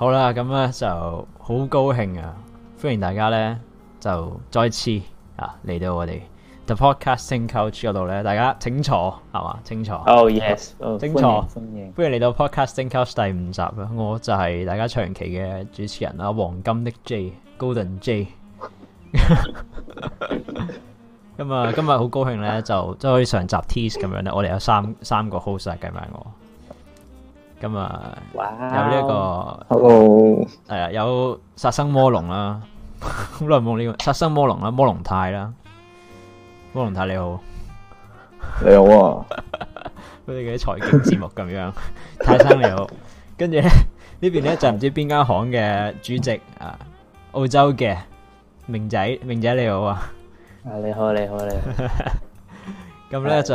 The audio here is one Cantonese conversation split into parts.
好啦，咁咧就好高興啊！歡迎大家咧就再次啊嚟到我哋 The Podcasting Coach 度咧，大家請坐係嘛？請坐。哦，oh，yes，請坐。Oh, 歡迎嚟到 Podcasting Coach 第五集啦，我就係大家長期嘅主持人啦，黃金的 Nick J，Golden J。咁啊，今日好高興咧，就即係好似上集 Tease 咁樣咧，我哋有三三個 host 啊，計埋我。咁啊，有呢一個，Hello，係啊，有殺生魔龍啦，好耐冇呢個殺生魔龍啦，魔龍泰啦，魔龍泰你好，你好啊，好似啲財經節目咁樣，泰生你好，跟住咧呢邊咧就唔知邊間行嘅主席啊，澳洲嘅明仔，明仔你好啊，啊你好你好你好，咁咧就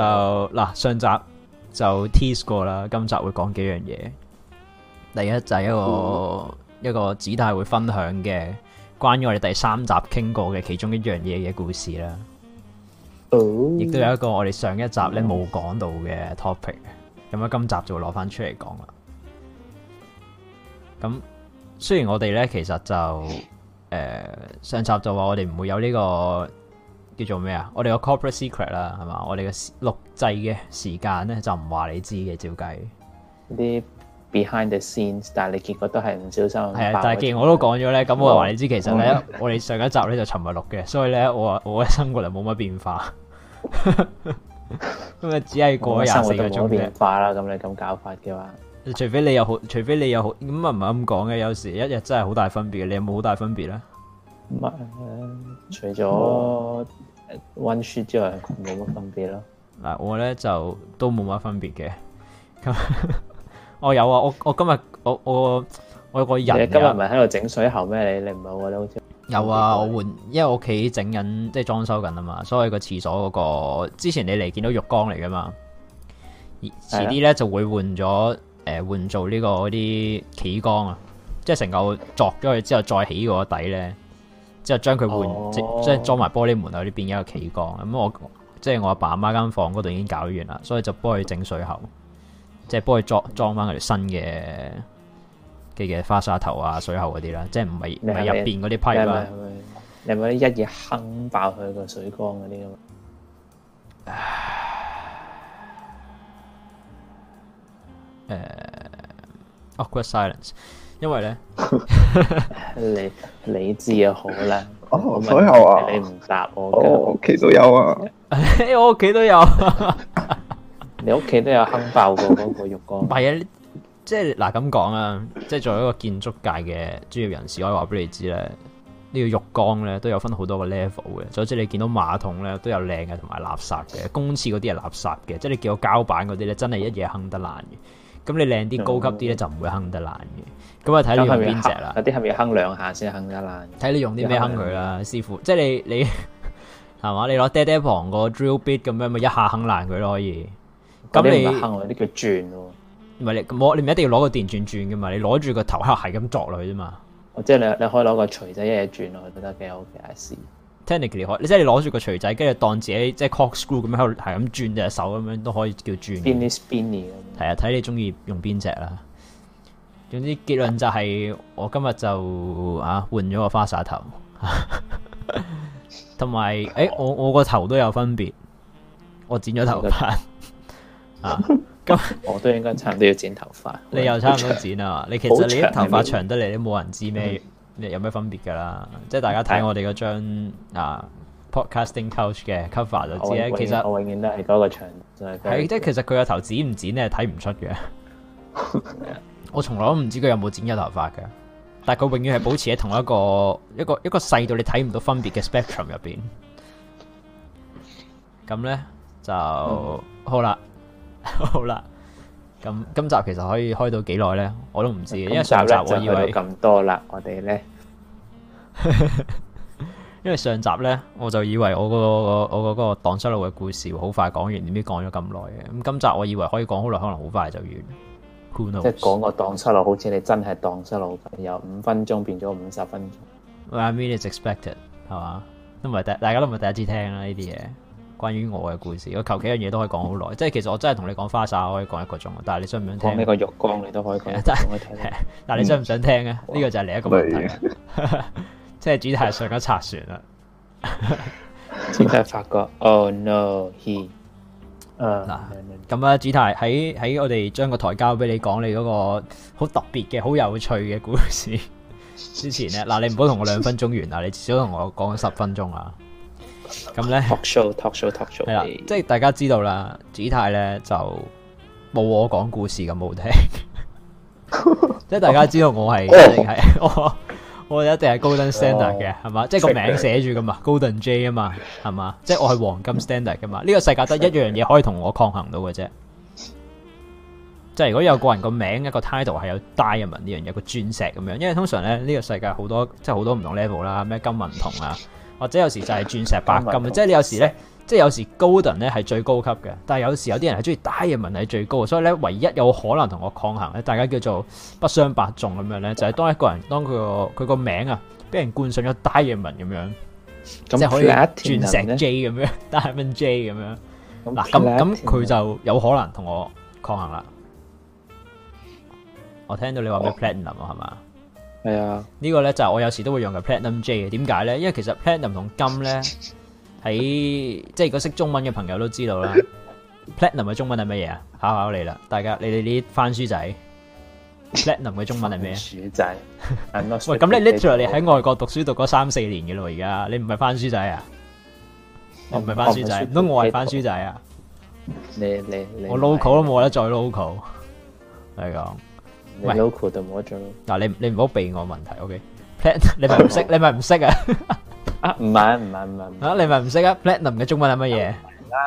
嗱上集。就 tease 過啦，今集會講幾樣嘢。第一就係一個、嗯、一個 Gtai 會分享嘅，關於我哋第三集傾過嘅其中一樣嘢嘅故事啦。亦都、嗯、有一個我哋上一集咧冇、嗯、講到嘅 topic，咁啊今集就攞翻出嚟講啦。咁雖然我哋咧其實就誒、呃、上集就話我哋唔會有呢、呢個。叫做咩啊？我哋個 corporate secret 啦，係嘛？我哋嘅錄製嘅時間咧就唔話你知嘅，照計啲 behind the scenes，但係你結果都係唔小心係啊。但係既然我都講咗咧，咁我話你知，其實咧沒 我哋上一集咧就尋日錄嘅，所以咧我我嘅生活就冇乜變化。咁啊， 只係過咗廿四個鐘冇變化啦。咁你咁搞法嘅話，除非你有好，除非你有好，咁啊唔係咁講嘅。有時一日真係好大分別嘅，你有冇好大分別咧？唔係，除咗溫書之外，冇乜分別咯。嗱，我咧就都冇乜分別嘅。我、 哦、有啊，我我今日我我我有個人有今日唔係喺度整水喉咩？你你唔係我覺得好似有啊。的我換，因為我屋企整緊即係裝修緊啊嘛，所以個廁所嗰、那個之前你嚟見到浴缸嚟噶嘛。遲啲咧就會換咗誒，換、呃、做呢、這個啲企缸啊，即係成嚿鑿咗佢之後再起個底咧。後 oh. 即係將佢換，即係裝埋玻璃門啊，呢邊一個企缸咁，嗯，我即係我阿爸阿媽間房嗰度已經搞完啦，所以就幫佢整水喉，即係幫佢裝裝翻佢哋新嘅嘅嘅花灑頭啊、水喉嗰啲啦，即係唔係唔係入邊嗰啲批啦，你咪一嘢坑爆佢個水缸嗰啲咁。誒，awkward silence。寒 uh, 因為咧 你理智又好咧，哦，所有啊，你唔、oh, 答我，oh, 我屋企都有啊， 我屋企裡都有 你屋企都有哼爆過嗰個浴缸，唔係 啊，即係嗱咁講啊，即係作為一個建築界嘅專業人士，可以話俾你知咧，呢、這個浴缸咧都有分好多個 level 嘅，所以即係你見到馬桶咧都有靚嘅同埋垃圾嘅，公廁嗰啲係垃圾嘅，即、就、係、是、你見到膠板嗰啲咧真係一嘢坑得爛嘅。咁你靚啲高級啲咧就唔會鏗得爛嘅，咁啊睇你用邊隻啦。有啲係咪要哼兩下先鏗得爛？睇你用啲咩鏗佢啦，師傅。即係你你係嘛？你攞爹爹旁個 drill bit 咁樣咪一下鏗爛佢都可以。咁、嗯、你鏗嗰啲叫轉喎，唔係你冇，你唔一定要攞個電轉轉噶嘛，你攞住個頭殼係咁作落去啫嘛。即係你你可以攞個錘仔一嘢轉落去，覺得幾 OK，係。technically 你即係攞住個錘仔，跟住當自己即係 corkscrew 咁樣喺度係咁轉隻手咁樣都可以叫轉的。邊係啊，睇你中意用邊隻啦。總之結論就係、是、我今日就啊換咗個花灑頭，同 埋誒，我我個頭都有分別，我剪咗頭髮該 啊，咁我都應該差唔多要剪頭髮。 你又差唔多剪啊長？你其實你啲頭髮長得嚟，你冇人知咩？嗯有咩分別㗎啦？即係大家睇我哋嗰張的啊 Podcasting Coach 嘅 cover 就知咧。其實我永遠都係嗰個長，即、就、係、係、其實佢個頭剪唔剪，你係睇唔出嘅。我從來都唔知佢有冇剪咗頭髮嘅，但係佢永遠係保持喺同一個一個一個細到你睇唔到分別嘅 spectrum 入邊。咁咧 就好啦，好啦。好。咁、嗯、今集其實可以開到幾耐咧？我都唔知，因為上集我以為咁多啦，我哋咧， 因為上集咧我就以為我、嗰個我嗰、嗰個蕩失、嗰個、路嘅故事好快講完，點知講咗咁耐嘅。咁今集我以為可以講好耐，可能好快就完。Who knows？即係講個蕩失路，好似你真係蕩失路，由五分鐘變咗五十分鐘。I mean it's expected，係嘛？都唔係大大家都唔係第一次聽啦呢啲嘢。關於我嘅故事，我求其樣嘢都可以講好耐，即係其實我真係同你講花灑，我可以講一個鐘，但係你想唔想聽？呢你個浴缸，你都可以講，但係我聽。但係你想唔想聽啊？呢、嗯、個就係另一個問題、啊。是 即係 Gtai 上一賊船啦。 Gtai 發覺。o、oh, no, he、uh,。嗱，咁啊，Gtai 喺喺我哋將個台交俾你講你嗰個好特別嘅、好有趣嘅故事之前咧，嗱， 你唔好同我兩分鐘完啊，你至少同我講十分鐘啊。咁咧，talk show，talk show，talk show 係啦，即係大家知道啦，Gtai 咧就冇我講故事咁好聽， 即係大家知道我係一定係、oh. 我，我一定係 Golden Standard 嘅，係、oh. 嘛？即係個名寫住噶嘛，Golden Jay 啊嘛，係 嘛？即係我係黃金 Standard 噶嘛？呢個世界得一樣嘢可以同我抗衡到嘅啫， 即係如果有個人個名一個 title 係有 Diamond 呢樣嘢，個鑽石咁樣，因為通常咧呢、這個世界好多即係好多唔同 level 啦，咩金銀銅啊。或者有時就係鑽石白金，是即係你有時咧，即係有時 golden 咧係最高級嘅，但係有時有啲人係中意 diamond 係最高的，所以咧唯一有可能同我抗衡咧，大家叫做不相伯仲咁樣咧，哇 就係當一個人當佢個佢個名啊，俾人冠上咗 diamond 咁樣，即係可以鑽石 J 咁樣，diamond J 咁呢樣，嗱咁咁佢就有可能同我抗衡啦。我聽到你話咩 platinum 係嘛、哦？係啊，呢個咧就我有時都會用嘅 platinum J 嘅。點解咧？因為其實 platinum 同金咧，喺即係如果識中文嘅朋友都知道啦。platinum 嘅中文係乜嘢啊？考考你啦，大家你哋啲翻書仔，platinum 嘅中文係咩？薯仔。喂，咁你 literally 喺外國讀書讀咗三四年嘅啦，而家你唔係翻書仔啊？我唔係翻書仔，唔通我係翻書仔啊。你你你，我 local 都冇得再 local。係咁。local 都冇一種嗱，你你唔好避我問題，ok？Platinum 你咪唔識，你咪唔識啊？唔係唔係唔係啊？你咪唔識啊？Platinum 嘅中文係乜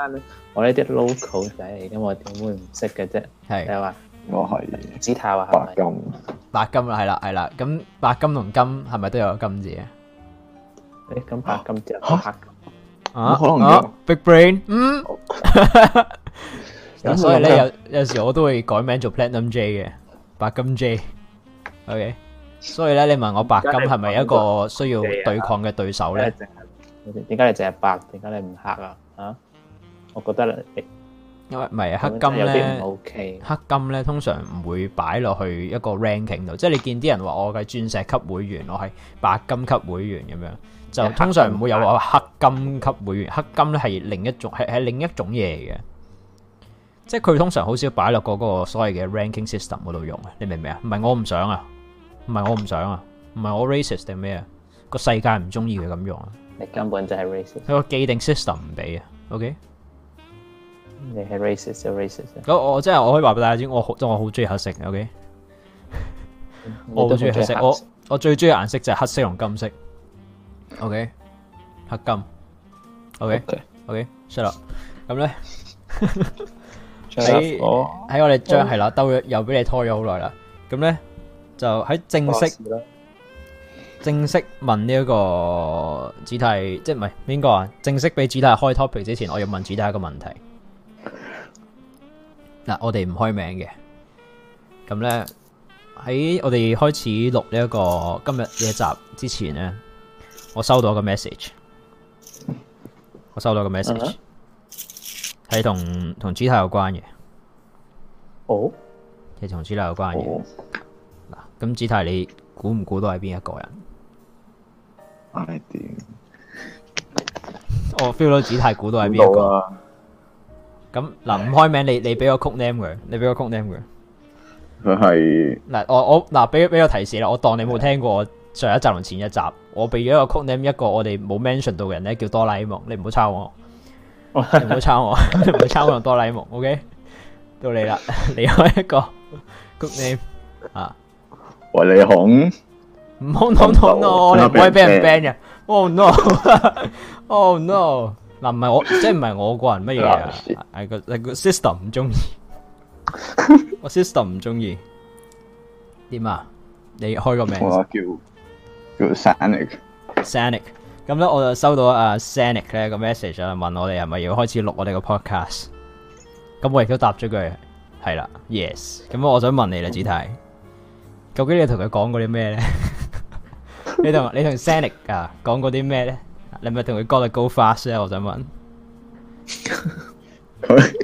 嘢？我呢啲 local 仔嚟噶，我點會唔識嘅啫？係係嘛？我係紫塔啊，白金白金啦，係啦係啦，咁白金同金係咪都有金字啊？誒，咁白金字吓？啊？好容易？Big Brain？嗯。咁所以咧，有有時我都會改名做 Platinum J 嘅。白金 J，OK，所以咧，你問我白金係咪一個需要對抗嘅對手咧？點解你淨係白？點解你唔黑啊？啊？我覺得咧，因為唔係黑金咧，黑金咧通常唔會擺落去一個 ranking 度，即係你見啲人話我係鑽石級會員，我係白金級會員咁樣，就通常唔會有話黑金級會員。黑金咧係另一種，係係另一種嘢嘅。即係佢通常好少擺落嗰個所謂嘅 ranking system 嗰度用啊。你明唔明啊？唔係我唔想啊，唔係我唔想啊，唔係我 racist 定咩啊？個世界唔中意佢咁用啊。你根本就係 racist。佢個既定 system 唔俾啊。OK。你係 racist 就 racist。我我真係我可以話俾大家知，我好我好中意黑色。OK。我好中意黑色。我我最中意顏色就係黑色同金色。OK。黑金。OK。OK。Shut up。咁咧。喺我哋將係啦，兜咗又俾你拖咗好耐啦。咁咧就喺正式正式問呢、這、一個主題，即係唔係邊個啊？正式俾主題開 topic 之前，我要問主題一個問題。嗱，我哋唔開名嘅。咁咧喺我哋開始錄呢、這、一個今日嘅集之前咧，我收到一個 message。我收到個 message。Uh huh. 係同同 G 太有關嘅，哦，係同 G 太有關嘅。嗱、oh.，咁 G 太你估唔估到係邊一個人？I didn 我 feel 到 G 太估到係邊一個？咁嗱、啊，唔開名，你你俾個 code name 佢，你俾個 code name 佢。佢係嗱，我我嗱，俾俾個提示啦，我當你冇聽過我上一集同前一集，我俾咗一個 code name 一個我哋冇 mention 到嘅人咧，叫哆啦 A 夢，你唔好抄我。唔好抄我，唔好抄我用哆啦 A 夢，OK，到你啦，你開一個 good name 啊，喂你好唔好，no no no，你唔可以俾人 ban 嘅，oh no，oh no，嗱唔係我，即係唔係我個人乜嘢啊，係個係個 system 唔中意，我 system 唔中意，點啊？你開個名，我叫叫 Sonic，Sonic。咁咧，我就收到阿 Sanic 咧個 message 啊，問我哋係咪要開始錄我哋個 podcast。咁我亦都答咗句係啦，yes。咁我想問你啦，子泰，究竟你同佢講過啲咩咧？你同你同 Sanic 啊，講過啲咩咧？你咪同佢 Got to go fast 咧，我想問。佢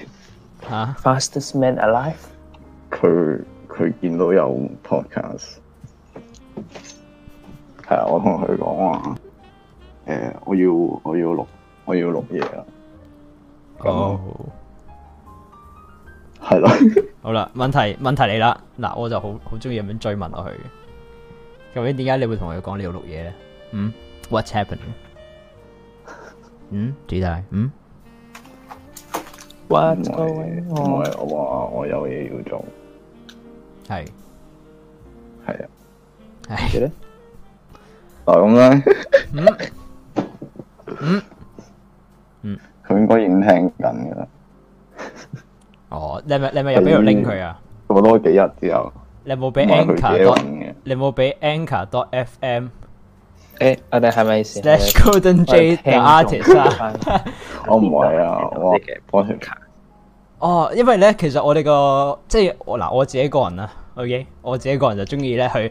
吓 Fastest Man Alive。佢佢見到有 podcast。係啊，我同佢講呀。誒，我要我要錄我要錄嘢啦，哦，係咯，好啦，問題問題嚟啦，嗱，我就好好中意咁樣追問落去，究竟點解你會同佢講你要錄嘢咧？嗯，what's happening？嗯，點解？嗯，what going？我話我有嘢要做，係係啊，係，做咩？嗯，嗯，佢應該已經聽緊噶啦。哦，你咪你咪又俾人拎佢啊？咁多幾日之後，你冇俾 anchor 多，你冇俾 anchor fm。誒、欸，我哋係咪？Slash golden 我唔係啊， 我幫佢哦，因為咧，其實我哋個即係我嗱，我自己個人啊，我、okay? k 我自己個人就中意咧去。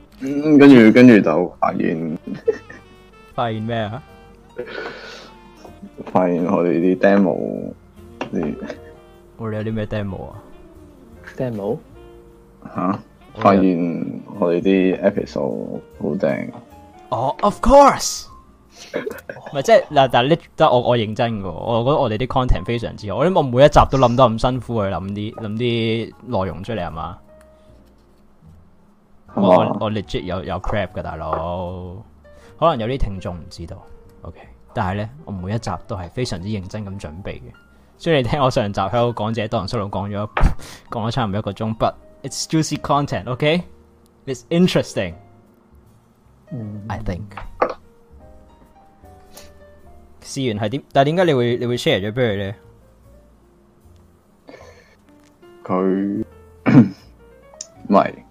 嗯，跟住跟住就發現發現咩啊？發現我哋啲 demo，我哋、哦、有啲咩 demo 啊？demo、啊、Okay. 發現我哋啲 episode 好正。哦、oh,，of course，咪即係嗱，但係你得我我認真嘅，我覺得我哋啲 content 非常之好。我諗我每一集都諗得咁辛苦去諗啲諗啲內容出嚟係嘛？我我我 l e 有有 crap 嘅大佬，可能有啲聽眾唔知道，OK，但係咧，我每一集都係非常之認真咁準備嘅，雖然你聽我上集喺港講者多堂叔路講咗講咗差唔多一個鐘，but it's juicy content，OK，it's、okay? interesting，I、嗯、think。思完係點？但係點解你會你會 share 咗俾佢咧？佢唔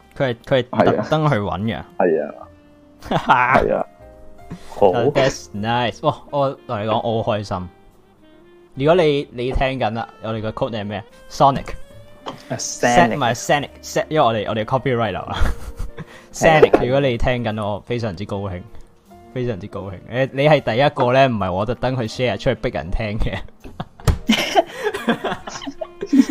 佢係佢係特登去揾嘅。係啊的，係啊， 好。That's nice.oh, I,。哇， 我同你講，我好開心。如果你你聽緊啦，我哋個曲名係咩？Sonic，Sonic s o n 紫因為我哋我哋 copyright 啊。Sonic，紫 如果你聽緊，我非常之高興，非常之高興。誒，你係第一個咧，唔係我特登去 share 出去逼人聽嘅。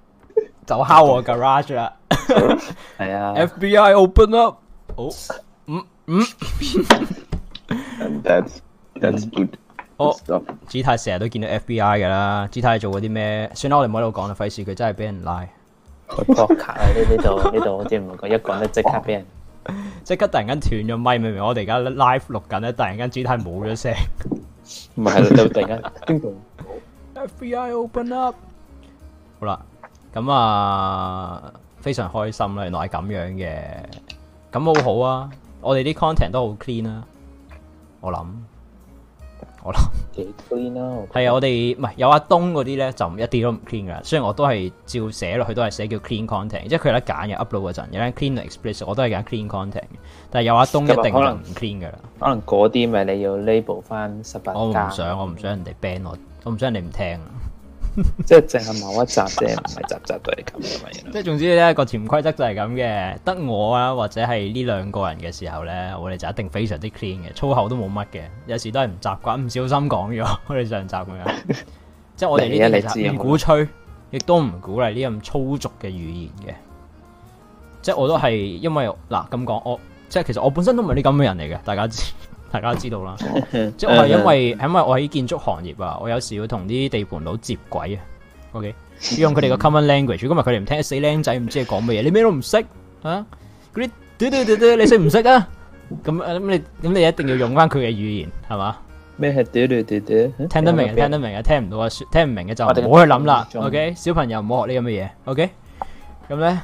手敲我 garage，係 啊。FBI open up，好！嗯、oh. 嗯、mm。Hmm. And that's that's good。哦，Gtai 成日都見到 FBI 噶啦，Gtai 做嗰啲咩？算啦，我哋唔好喺度講啦，費事佢真係俾人拉。好卡啊！呢呢度呢度我真唔敢一講咧，即刻俾人，即刻， 刻突然間斷咗咪，咪明唔明？我哋而家 live 錄緊咧，突然間 Gtai 冇咗聲，唔係咧，就突然間叮咚。 FBI open up， 好啦。咁啊，非常開心啦！原來係咁樣嘅，咁好好啊！我哋啲 content 都好 clean 啦，我諗，我諗幾 clean 啦。係啊，我哋唔係有阿東嗰啲咧，就一啲都唔 clean 噶。雖然我都係照寫落去，都係寫叫 clean content，即係佢、嗯、有得揀嘅 upload 嗰陣有啲 clean explicit，我都係揀 clean content。但係有阿東一定可能唔 clean 噶啦。可能嗰啲咪你要 label 翻十八禁。我唔想，我唔想人哋 ban 我，我唔想人哋唔聽。 即係淨係某一集，啫，唔係集集都係咁嘅， 即係總之呢個潛規則就係咁嘅。得我啊，或者係呢兩個人嘅時候咧，我哋就一定非常之 clean 嘅，粗口都冇乜嘅。有時都係唔習慣，唔小心講咗我哋上集咁樣。 即係我哋呢啲唔鼓吹，了亦都唔鼓勵呢咁粗俗嘅語言嘅。即係我都係因為嗱咁講，我即係其實我本身都唔係啲咁嘅人嚟嘅，大家知。大家都知道啦， 即係因為係 因為我喺建築行業啊，我有時要同啲地盤佬接軌、okay? 啊。O K. 用佢哋嘅 common language，因為佢哋唔聽死僆仔，唔知你講乜嘢，你咩都唔識啊。嗰啲屌屌屌屌，你識唔識啊？咁你咁你一定要用翻佢嘅語言，係嘛？咩係屌屌屌屌？聽得明就聽得明啊，聽唔到啊，聽唔明嘅就唔好去諗啦。O、okay? K. 小朋友唔好學、okay? 呢咁嘅嘢。O K. 咁咧。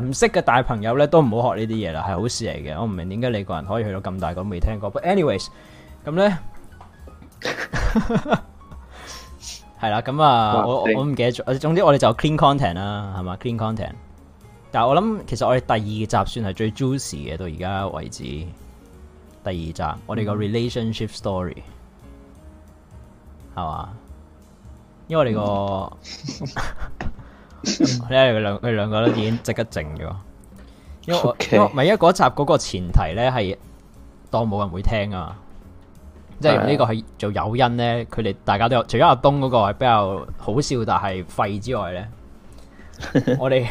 唔識嘅大朋友咧都唔好學呢啲嘢啦，係好事嚟嘅。我唔明點解你個人可以去到咁大個未聽過。But anyways，咁咧係啦，咁啊， 我我唔記得咗。總之我哋就 clean content 啦，係嘛？clean content。但係我諗其實我哋第二集算係最 juicy 嘅到而家為止。第二集我哋個 relationship story 係嘛，嗯？因為我哋個、嗯。 你佢兩佢兩個都已經即刻靜咗，因為 Okay. 因為嗰集嗰個前提咧係當冇人會聽啊，即係呢個係做誘因咧。佢哋大家都有，除咗阿東嗰個係比較好笑但係廢之外咧、 就是，我哋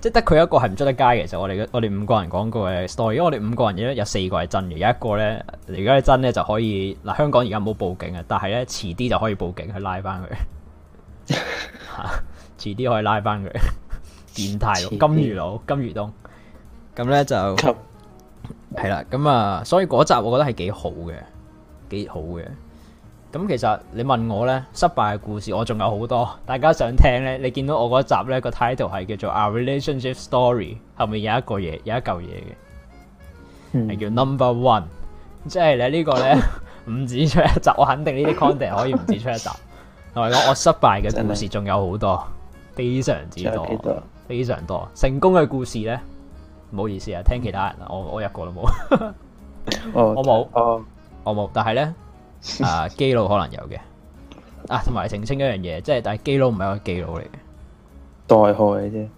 即係得佢一個係唔出得街嘅。其實我哋我哋五個人講過嘅 story，因為我哋五個人有有四個係真嘅，有一個咧而家係真咧就可以嗱。香港而家冇報警啊，但係咧遲啲就可以報警去拉翻佢。 遲啲可以拉翻佢，變態，金魚佬，金魚東，咁咧點就係啦，咁啊給，所以嗰集我覺得係幾好嘅，幾好嘅。咁其實你問我咧，失敗嘅故事我仲有好多，大家想聽咧？你見到我嗰集咧、個 title 係叫做《Our Relationship Story》，後面有一個嘢，有一嚿嘢嘅，係、嗯、叫 Number One，即係你呢個咧唔止出一集，我肯定呢啲 content 可以唔止出一集，同埋講我失敗嘅故事仲有好多。非常之多，非常多成功嘅故事咧，唔好意思啊，聽其他人，我我一個都冇，我冇，我冇，但係咧啊，基佬可能有嘅，啊，同埋澄清一樣嘢，即係但係基佬唔係一個基佬嚟嘅，代號啫，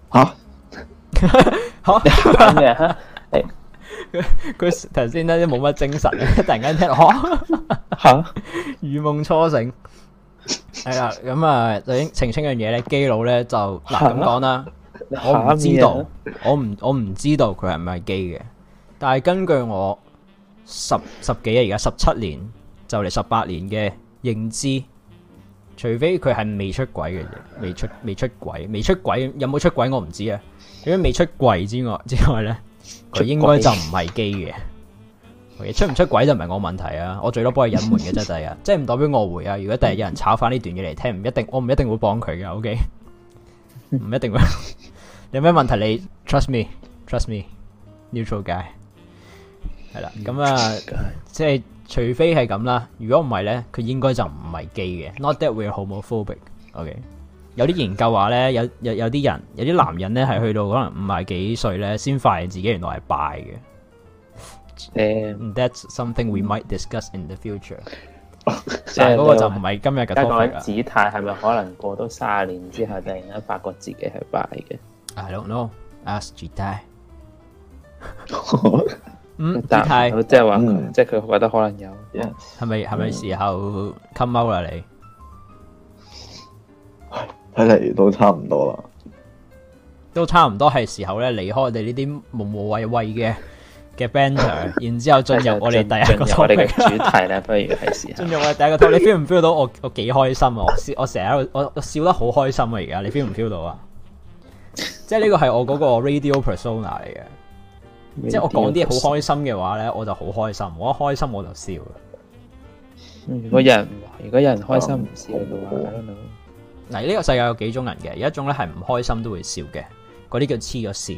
吓，吓，誒，佢佢頭先咧都冇乜精神，突然間聽，吓，如夢初醒。係啦，咁啊，就你澄清一樣嘢咧，基佬咧就嗱咁講啦，我唔知道，我唔我唔知道佢係唔係基嘅，但係根據我十十幾啊，而家十七年就嚟十八年嘅認知，除非佢係未出軌嘅嘢，未出未出軌，未出軌有冇出軌我唔知啊，如果未出軌之外之外咧，佢應該就唔係基嘅。Okay, 出唔出軌就唔係我問題啊，我最多幫佢隱瞞嘅啫，第日，即係唔代表我回啊。如果第日有人炒翻呢段嘢嚟聽，唔一定，我唔一定會幫佢嘅。OK，唔一定會 你什麼你啊。有咩問題你 trust me，trust me，neutral guy，係啦。咁啊，即係除非係咁啦。如果唔係咧，佢應該就唔係 gay 嘅。Not that we're homophobic, okay? Okay. OK，有啲研究話咧，有有有啲人，有啲男人咧，係去到可能五廿幾歲咧，先發現自己原來係拜嘅。誒，That's something we might discuss in the future。但係嗰個就唔係今日嘅話題啦。Gtai 係咪可能過多三十年之後，突然間發覺自己係敗嘅？I don't know。Ask Gtai。嗯，Gtai 即係話，即係佢覺得可能有。係咪係咪時候 come out 啦？你睇嚟都差唔多啦，都差唔多係時候咧離開我哋呢啲無無謂謂嘅。嘅 banter 然之後進入我哋第, 第一個 topic，係啦，不如試下進入我哋第一個套。你 feel 唔 feel 到我我幾開心啊？我笑，我成日我笑得好開心啊！而家你 feel 唔 feel 到啊？ 即係呢個係我嗰個 radio persona 嚟嘅，Radio 即係我講啲好開心嘅話咧，我就好開心，我一開心我就笑。如果人如果有人開心唔笑嘅話，睇到嗱，呢個世界有幾種人嘅，有一種咧係唔開心都會笑嘅，嗰啲叫黐咗線。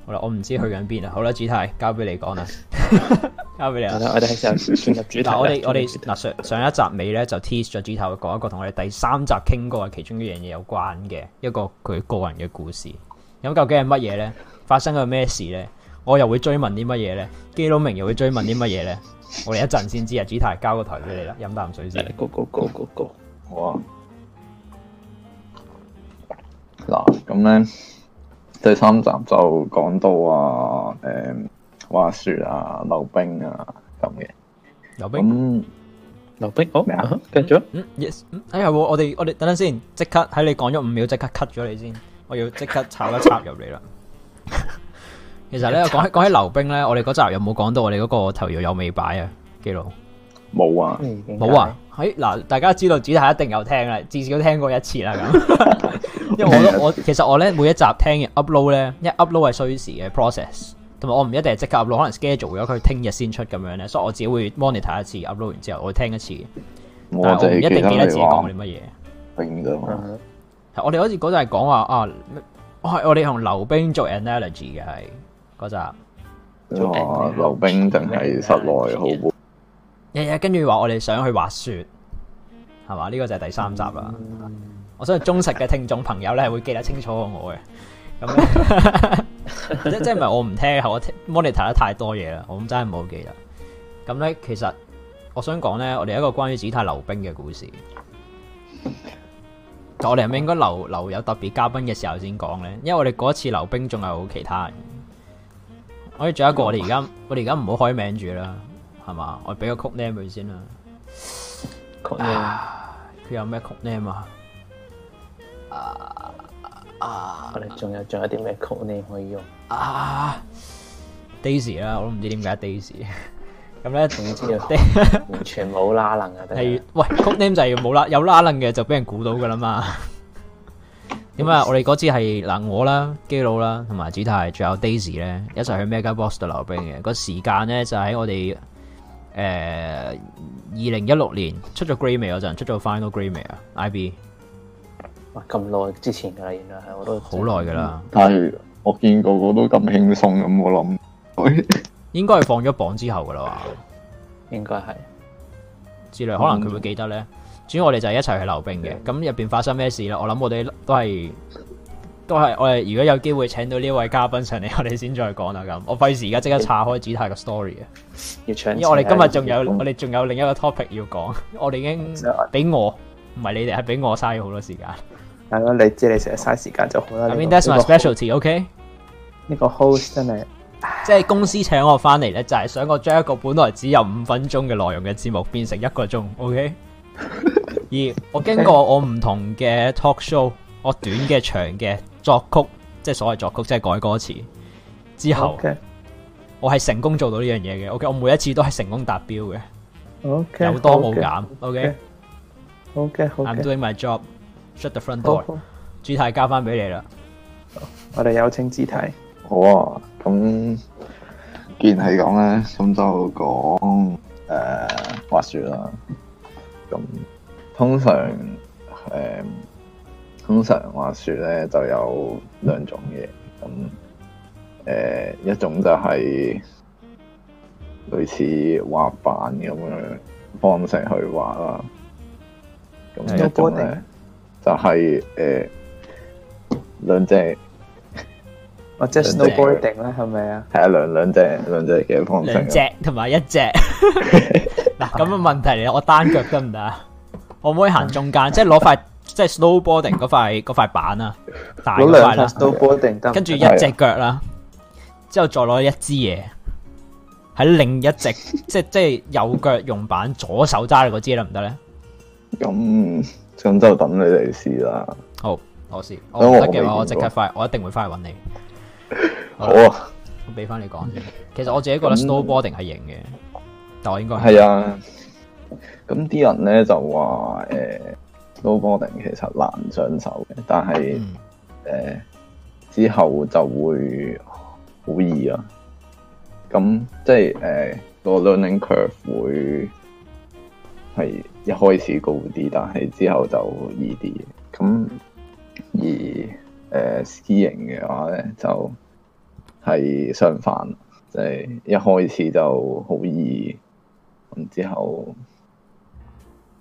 我唔知去緊邊啦，好啦，主題交俾你講啦，交俾你啦。我哋係想轉入主題， 我哋我哋嗱上上一集尾咧就 tease 咗主題，講一個同我哋第三集傾過嘅其中一樣嘢有關嘅一個佢個人嘅故事。咁究竟係乜嘢咧？發生咗咩事咧？我又會追問啲乜嘢咧？基佬明又會追問啲乜嘢咧？我哋一陣先知啊！主題交個台俾你啦，飲啖水先。嗰嗰嗰嗰嗰，哇！嗱，咁咧。第三集就講到啊，誒，話說啊，溜冰啊咁嘅。溜冰，溜冰，我明啊，跟住，嗯，yes，哎呀，我我哋我哋等陣先，即刻喺你講咗五秒，即刻 cut 咗你先，我要即刻插一插入嚟啦。其實咧，我講起講起溜冰咧，我哋嗰集有冇講到我哋嗰個頭搖有尾擺啊，基佬？冇啊，冇啊，喺、哎、嗱，大家知道主題一定有聽啦，至少聽過一次啦咁。 因為我都我其實我咧 每一集聽 upload 咧，一 upload 係需時嘅 process，同埋我唔一定係即刻 upload，可能 schedule 咗佢聽日先出咁樣咧，所以我自己會 monitor 一次 upload 完之後，我會聽一次。但係我唔一定記得自己講啲乜嘢。我哋好似嗰陣係講話啊，啊我哋同溜冰做 analogy 嘅係嗰集。哇 anal、啊，溜冰定係室內、嗯、好，不好。啊日日跟住話我哋想去滑雪，係嘛？呢、這個就係第三集啦。我相信忠實嘅聽眾朋友咧係會記得清楚我嘅。咁 即即係唔係我唔聽，我聽 monitor 得太多嘢啦，我真係唔好記得。咁咧，其實我想講咧，我哋一個關於 Gtai 溜冰嘅故事。我哋係咪應該留留有特別嘉賓嘅時候先講咧？因為我哋嗰次溜冰仲有其他人。我哋仲有一個，我哋而家我哋而家唔好開名住啦。係嘛？我俾個曲 name 佢先啦。曲 name 佢有咩曲 name 啊？啊，啊我哋仲有仲有啲咩曲 name 可以用啊？Daisy 啦，y，我都唔知點解 Daisy。咁 咧、嗯，總之就完全冇拉能嘅。係喂，曲 name 就係要冇拉，有拉能嘅就俾人估到噶啦嘛。咁 啊，我哋嗰次係嗱我啦、基佬啦、同埋指泰，仲有 Daisy 咧，一齊去 Mega Box 度溜冰嘅。那個時間咧就喺、是、我哋。誒，二零一六年出咗 grade 嗰陣，出咗 Final grade 啊，IB。哇，咁耐之前噶啦，原來係我都好耐噶啦。但係我見個個都咁輕鬆咁，我諗 應該係放咗榜之後噶啦嘛，應該係。之類，可能佢會,會記得咧。嗯、主要我哋就係一齊去溜冰嘅，咁入邊發生咩事咧？我諗我哋都係。都係我哋，如果有機會請到呢位嘉賓上嚟，我哋先再講啦。咁我費事而家即刻拆開主題嘅 story 啊，要搶，因為我哋今日仲有，我哋仲有另一個 topic 要講。我哋已經俾我，唔係你哋，係俾我嘥咗好多時間。咁你知、就是、你成日嘥時間就好啦。I mean、這個、that's my specialty，OK？、Okay? 呢個、個 host 真係，即係公司請我翻嚟咧，就係、是、想我將一個本來只有五分鐘嘅內容嘅節目變成一個鐘，OK？ 而我經過我唔同嘅 talk show，我短嘅、長嘅。作曲，即係所謂作曲，即係改歌詞之後，我係成功做到呢樣嘢嘅。O K，我每一次都係成功達標嘅。O K，有多冇減。O K，好嘅，好。I'm doing my job. Shut the front door. G 太交翻俾你啦。我哋有請主題。好啊，咁既然係講咧，咁就講誒滑雪啦。咁通常誒。通常滑雪咧就有兩種嘢，咁誒、呃、一種就係類似滑板咁樣方式去滑啦，咁一種咧 Snow boarding. 就係、是、誒、呃、兩隻，或者 snowboarding 啦，係咪啊？係啊，兩兩隻兩隻嘅方式兩。兩隻同埋一隻。嗱， 咁、那、嘅、個、問題嚟我單腳得唔得啊？ 我可以行中間， 即係攞塊。即係 snowboarding 嗰塊塊板啊，大塊啦，跟住一隻腳啦，的之後再攞一支嘢喺另一隻， 即即係右腳用板，左手揸你嗰支得唔得咧？咁咁、嗯、就等你哋試啦。好，我試，嗯哦、我得嘅話，我，我即刻快，我一定會翻嚟揾你。好，好啊，我俾翻你講先。其實我自己覺得 snowboarding 係型嘅，嗯、但我應該係啊。咁啲人咧就話誒。呃 Snowboarding 其實難上手嘅，但係誒、嗯呃、之後就會好易咯、啊。咁即係誒個 learning curve 會係一開始高啲，但係之後就易啲。咁而誒 skiing 嘅話咧，就係、是、相反，即、就、係、是、一開始就好易，咁之後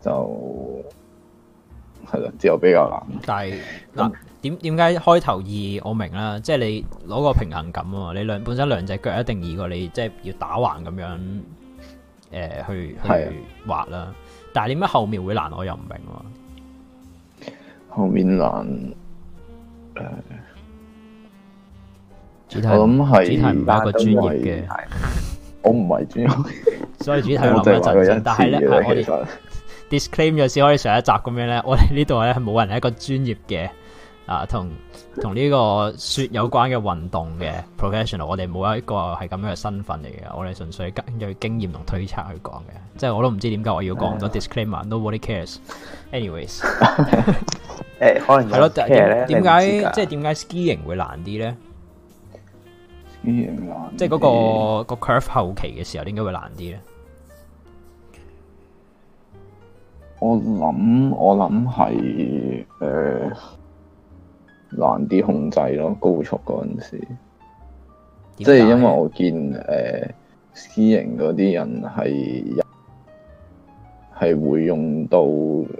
就。係啦，之後比較難。但係是嗱，點點解開頭易？我明啦，即係你攞個平衡感啊嘛。你兩本身兩隻腳一定易過你，即係要打橫咁樣誒、呃、去去滑啦。是的但係點解後面會難？我又唔明。後面難，誒、呃，主體我諗係主題唔係一個專業嘅，我唔係專業， 所以主題諗一陣。一但係咧，係其實 我哋。 Disclaimer 又似我哋上一集咁樣咧，我哋呢度咧係冇人係一個專業嘅啊，同同呢個雪有關嘅運動嘅 professional，我哋冇一個係咁樣嘅身份嚟嘅，我哋純粹根據經驗同推測去講嘅，即係我都唔知點解我要講咗 Disclaimer，Nobody Yeah. cares，Anyways，誒，可能係咯，點解即係點解 skiing 會難啲咧？skiing 難，即係嗰個個 curve 後期嘅時候，點解會難啲咧？我諗我諗係誒難啲控制咯，高速嗰陣時，即係因為我見誒私營嗰啲人係係會用到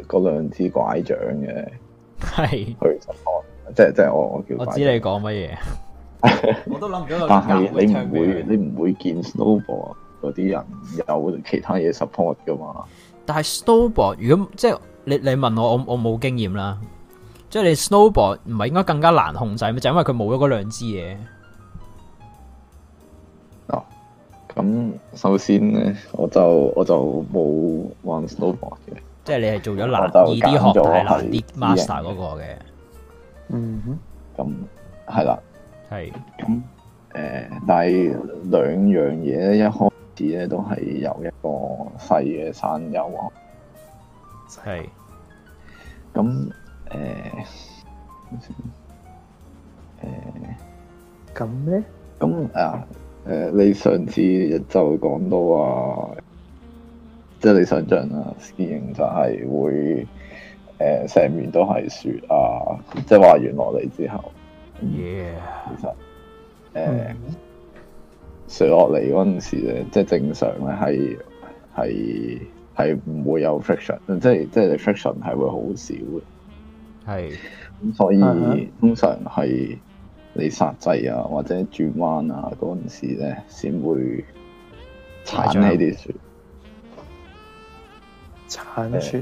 嗰兩支拐杖嘅， 係去 support，即係即係我我叫我知你講乜嘢， 我都諗唔到。但係你唔會你唔會見 Snowboard 嗰啲人有其他嘢 support 噶嘛？但係 Snowboard 如果即係你你問我，我我冇經驗啦。即係你 Snowboard 唔係應該更加難控制咩？就係，因為佢冇咗嗰兩支嘢。嗱，哦，咁首先咧，我就我就冇玩 Snowboard 嘅。即係你係做咗難啲學，但係難啲 master 嗰個嘅。嗯哼，咁係啦，係咁誒，但係兩樣嘢咧，一開。咧都係有一個細嘅山丘啊，係是，咁誒，誒、呃，咁咧？咁、呃、啊，誒、呃，你上次就講到話，即、就、係、是、你想象啦，skiing 就係會誒成、呃、面都係雪啊，即係滑完落嚟之後，耶，Yeah. 其實誒。呃 mm. 垂落嚟嗰陣時咧，即係正常咧，係係係唔會有 friction，即係即係 friction 係會好少嘅。係是，咁所以是的通常係你剎掣啊或者轉彎啊嗰陣時咧，先會鏟起啲樹。鏟啲樹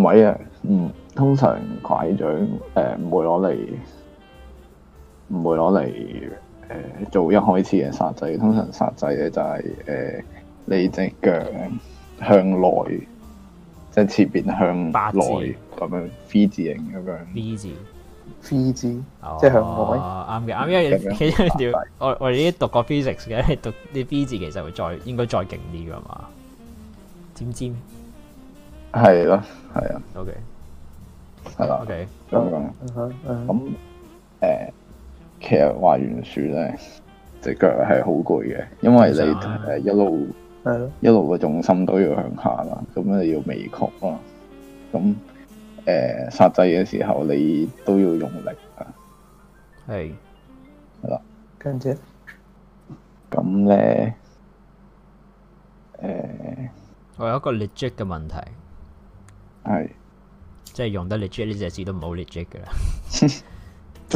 唔係啊，嗯，通常拐杖誒，唔、呃、會攞嚟，唔會攞嚟。誒，做一開始嘅殺仔，通常殺仔咧就係誒，你隻腳向內，即係前邊向內咁樣 V 字型咁樣。V 字，V 字，即係向內。啱嘅，啱，因為其實我我哋啲讀過 physics 嘅，讀啲 V 字其實會再應該再勁啲噶嘛。尖尖，係咯，係啊，OK，係啦，OK，咁樣，咁誒。其實滑完雪咧，隻腳係好攰嘅，因為你誒一路了一路個重心都要向下啦，咁你要微曲啊，咁誒剎掣嘅時候你都要用力啊，係，係啦，跟住，咁咧，誒、呃，我有一個 logic 嘅問題，係是，即係用得 logic 呢隻字都唔好 logic 啦。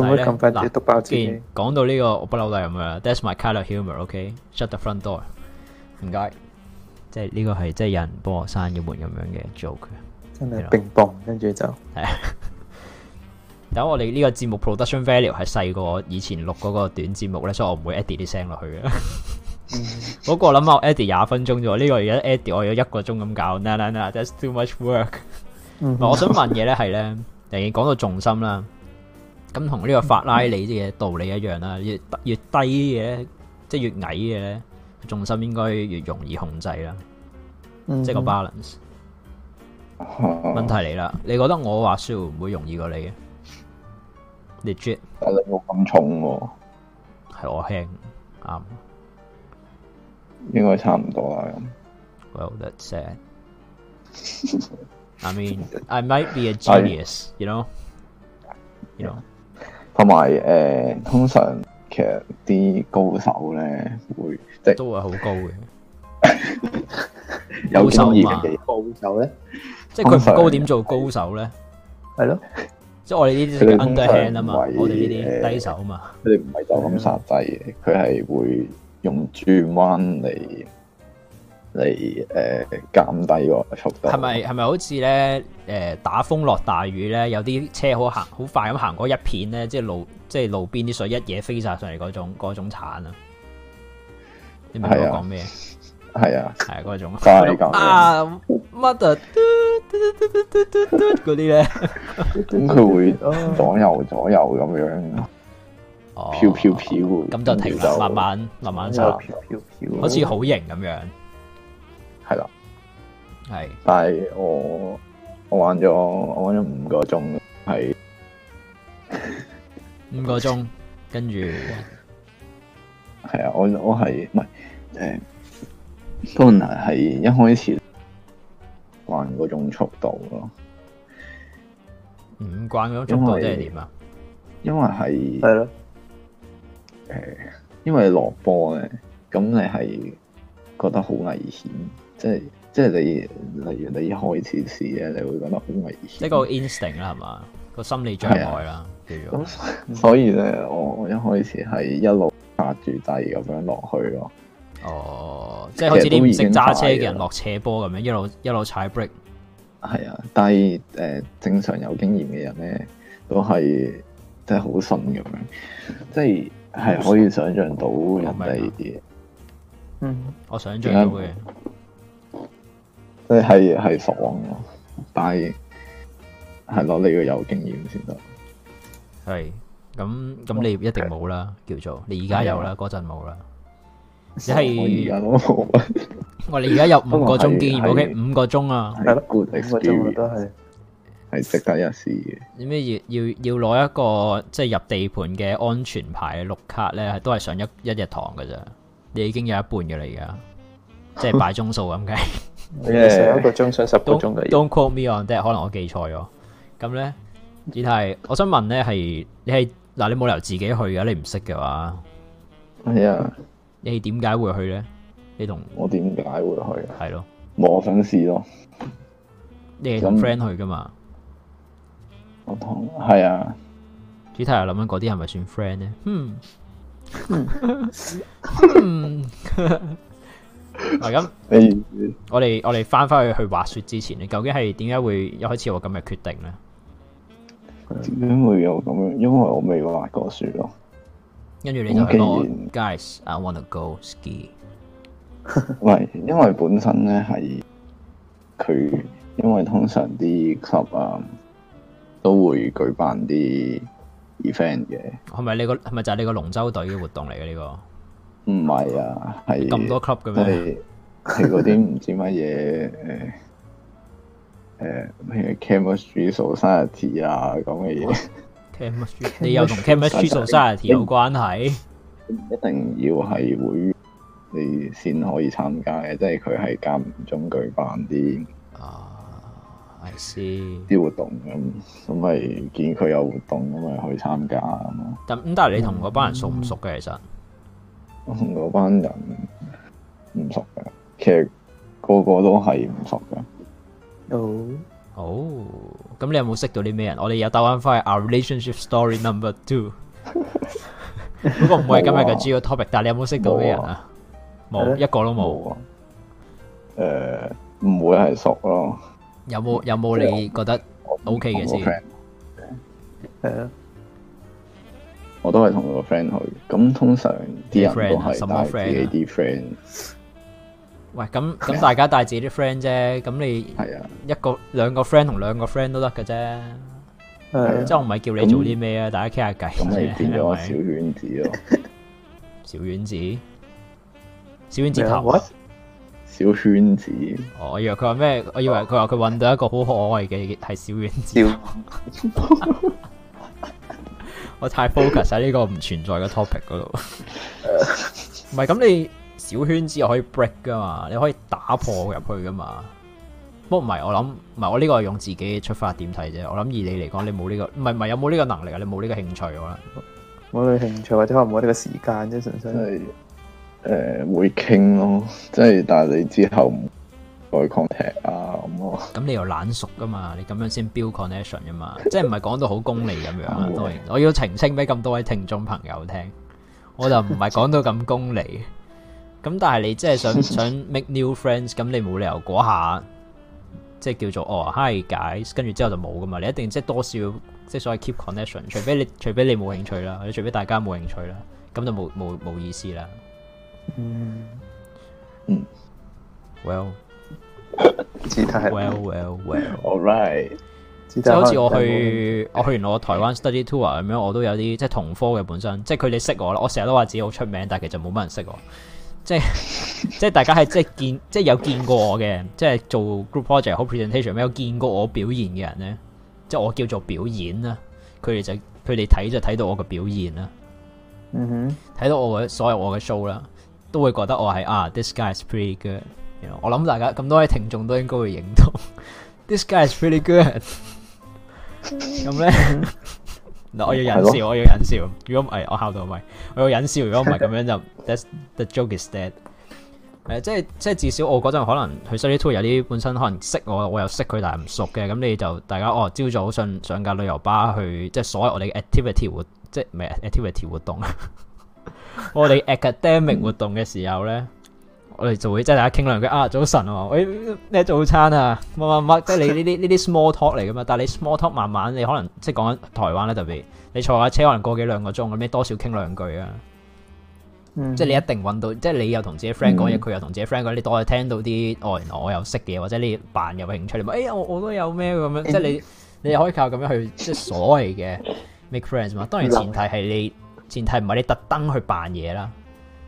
唔好咁快跌督包住。講到呢個，我不嬲都係咁樣。That's my kind of humour。OK，shut the front door。唔該，即係呢個係即係有人幫我閂咗門咁樣嘅 joke。真係勁棒，跟住就係。但係我哋呢個節目 production value 係細過以前錄嗰個短節目咧，所以我唔會 edit 啲聲落去嘅。不過我諗啊，我 edit 廿分鐘啫喎，呢個而家 edit 我要一個鐘咁搞。嗱嗱嗱，That's too much work。唔，我想問嘅咧係咧，突然講到重心啦。咁同呢個法拉利啲嘢道理一樣啦，越越低嘅即係越矮嘅咧，重心應該越容易控制啦。Mm hmm. 即係個 balance。Oh. 問題嚟啦，你覺得我滑雪會唔會容易過你嘅？It，但你磚、啊，我冇咁重喎，係我輕啱，應該差唔多啦。咁。Well that's sad. I mean, I might be a genius, But you know, you know. 同埋、呃、通常其實啲高手咧會都係好高嘅，有收 嘛？高手咧，即係佢唔高點做高手咧，係咯了？即係我哋呢啲叫 underhand 啊嘛，我哋呢啲低手嘛，佢哋唔係就咁殺低嘅，佢係、嗯、會用轉彎嚟。嚟誒減低個速度，係咪，係咪好似咧，誒打風落大雨咧？有啲車好行好快咁行過一片咧，即係路即係路邊啲水一嘢飛晒上嚟嗰種，嗰種慘啊！你明我講咩？係啊係啊，嗰種啊 mother 嘟嘟嘟嘟嘟嘟嗰啲咧，咁佢會左右左右咁樣，飄飄飄咁就停，慢慢慢慢走，好似好型咁樣。係啦，係，是但係我我玩咗我玩咗五個鐘，係五個鐘， 跟住着係啊，我我係唔係誒，都係、呃、一開始慣嗰種速度咯，唔慣嗰種速度即係點啊？因為係係咯，誒，因為落波咧，咁的你係覺得好危險。即係即係你，例如你一開始試咧，你會覺得好危險。一個 instinct 啦，係嘛，個心理障礙啦的，所以咧，我一開始係一路壓住掣咁樣落去咯。哦，即係好似啲已揸車嘅人落斜坡咁樣，一路一路踩 brake。係啊，但係誒、呃，正常有經驗嘅人咧，都係即係好順咁樣，即係係可以想象到順人哋啲。嗯，我想象到嘅。誒，係係爽，但係係咯，你要有經驗先得。係，咁咁你一定冇啦，叫做你而家有啦，嗰陣冇啦。你我哋而家有五個鐘經驗，OK，五個鐘啊，係咯，五個鐘都係，係值得一試嘅。咩要要要攞一個即係、就是、入地盤嘅安全牌綠卡咧？都係上一一日堂嘅咋？你已經有一半嘅啦，而家即係擺鐘數咁計。Yeah. 你成一個中相十個鐘嘅嘢，Don't quote me on that，可能我記錯咗。咁咧，Gtai，我想問咧，係你係嗱，你冇理由自己去噶，你唔識嘅話，係啊 Yeah.，你點解會去咧？你同我點解會去？係咯，我想試咯。你同 friend 去噶嘛？我同係啊。Gtai 係諗緊嗰啲係咪算 friend 咧？嗯。係咁、 嗯，我哋我哋翻翻去去滑雪之前你究竟係點解會一開始有咁嘅決定咧？點會有咁樣？因為我未滑過雪咯。跟住你又講然，Guys，I want to go ski。唔 因為本身咧係佢，因為通常啲 club 啊都會舉辦啲 event 嘅。係咪你個係咪就係你個龍舟隊嘅活動嚟嘅呢個？ 唔係啊，係咁多 club 嘅咩？係嗰啲唔知乜嘢誒誒咩 chemistry society 啊咁嘅嘢。chemistry 你又同 chemistry society 有關係？一定要係會你先可以參加嘅，即係佢係間唔中舉辦啲啊，I see 啲活動咁，咁咪、uh, I see 見佢有活動咁咪去參加咁、嗯、但係你同嗰班人熟唔熟嘅？其實、嗯？我同嗰班人唔熟嘅，其實個個都係唔熟嘅。哦，好，咁你有冇識到啲咩人？我哋又兜翻去 Our Relationship Story Number Two， 個不過唔係今日嘅主要 topic。但係你有冇識到咩人啊？冇有，的一個都冇。誒、啊，唔、呃、會係熟咯。有冇有冇你覺得 OK 嘅先？係啊。 我都係同佢個 friend 去，咁通常啲人都係帶自己啲 friend。啊、喂，咁咁大家帶自己啲 friend 啫，咁你係啊，一個兩的個 friend 同兩個 friend 都得㗎啫。的即係我唔係叫你做啲咩啊，那大家傾下偈。咁你變咗小丸子咯，是是 小丸子，小丸子頭，yeah, 小圈子。我以為佢話咩？我以為佢話佢搵到一個好可愛嘅係小丸子。 我太 focus 喺呢個唔存在嘅 topic 嗰度，唔係咁你小圈子又可以 break 噶嘛，你可以打破我入去噶嘛。不過唔係我諗，唔係我呢個係用自己出發點睇啫。我諗以你嚟講、這個，你冇呢個唔係唔係有冇呢個能力啊？你冇呢個興趣，我諗冇呢個興趣或者可能冇呢個時間啫，純粹。即係誒，會傾咯，即係但係你之後。contact 啊，咁咁你又懶熟噶嘛？你咁樣先 build connection 噶嘛？ 即係唔係講到好功利咁樣啊？ 當然，我要澄清俾咁多位聽眾朋友聽，我就唔係講到咁功利。咁 但係你即係想 想 make new friends，咁你冇理由嗰下即係、就是、叫做哦 hi guys 跟住之後就冇噶嘛？你一定即係多少即係所謂 keep connection，除非你除非你冇興趣啦，或者除非大家冇興趣啦，咁就冇冇冇意思啦。嗯、mm.，Well。well well well，all right。即好似我去 我去完我台灣 study tour 咁樣，我都有啲即係同科嘅本身，即係佢哋識我啦。我成日都話自己好出名，但係其實冇乜人識我。即係即係大家係 即係見，即係有見過我嘅，即係做 group project、好 presentation 有見過我表現嘅人咧，即係我叫做表演啦。佢哋就佢哋睇就睇到我嘅表現啦。嗯哼、mm，睇、hmm. 到我嘅所有我嘅 show 啦，都會覺得我係啊，this guy is pretty good。You know, 我諗大家咁多位聽眾都應該會認同 ，this guy is pretty good。咁咧，嗱我要忍笑，我要忍笑。 如果唔係，我笑到唔係，我要忍笑。如果唔係咁樣就 ，that's the joke is dead. Uh, 誒，即係即係，至少我嗰陣可能 City Tour 有啲本身可能識我，我又識佢，但係唔熟嘅。咁你就大家哦，朝早上上架旅遊巴去，即係所謂我哋 activity 活，即係咩 activity 活動，我哋 academic 活動嘅時候咧。我哋就會即係大家傾兩句啊，早晨啊，誒咩早餐啊，乜乜乜，即係你呢啲呢啲 small talk 嚟噶嘛？但係你 small talk 慢慢你可能即係講緊台灣咧，特別你坐架車可能過幾兩個鐘，咁咩多少傾兩句啊。嗯、即係你一定揾到，即係你又同自己 friend 講嘢，佢、嗯、又同自己 friend 講，你多咗聽到啲，哦原來我又識嘅，或者你扮有興趣，你話誒、哎、我我都有咩咁樣，即係你你可以靠咁樣去即係所謂嘅 make friends 嘛。 當然前提係你前提唔係你特登去扮嘢啦。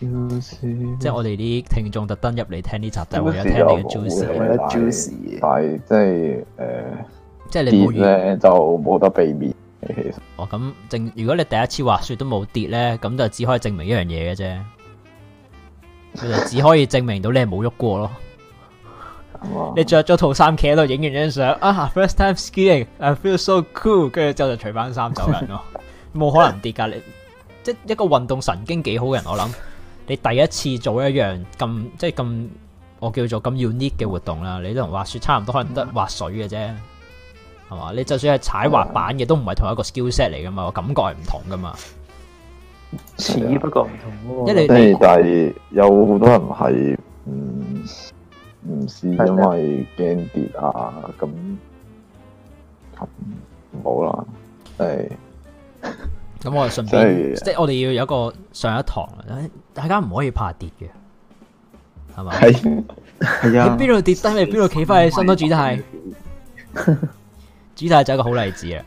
即係我哋啲聽眾特登入嚟聽呢集，就為咗聽你嘅 juice，為咗 juice，係即係誒，即係你跌咧就冇得避免。哦，咁正如果你第一次滑雪都冇跌咧，咁就只可以證明一樣嘢嘅啫，就只可以證明到你係冇喐過咯。你着咗套衫企喺度影完張相啊，first time skiing，I feel so cool，跟住之後就除翻衫走人咯。冇可能跌噶，你即係一個運動神經幾好嘅人，我諗。你第一次做一樣咁即係咁，我叫做咁 unique 嘅活動啦。你都同滑雪差唔多，可能得滑水嘅啫，係嘛、嗯？你就算係踩滑板嘅，嗯、都唔係同一個 skill set 嚟噶嘛，我感覺係唔同噶嘛。似不過唔同喎、啊，因為但係有好多人係唔唔是試因為驚跌啊咁、嗯、好啦，係。咁 我哋順便，的即係我哋要有一個上一堂。大家唔可以怕跌嘅，係嘛？係係啊！喺邊度跌低，你邊度企翻起身都<的 >Gtai。<的 >Gtai 就係一個好例子啊！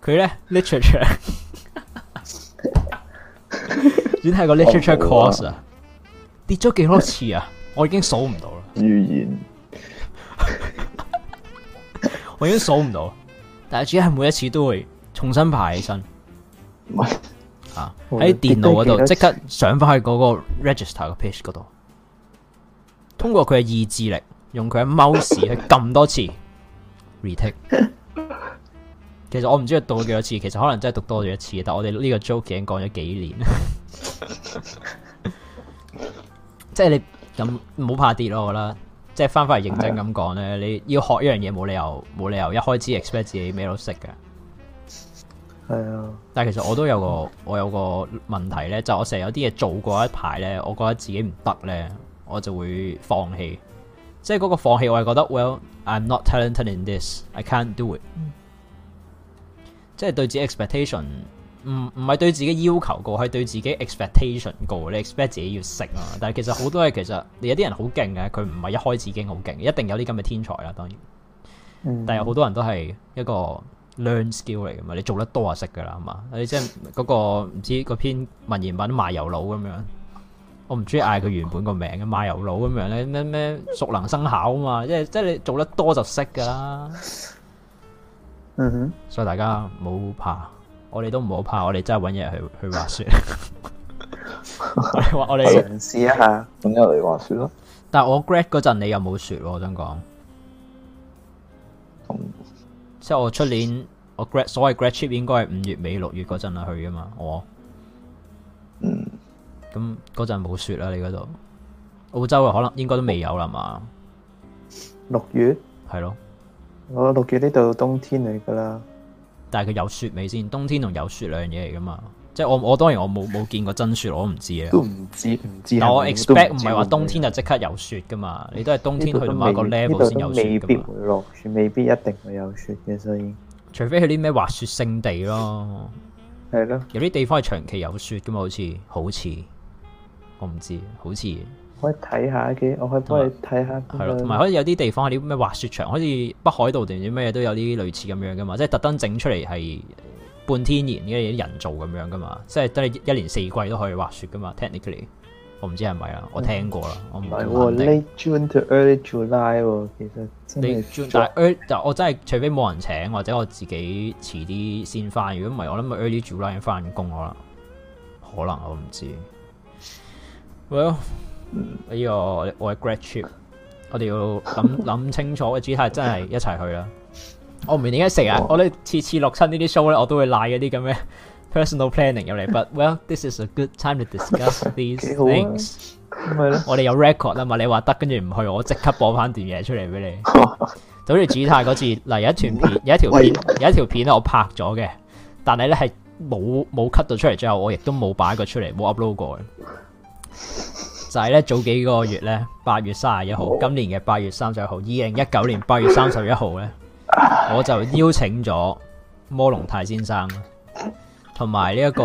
佢呢 Literature, course, 好啊！佢咧 Literature Gtai 個 Literature course 跌咗幾多次啊？我已經數唔到啦！預言， 我已經數唔到。但係 Gtai 每一次都會重新爬起身。啊！喺電腦嗰度即刻上翻去嗰個 register 個 page 嗰度，通過佢嘅意志力，用佢嘅 mouse 去撳多次 retake。其實我唔知佢讀咗幾多次，其實可能真係讀多咗一次。但我哋呢個 joke 已經講咗幾年 即是，即係你咁唔好怕跌咯。我覺得，即係翻翻嚟認真咁講咧， 你要學一樣嘢，冇理由冇理由一開始 expect 自己咩都識嘅。係啊，但係其實我都有個我有個問題咧，就是、我成日有啲嘢做過一排咧，我覺得自己唔得咧，我就會放棄。即係嗰個放棄，我係覺得，Well，I'm not talented in this，I can't do it、嗯。即係對自己 expectation，唔唔係對自己要求高，係對自己 expectation 高，你 expect 自，自己要識啊。但係其實好多嘢，其實有啲人好勁嘅，佢唔係一開始已經好勁，一定有啲咁嘅天才啦。當然，嗯、但係好多人都係一個，learn skill 嚟噶嘛，你做得多就識噶啦，係嘛？你即係嗰個唔知嗰篇文言文賣油佬咁樣，我唔中意嗌佢原本個名嘅賣油佬咁樣咧，咩咩熟能生巧啊嘛，即係即係你做得多就識噶啦。嗯哼，所以大家唔好怕，我哋都唔好怕，我哋真係搵嘢去去滑雪。我哋話我哋嘗試一下咁樣嚟滑雪咯。但係我 grad 嗰陣你又冇雪，我想講。即係我出年我 grad，所謂 grad trip 應該係五月尾六月嗰陣啊去噶嘛，我，嗯，咁嗰陣冇雪啦，你嗰度澳洲啊，可能應該都未有啦嘛，六月係咯，我六月呢度冬天嚟噶啦，但係佢有雪未先，冬天同有雪兩樣嘢嚟噶嘛。即係我我當然我冇冇見過真雪，我唔知啊。都唔知唔知係唔係。但我 expect 唔係話冬天就即刻有雪噶嘛？都你都係冬天去到某個 level 先有雪，未必會落雪，未必一定會有雪嘅，所以除非去啲咩滑雪勝地咯，係咯了。有啲地方係長期有雪噶嘛？好似好似我唔知，好似可以睇下嘅，我可以幫你睇下。係咯了，同埋可以有啲地方係啲咩滑雪場，好似北海道定啲咩嘢都有啲類似咁樣噶嘛？即係特登整出嚟係。半天然，因為啲人造咁樣噶嘛，即係得你一年四季都可以滑雪噶嘛。Technically，我唔知係咪啊，我聽過啦，嗯、我唔肯定。唔係喎，late June to early July 其實但係 e 我真係除非冇人請，或者我自己遲啲先翻。如果唔係，我諗 early July 翻工可能，可能我唔知。Well，依個我係 grad trip，我哋要諗諗清楚。主要 真係一齊去啦。我唔明點解食啊！我都次次落親呢啲 show 咧，我都會賴嗰啲咁嘅 personal planning 入嚟。But well, this is a good time to discuss these, 啊，things，嗯。咪咯，我哋有 record 啊嘛。你話得跟住唔去，我即刻播翻段嘢出嚟俾你。 就好似主太嗰次嗱，呃，有一段片，有一條片，有一條片咧，我拍咗嘅，但係咧係冇冇 cut 到出嚟，最後我亦都冇擺過出嚟，冇 upload 過嘅。就係、是、咧，早幾個月咧，八月三十一號，哦、今年嘅八月三十一號，二零一九年八月三十一號咧。 我就邀請咗魔龍泰先生和、這個，同、啊、埋呢一個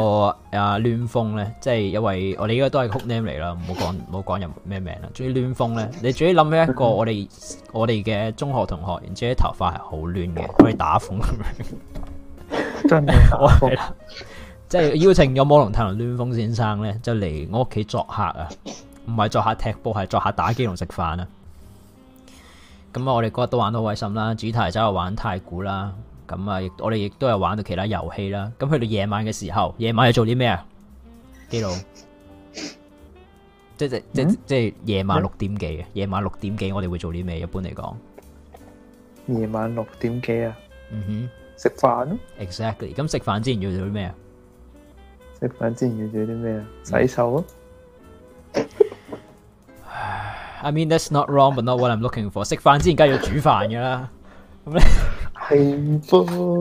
阿亂風咧，即係一位我哋應該都係酷 name 嚟啦，唔好講唔好講人咩名啦。至於亂風咧，你最要諗起一個我哋我哋嘅中學同學，然之啲頭髮係好亂嘅，可以打風咁樣打風。真係 即係邀請咗魔龍泰同亂風先生咧，就嚟我屋企作客啊！唔係作客踢波，係作客打機同食飯啊！咁啊，我哋嗰日都玩得好開心啦，主題主題主要係走玩太古啦。咁啊，我哋亦都有玩到其他遊戲啦。咁去到夜晚嘅時候，夜晚要做啲咩啊？記錄， 即係即即係夜晚六點幾啊？夜、嗯、晚六點幾我哋會做啲咩？一般嚟講，夜晚六點幾啊？嗯哼、mm，食飯咯。啊、Exactly，咁食飯之前要做啲咩啊？食飯之前要做啲咩啊？洗手咯、啊。 I mean that's not wrong, but not what I'm looking for。食飯之前梗係要煮飯噶啦，咩係唔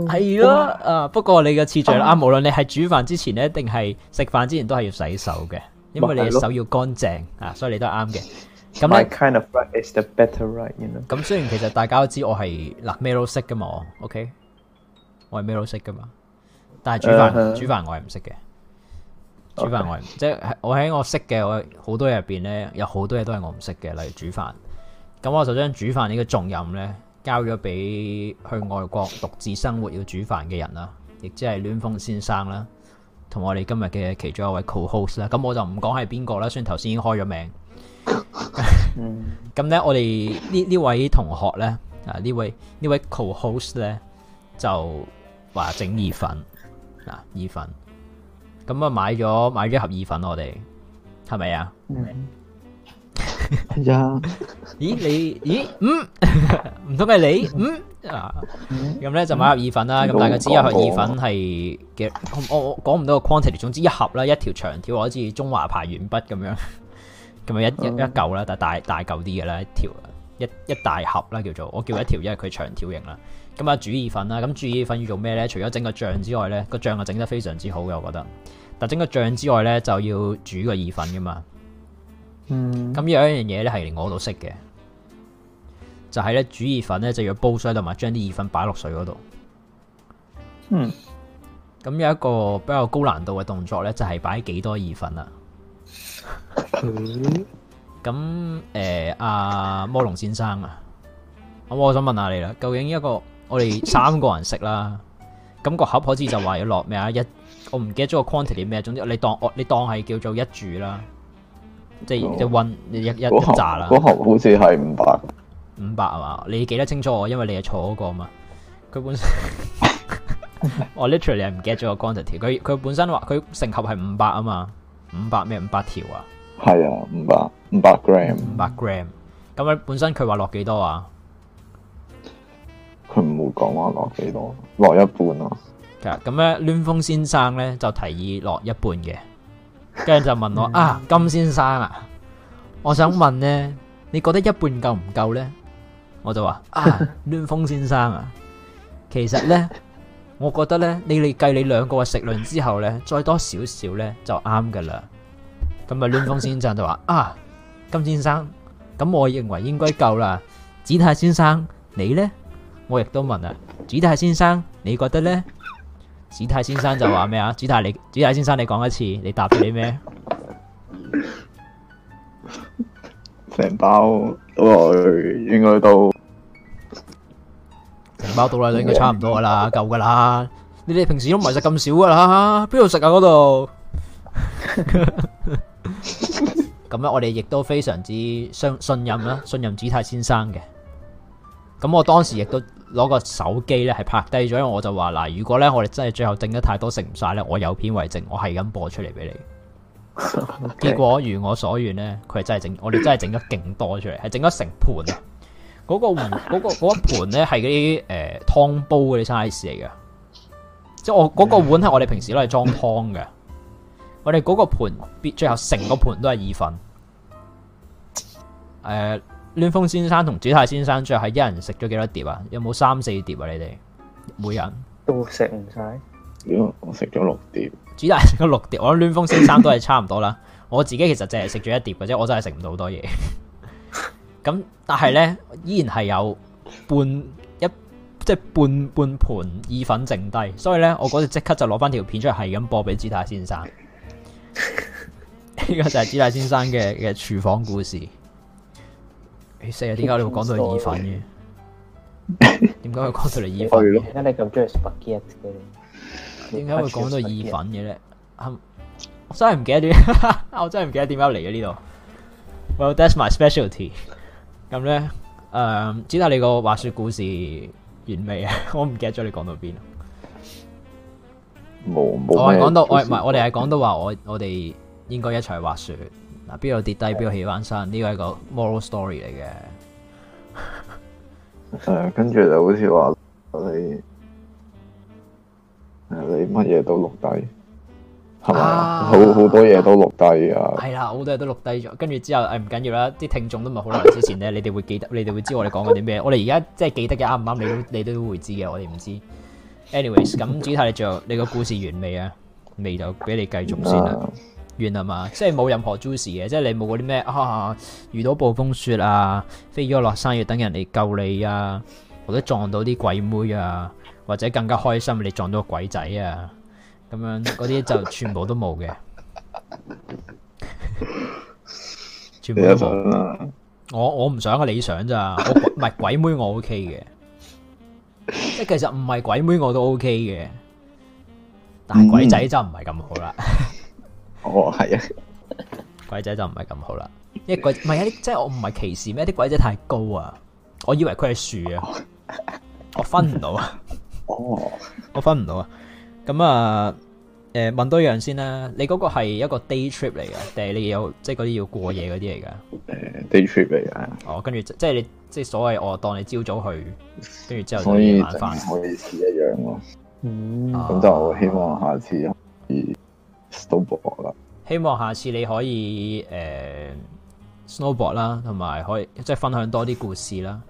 係啦？啊，不過你嘅次序啱，哎、呦無論你係煮飯之前咧，定係食飯之前都係要洗手嘅，因為你嘅手要乾淨啊，所以你都係啱嘅。咁咧，my kind of food is the better right? 咁雖然其實大家都知我係嗱，咩、呃、都識噶嘛，OK，我係咩都識噶嘛，但係煮飯、uh huh. 煮飯我係唔識嘅。煮飯，Okay. 即係我喺我識嘅，我好多嘢入邊呢，有好多嘢都係我唔識嘅，例如煮飯。咁我就將煮飯呢個重任呢，交咗俾去外國獨自生活要煮飯嘅人啦，亦即係暖風先生啦，同我哋今日嘅其中一位 co-host 啦。咁我就唔講係邊個啦，雖然頭先已經開咗名。咁 呢，我哋呢呢位同學呢啊呢位呢位 co-host 呢，就話整意粉啊意粉。啊意粉咁啊，買咗買咗一盒意粉，我哋係咪啊？係啊、mm！Hmm. Yeah. 咦，你咦？嗯，唔通係你？嗯、mm hmm. 啊！咁咧就買盒意粉啦。咁、mm hmm. 大家知一盒意粉係嘅，我我講唔到個 quantity，總之一盒啦，一條長條，好似中華牌軟筆咁樣，咁樣一一一嚿啦，但大大嚿啲嘅啦，一條一一大盒啦，叫做我叫一條，因為佢長條型啦。咁啊煮意粉啦，咁煮意粉要做咩咧？除咗整個醬之外咧，個醬啊整得非常之好嘅，我覺得。但整個醬之外咧，就要煮個意粉噶嘛。嗯。咁有一樣嘢咧係連我度識嘅，就係、是、咧煮意粉咧就要煲水同埋將啲意粉擺落水嗰度。嗯。咁有一個比較高難度嘅動作咧，就係擺幾多意粉啦、啊。咁誒、嗯、阿、呃啊、魔龍先生啊，我我想問下你啦，究竟一個？ 我哋三個人食啦，咁個盒好似就話要落咩啊？一我唔記得咗個 quantity 咩？總之你當我，你當係叫做一注啦，即係即係運一一啲扎啦。嗰盒，盒好似係五百，五百係嘛？你記得清楚我，因為你係坐嗰個嘛。佢本身 我 literally 係唔記得咗個 quantity。佢佢本身話佢成盒係五百啊嘛，五百咩？五百條啊？係啊，五百五百 gram。五百 gram。咁樣本身佢話落幾多啊？佢唔會講話落幾多，落一半咯。係啊，咁咧，暖風先生咧就提議落一半嘅，跟住就問我啊，金先生啊，我想問咧，你覺得一半夠唔夠咧？我就話啊，暖風先生啊，其實咧，我覺得咧，你哋計你兩個嘅食量之後咧，再多少少咧就啱噶啦。咁啊，暖風先生就話啊，金先生，咁我認為應該夠啦。子泰先生，你咧？我亦都問啊，子泰先生你覺得咧？子泰先生就話咩啊？子泰你子泰先生你講一次，你答你咩？成包都來，應該都成包到嚟，應該差唔多噶啦，夠噶啦。你哋平時都唔係食咁少噶啦，邊度食啊嗰度？咁樣我哋亦都非常之信信任啦，信任子泰先生嘅。咁我當時亦都攞個手機咧，係拍低咗。第二種我就話嗱，如果咧我哋真係最後整得太多食唔晒咧，我有片為證，我係咁播出嚟俾你。Okay. 結果如我所願咧，佢係真係整，我哋真係整咗勁多出嚟，係整咗成盤。嗰、嗰個嗰個嗰個呃嗰個碗，一盤咧係嗰啲誒湯煲嗰啲 size 嚟嘅，即係我嗰個碗係我哋平時都係裝湯嘅。我哋嗰個盤，最後成個盤都係意粉。誒、呃。暖風先生同紫泰先生，最後係一人食咗幾多碟啊？有冇三四碟啊？你哋每人都食唔晒？我食咗六碟，紫泰食咗六碟，我覺得暖風先生都係差唔多啦。 我自己其實淨係食咗一碟嘅啫，我真係食唔到好多嘢。咁 但係呢，依然係有半一即係、就是、半半盤意粉剩低，所以呢，我嗰時即刻就攞翻條片出嚟，係咁播俾紫泰先生。呢個就係紫泰先生嘅嘅廚房故事。哎死啊！點解你會講到意粉嘅？點解會講到嚟意粉嘅？點解你咁中意 spaghetti？點解會講到意粉嘅咧？我真係唔記得點， 我真係唔記得點解嚟嘅呢度。Well, that's my specialty。咁 咧、嗯，誒，只係你個滑雪故事完未啊？我唔記得咗你講到邊冇冇，我係講到，我唔係，我哋係講到話我我哋應該一齊滑雪。邊個跌低，邊個起翻身？呢個係個 moral story 嚟嘅。誒、啊，跟住就好似話你誒，你乜嘢都錄低，係嘛？好好多嘢都錄低啊！係、哎、啦，好多嘢都錄低咗。跟住之後誒，唔緊要啦，啲聽眾都唔係好耐之前咧， 你哋會記得，你哋會知我哋講緊啲咩？我哋而家即係記得嘅，啱唔啱？你都你都會知嘅。我哋唔知。anyways，咁整體就你個故事完未啊？未就俾你繼續先啦。完啦嘛，即係冇任何 juicy 嘅，即係你冇嗰啲咩啊，遇到暴風雪啊，飛咗落山要等人嚟救你啊，或者撞到啲鬼妹啊，或者更加開心你撞到個鬼仔啊，咁樣嗰啲就全部都冇嘅， 全部都冇。我我唔想啊，你想咋？唔係鬼妹我 OK 嘅，即係 其實唔係鬼妹我都 OK 嘅，但係鬼仔就唔係咁好啦。 哦，係啊，鬼仔就唔係咁好啦，因為鬼唔係啊，即係我唔係歧視咩？啲鬼仔太高啊，我以為佢係樹啊，哦、我分唔到啊，哦，我分唔到啊，咁啊，誒、呃，問多樣先啦，你嗰個係一個 day trip 嚟噶，定係你有即係嗰啲要過夜嗰啲嚟噶？誒、呃、，day trip 嚟噶，哦，跟住即係你即係所謂我當你朝早去，跟住之後可以晚飯可以試一樣咯，咁、嗯、就希望下次。希望下次你可以誒、呃、snowboard 啦，同埋可以即係分享多啲故事啦，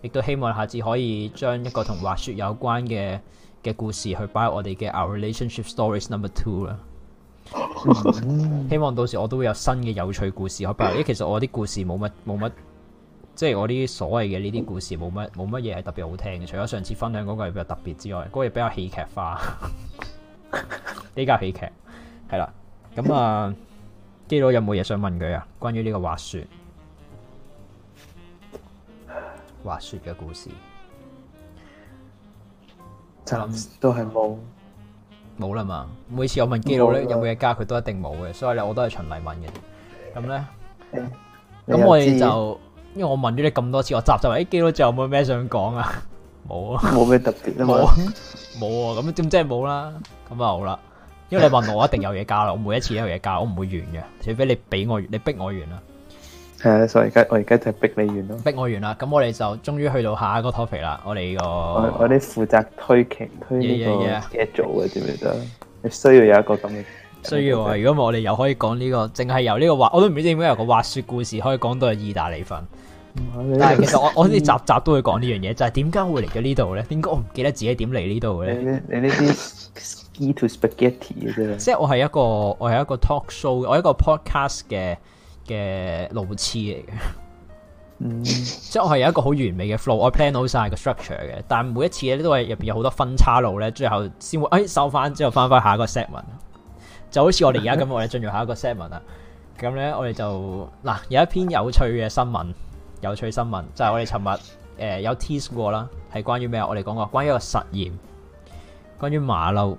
亦都希望下次可以將一個同滑雪有關嘅嘅故事去擺入我哋嘅 Our Relationship Stories Number Two 啦。 希望到時我都會有新嘅有趣故事可以擺入。咦，其實我啲故事冇乜冇乜，即係我啲所謂嘅呢啲故事冇乜冇乜嘢係特別好聽嘅，除咗上次分享嗰個係比較特別之外，嗰個亦比較喜劇化。呢家喜劇。係啦，咁啊，基佬有冇嘢想問佢啊？關於呢個滑雪，滑雪嘅故事，暫時都係冇，冇啦嘛。每次我問基佬咧有冇嘢加，佢都一定冇嘅，所以咧我都係循例問嘅。咁咧，咁我哋就因為我問咗你咁多次，我集集話誒基佬仲有冇咩想講啊？冇啊，冇咩特別啊嘛，冇啊，咁點即係冇啦，咁啊好啦。因為你問我，一定有嘢加咯，我每一次都有嘢加，我唔會完嘅，除非你俾我，你逼我完啦。係啊，所以而家我而家就係逼你完咯。逼我完啦，咁我哋就終於去到下一個 topic 啦。我哋，這個我我哋負責推擎推呢個 schedule 嘅，知唔知啊？你需要有一個咁嘅，需要啊！如果唔係，我哋又可以講呢，這個，淨係由呢個話，我都唔知點解有個滑雪故事可以講到係意大利粉。是但係其實我 我啲集集都會講呢樣嘢，就係點解會嚟咗呢度咧？點解我唔記得自己點嚟呢度嘅咧？呢？你呢啲？To spaghetti, 即係我係一個我係一個 talk show，我係一個 podcast 嘅嘅路痴嚟嘅。嗯， 即係我係有一個好完美嘅 flow，我 plan 好晒個 structure 嘅。但係每一次咧都係入邊有好多分叉路咧，最後先會誒、哎、收翻之後翻翻下一個 segment 就好似我哋而家咁， 我哋進入下一個 segment 啦。咁咧我哋就嗱有一篇有趣嘅新聞，有趣新聞就係、是、我哋尋日誒有 tease 過啦，係關於咩？我哋講過關於一個實驗，關於馬騮。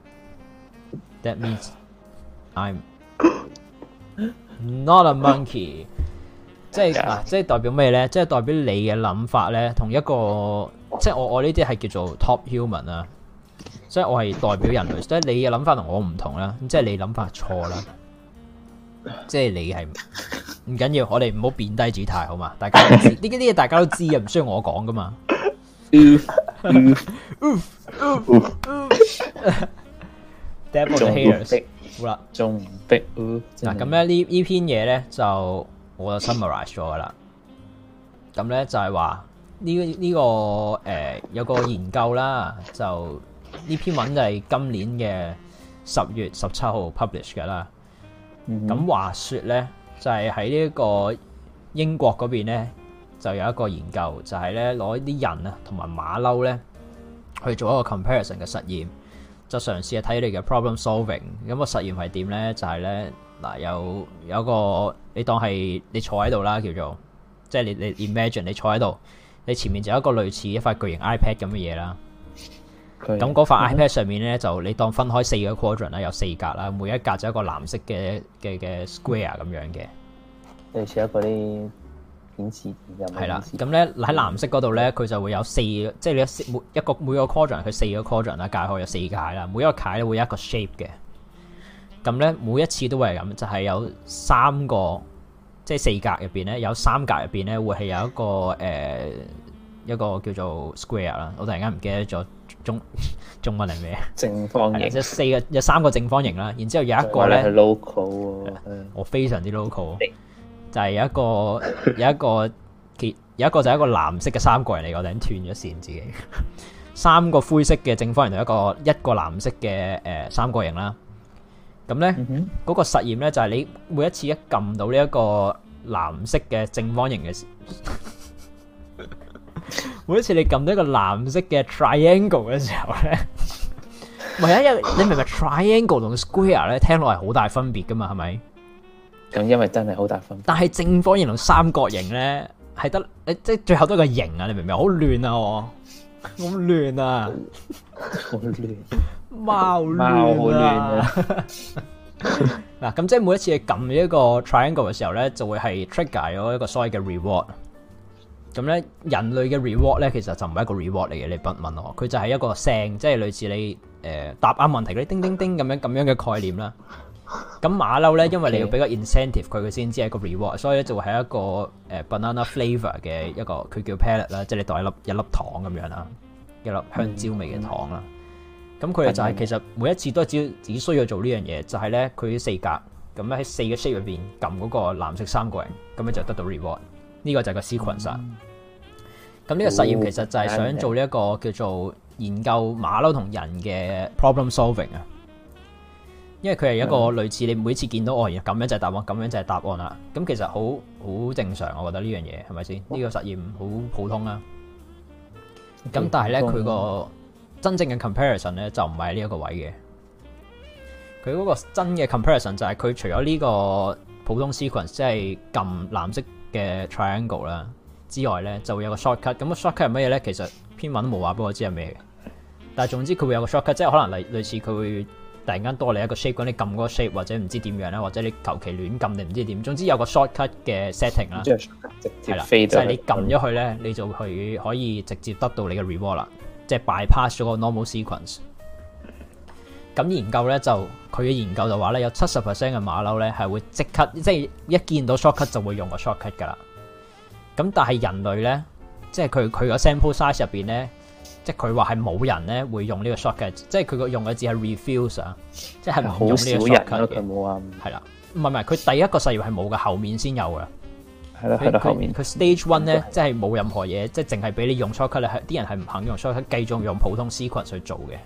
That means I'm not a monkey 即、啊。即係即係代表咩咧？即係代表你嘅諗法咧，同一個即係我我呢啲係叫做 top human 啊。所以我係代表人類， 即係你嘅諗法同我唔唔同我唔同啦。即係你諗法錯啦、啊。即係你係唔緊要，我哋唔好貶低姿態好嘛？大家呢啲呢啲嘢大家都知啊，唔 需要我講噶嘛。double 嘅 haters，好啦了，仲逼嗱，咁咧、嗯、呢呢篇嘢咧就我 summarise 咗噶啦。咁咧就係話呢呢個誒、呃、有一個研究啦，就呢篇文就係今年嘅十月十七號 publish 嘅啦。咁、嗯、哼話說咧就係喺呢個英國嗰邊咧就有一個研究就係咧攞啲人啊同埋馬騮咧去做一個 comparison 嘅實驗。就嘗試下睇你嘅 problem solving，咁個實驗係點咧？就係咧嗱，有有個你當係你坐喺度啦，叫做即係你你 imagine 你坐喺度，你前面就有一個類似一塊巨型 iPad 咁嘅嘢啦。咁嗰對塊 iPad 上面咧、uh huh. 就你當分開四個 quadrant 啦，有四格啦，每一格就一個藍色嘅嘅嘅 square 咁樣嘅，類似一個啲。係啦，咁咧喺藍色嗰度咧，佢就會有四，即係你一每一個每個 quadrant，佢四個 quadrant 啦，解開四解啦，每一個解咧會有一個 shape 嘅。咁咧每一次都會係咁，就係有三個，即係四格入邊咧，有三格入邊咧會係有一個誒、呃，一個叫做 square 啦。我突然間唔記得咗中中文係咩？正方形，即係四個有三個正方形啦。然之後有一個咧 local，我非常之 local。就係有一個有一個結有一個就係一個藍色嘅三角形嚟嘅，突然斷咗線自己線三個灰色嘅正方形同一個一個藍色嘅誒、呃、三角形啦。咁咧嗰個實驗咧就係、是、你每一次一撳到呢一個藍色嘅正方形嘅時候， 每一次你撳到一個藍色嘅 triangle 嘅時候咧，唯一一你明唔明 triangle 同 square 咧聽落係好大分別㗎嘛？係咪？咁因為真係好大分，但係正方形同三角形咧係得，誒即係最後都係一個形啊！你明唔明？好亂啊！我好亂啊 亂好亂啊！好亂，貓亂啊！嗱，咁即係每一次你撳一個 triangle 嘅時候咧，就會係 trigger 咗一個所謂嘅 reward。咁咧，人類嘅 reward 咧，其實就唔係一個 reward 嚟嘅，你唔好問我，佢就係一個聲，即係類似你誒、呃、答啱問題嗰啲叮叮叮咁樣咁樣嘅概念啦。咁馬騮咧，呢 Okay. 因為你要俾個 incentive 佢，佢先知係一個，個 reward，所以咧就係一個誒 banana flavor 嘅一個，佢、呃、叫 palette 啦，即係你袋一粒一粒糖咁樣啦，一粒香蕉味嘅糖啦。咁佢、mm hmm. 就係、是、其實每一次都只只需要做呢樣嘢，就係咧佢四格咁喺四個 shape 入邊撳嗰個藍色三角形，咁樣就得到 reward。呢、這個就係個 sequence。咁呢、mm hmm. 個實驗其實就係想做呢、這、一個、mm hmm. 叫做研究馬騮同人嘅 problem solving 啊。因為佢係一個類似你每次見到哦，咁樣就係答案，咁樣就係答案啦。咁其實好好正常，我覺得呢樣嘢係咪先？呢個實驗好普通啦。咁但係咧，佢個真正嘅 comparison 咧就唔係呢一個位嘅。佢嗰個真嘅 comparison 就係佢除咗呢個普通 sequence，即係撳藍色嘅 triangle 啦之外咧，就會有個 shortcut。咁個 shortcut 係咩嘢咧？其實篇文都冇話俾我知係咩嘅。但係總之佢會有個 shortcut，即係可能類類似佢會。突然間多你一個 shape，你撳嗰個 shape 或者唔知點樣咧，或者你求其亂撳定唔知點，總之有個 shortcut 嘅 setting 啦，即係直接，係啦，即係你撳咗去咧，嗯、你就可以可以直接得到你嘅 reward 啦，即係 bypass 咗個 normal sequence。咁研究咧就佢嘅研究就話咧，有七十 percent 嘅馬騮咧係會即刻，即係一見到 shortcut 就會用個 shortcut 噶啦。咁但係人類咧，即係佢佢個 sample size 入邊咧。即係佢話係冇人咧會用呢個 shortcut，即係佢個用嘅字係 refusal，即係唔用呢個 shortcut 嘅。係啦，唔係唔係，佢第一個事業係冇嘅，後面先有嘅。係啦的，係後面。佢 stage one 咧，即係冇任何嘢，即係淨係俾你用 shortcut。你啲人係唔肯用 shortcut，繼續用普通 sequence 去做嘅。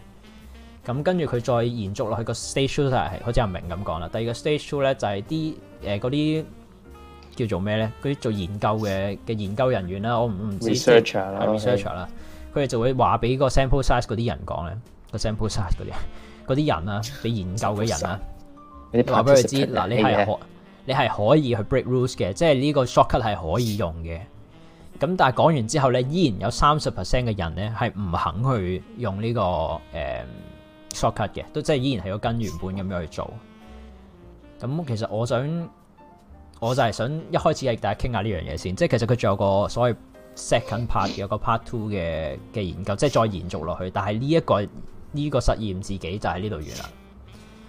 咁跟住佢再延續落去個 stage two 就係好似阿明咁講啦。第二個 stage two 咧就係啲誒嗰啲叫做咩咧？嗰啲做研究嘅嘅研究人員啦，我唔唔知 researcher 啦。佢哋就會話俾個 sample size 嗰啲人講咧，個 sample size 嗰啲嗰啲人啊，你研究嘅人啦、啊，話俾佢知，嗱，你係可，你係呢可以去 break rules 嘅，即係呢個 shortcut 係可以用嘅。咁但係講完之後咧，依然有三十 percent 嘅人咧係唔肯去用呢個誒 shortcut 嘅，都即係依然係要跟原本咁樣去做。咁其實我想，我就係想一開始係大家傾下呢樣嘢先，即係其實佢仲有個所謂。Second part 有個 part two 嘅嘅研究，即係再延續落去。但係呢一個呢、這個實驗自己就喺呢度完啦。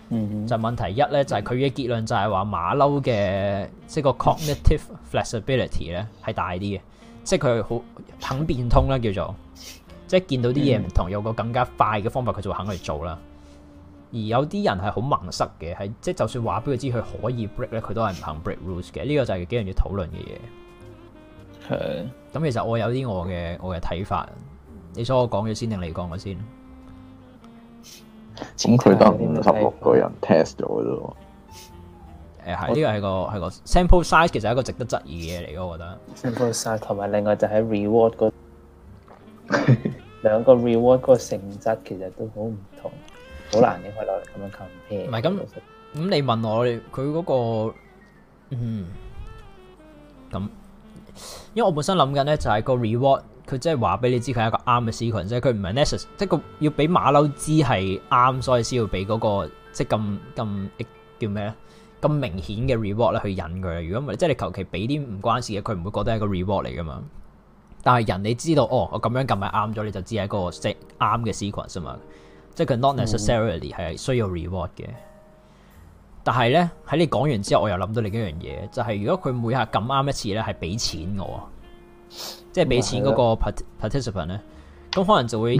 嗯、mm，hmm。就問題一咧，就係佢嘅結論就係話馬騮嘅即係個 cognitive flexibility 咧係大啲嘅，即係佢好肯變通啦，叫做即係見到啲嘢唔同，有個更加快嘅方法，佢就會肯去做啦。而有啲人係好盲塞嘅，係即係就算話俾佢知佢可以 break 咧，佢都係唔肯 break rules 嘅。呢、這個就係幾重要討論嘅嘢。咁、嗯嗯、其實我有啲我嘅我嘅睇法，所你所我講咗先定你講我先？菜只佢得十六個人 test 咗咯。誒我，係呢、嗯、個係個係個 sample size，其實係一個值得質疑嘅嘢嚟嘅，我覺得。sample size 同埋另外就係 reward 個兩個 reward 個性質，其實都好唔同，好難你可以攞嚟咁樣 compare。唔係咁，咁實你問我佢嗰、嗰個，嗯，咁、嗯。因為我本身諗緊咧，就係個 reward，佢即係話俾你知佢係一個啱嘅 sequence，ary, 即係佢唔係 necess，即係個要俾馬騮知係啱，所以先要俾嗰、嗰個即係咁咁叫咩咁明顯嘅 reward 咧去引佢。如果唔係，即係你求其俾啲唔關事嘅，佢唔會覺得係個 reward 嚟噶嘛？但係人你知道，哦，我咁樣撳係啱咗，你就知係一個的 sequence, 即係啱嘅 sequence 啊嘛。即係佢 not necessarily 係需要，要 reward 嘅。但係咧，喺你講完之後，我又諗到另一樣嘢，就係、是、如果佢每下咁啱一次咧，係俾錢我，即係俾錢嗰個 participant 咧，咁的可能就會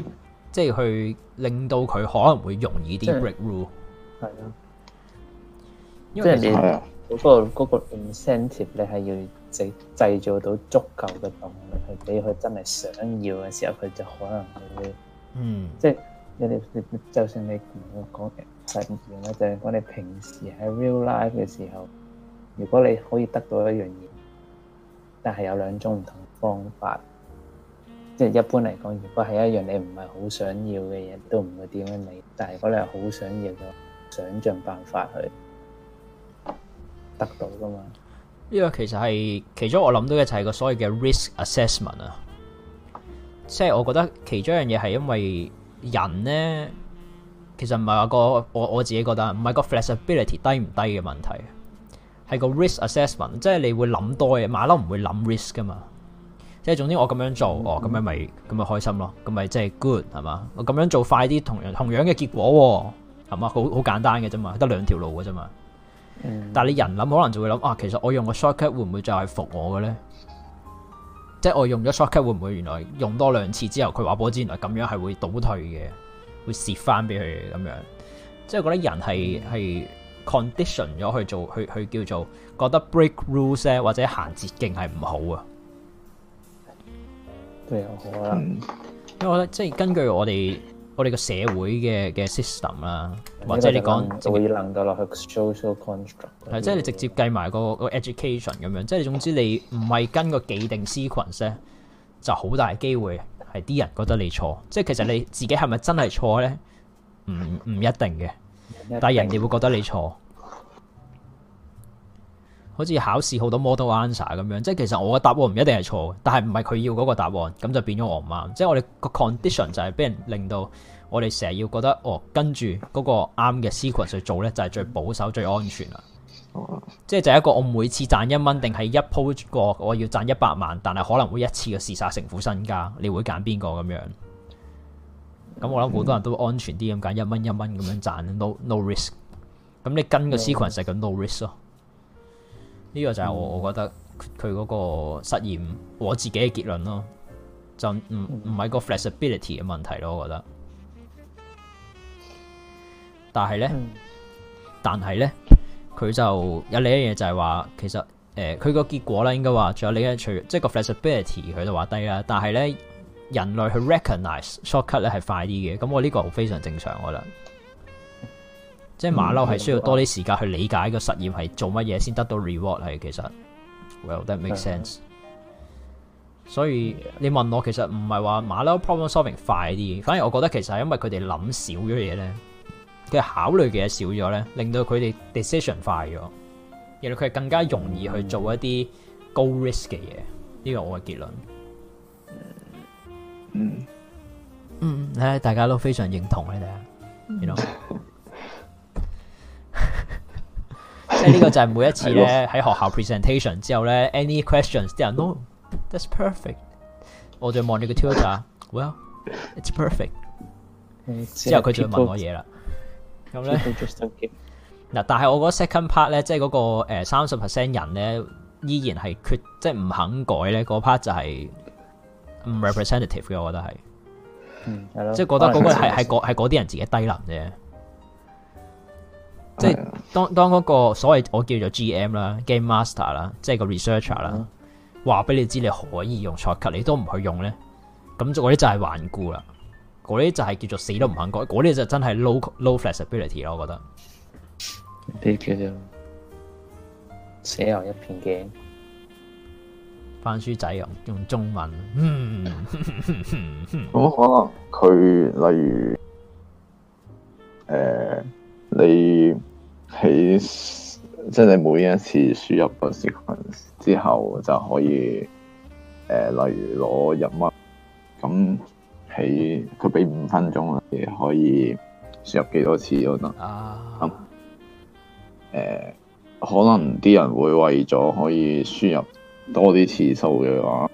即係的去令到佢可能會容易啲 break rule。係啊，因為你實、嗰個、嗰個 incentive 你係要製製造到足夠嘅動力，去俾佢真係想要嘅時候，佢就可能會，嗯，即係一啲啲，正如你我講嘅。實現咧，就係講你平時喺 real life 嘅時候，如果你可以得到一樣嘢，但係有兩種唔同方法，即係一般嚟講，如果係一樣你唔係好想要嘅嘢，都唔會點樣嚟；但係如果你係好想要嘅，想象辦法去得到㗎嘛。呢個其實係其中我諗到嘅就係個所謂嘅 risk assessment 啊，即係我覺得其中一樣嘢係因為人咧，其實唔係話個我我自己覺得唔係個 flexibility 低唔低嘅問題，係個 risk assessment，即係你會諗多嘅馬騮唔會諗 risk 噶嘛，即係總之我咁樣做，mm hmm. 哦咁樣咪咁咪開心咯，咁咪即係 good 係嘛？我咁樣做快啲，同樣同樣嘅結果，係咪好好簡單嘅啫嘛？得兩條路嘅啫嘛。Mm hmm. 但係你人諗可能就會諗啊，其實我用個 shortcut 會唔會就係服我嘅咧？即係我用咗 shortcut 會唔會原來用多兩次之後佢話俾我知原來咁樣係會倒退嘅？會蝕翻俾佢咁樣，即係覺得人係係 condition 咗去做，去去叫做覺得 break rules 咧，或者行捷徑係唔好啊。都有可能因為我覺得即係根據我哋我哋個社會嘅嘅 system 啦，或者你講可以諗到落去 social construct，係即係你直接計埋個個 education 咁樣，即係總之你唔係跟個既定 sequence，就好大機會。係啲人覺得你錯，即係其實你自己係咪真係錯呢？唔唔一定嘅，但係人哋會覺得你錯。好似考試好多 model answer 咁樣，即係其實我嘅答案唔一定係錯，但係唔係佢要嗰個答案，咁就變咗我唔啱。即係我哋個 condition 就係俾人令到我哋成日要覺得哦，跟住嗰個啱嘅 sequence 去做呢，就係最保守、最安全啦。即係就一個，我每次賺一蚊，定係一鋪過我要賺一百萬，但係可能會一次嘅試殺成副身家，你會揀邊個咁樣？咁我諗好多人都安全啲咁揀一蚊一蚊咁樣賺，no no risk。咁你跟個 C 群食緊 no risk 咯？呢、這個就係我我覺得佢嗰個實驗我自己嘅結論咯，就唔唔係個 flexibility 嘅問題咯，我覺得。但係咧，但係咧。佢就有另一樣嘢就係話，其實誒佢個結果啦，應該話仲有另一個，即係個 flexibility，佢都話低啦。但係咧，人類去 recognize shortcut 咧係快啲嘅，咁我呢個非常正常，我覺得。即係馬騮係需要多啲時間去理解個實驗係做乜嘢先得到 reward 係，其實。Well, that makes sense。所以你問我，其實唔係話馬騮 problem solving 快啲，反而我覺得其實係因為佢哋諗少咗嘢咧。佢考慮嘅嘢少咗咧，令到佢哋 decision 快咗，原來佢係更加容易去做一啲高 risk 嘅嘢。呢個我嘅結論。嗯嗯嗯，係大家都非常認同嘅，係咪？you know？即係呢個就係每一次咧喺學校 presentation 之後咧，any questionsthey say no，that's perfect。我就望住個 tutor，well it's perfect。之後佢就要問我嘢啦。咁咧嗱，但係我覺得 second part 咧，即係嗰個三十 percent 人咧，依然係缺，即係唔肯改咧，嗰 part 就係唔 representative 嘅，我覺得係，嗯，係咯，即係覺得嗰個係係嗰啲人自己低能啫，即係 當當嗰個所謂我叫做 GM 啦、Game Master 啦、er, 嗯，即係個 researcher 啦，話俾你知你可以用錯 cut 你都唔去用咧，咁嗰啲就係頑固啦。嗰啲就係叫做死都唔肯改，嗰啲就真係 low low flexibility 咯，我覺得。你叫做死留一片驚，翻 書仔用用中文。咁可能佢例如誒、呃，你喺即係你每一次輸入個 section 之後，就可以誒、呃，例如攞日蚊咁。喺佢俾五分鐘啦，可以輸入幾多次都得。咁誒、啊嗯呃，可能啲人會為咗可以輸入多啲次數嘅話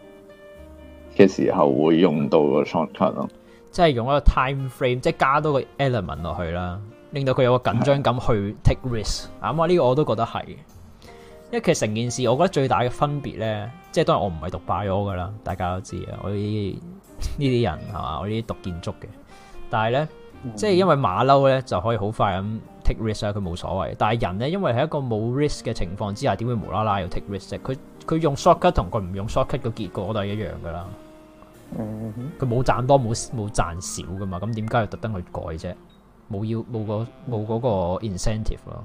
嘅時候，會用到個 shortcut 咯。即係用一個 time frame，即係加多個 element 落去啦，令到佢有個緊張感去 take risk 的。咁啊，呢、這個我都覺得係。因為其實成件事，我覺得最大嘅分別咧，即係當然我唔係讀 bio 嘅啦，大家都知啊。我呢啲呢啲人係嘛，我呢啲讀建築嘅。但係咧，即係因為馬騮咧就可以好快咁 take risk 啊，佢冇所謂。但係人咧，因為喺一個冇 risk 嘅情況之下，點會無啦啦要 take risk 啫？佢佢用 short cut 同佢唔用 short cut 嘅結果都係一樣噶啦。佢冇賺多冇冇賺少噶嘛，咁點解要特登去改啫？冇要冇冇嗰個 incentive 咯。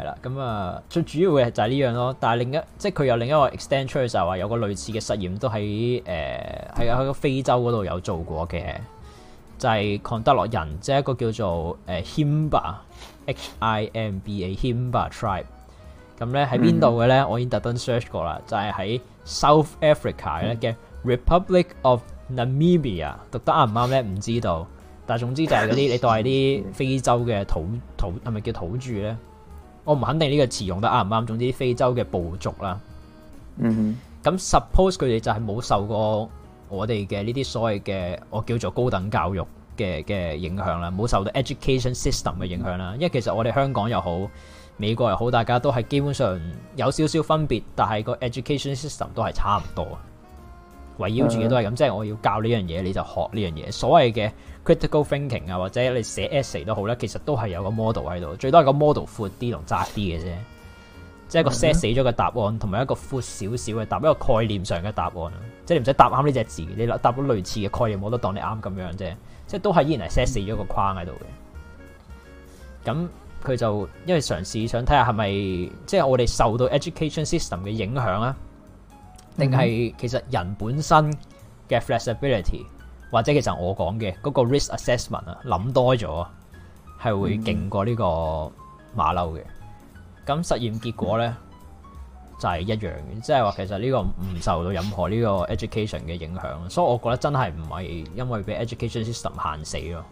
係啦，咁啊，最主要嘅就係呢樣咯。但係另一即係佢有另一個 extend 出去，就係話有個類似嘅實驗都，都喺誒係喺個非洲嗰度有做過嘅，就係康德洛人，即、就、係、是、一個叫做誒 Himba、呃、H, ba, H I M B A Himba tribe。咁咧喺邊度嘅咧？呢 mm. 我已經特登 search 過啦，就係、是、喺 South Africa 咧嘅 Republic of Namibia、mm. 讀得啱唔啱咧？唔知道，但係總之就係嗰啲你當係啲非洲嘅土土係咪叫土著咧？我唔肯定呢個詞用得啱唔啱，總之非洲嘅部族啦，嗯哼，咁 suppose 佢哋就係冇受過我哋嘅呢啲所謂嘅我叫做高等教育嘅嘅影響啦，冇受到 education system 嘅影響啦，嗯、因為其實我哋香港又好，美國又好，大家都係基本上有少少分別，但係個 education system 都係差唔多，圍繞住嘅都係咁，嗯、即係我要教呢樣嘢，你就學呢樣嘢，所謂嘅。critical thinking 啊，或者你寫 essay 都好啦，其實都係有個 model 喺度，最多係個 model 闊啲同窄啲嘅啫，即係個 set 死咗個答案，同埋一個闊少少嘅答案，一個概念上嘅答案啊，即係你唔使答啱呢隻字，你答到類似嘅概念，我都當你啱咁樣啫，即係都係依然 set 死咗個框喺度嘅。咁佢就因為嘗試想睇下係咪即係我哋受到 education system 嘅影響啊，定係其實人本身嘅 flexibility？或者其實我講嘅嗰個 risk assessment 啊，諗多咗係會勁過呢個馬騮嘅。咁實驗結果咧 就係一樣嘅，即係話其實呢個唔受到任何呢個 education 嘅影響。所以我覺得真係唔係因為俾 education system 限死咯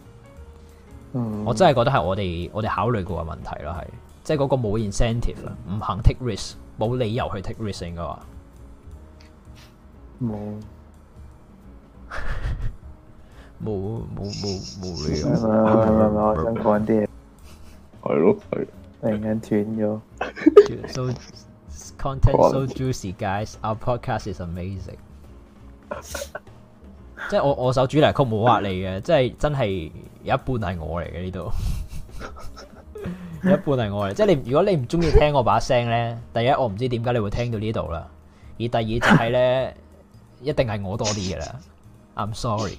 我真係覺得係我哋我哋考慮過嘅問題咯，係即係嗰個冇 incentive 啦，唔肯 take risk，冇理由去 take risk 應該話冇。沒有 冇冇冇冇料我想講啲嘢係咯係，突然間斷咗。 So content, so juicy, guys. Our podcast is amazing 即。即係我我首主題曲冇畫你嘅，即係真係有一半係我嚟嘅呢度。 一半係我嚟，即係你。如果你唔中意聽我把聲咧，第一我唔知點解你會聽到呢度啦。而第二就係、是、咧，一定係我多啲嘅啦。I'm sorry。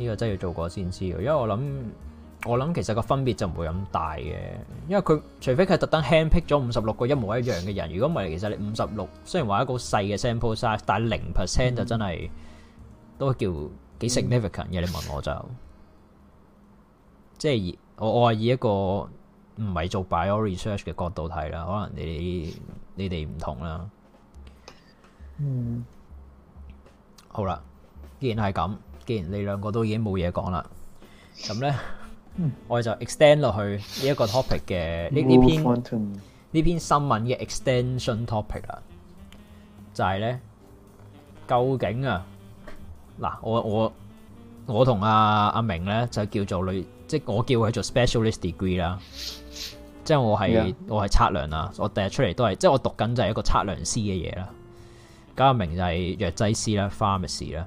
呢個真係要做過先知喎，因為我諗，我諗其實個分別就唔會咁大嘅，因為佢除非佢特登 hand pick 咗五十六個一模一樣嘅人，如果唔係，其實你五十六雖然話一個細嘅 sample size，但係零 percent 就真係都叫幾 significant 嘅。你問我就，即係我我話以一個唔係做 bio research 嘅角度睇啦，可能你你哋唔同啦。嗯，好啦，既然係咁。既然你兩個都已經冇嘢講啦，咁咧，嗯、我哋就 extend 落去呢一個 topic 嘅呢呢篇呢 F 篇新聞嘅 extension topic、就是、啦，就係咧究竟啊嗱，我我我同阿阿明咧就叫做女，即係我叫佢做 specialist degree 啦，即係我係 Yeah. 我係測量啊，我第日出嚟都係，即係我讀緊就係一個測量師嘅嘢啦，加阿明就係藥劑師啦，pharmacy 啦。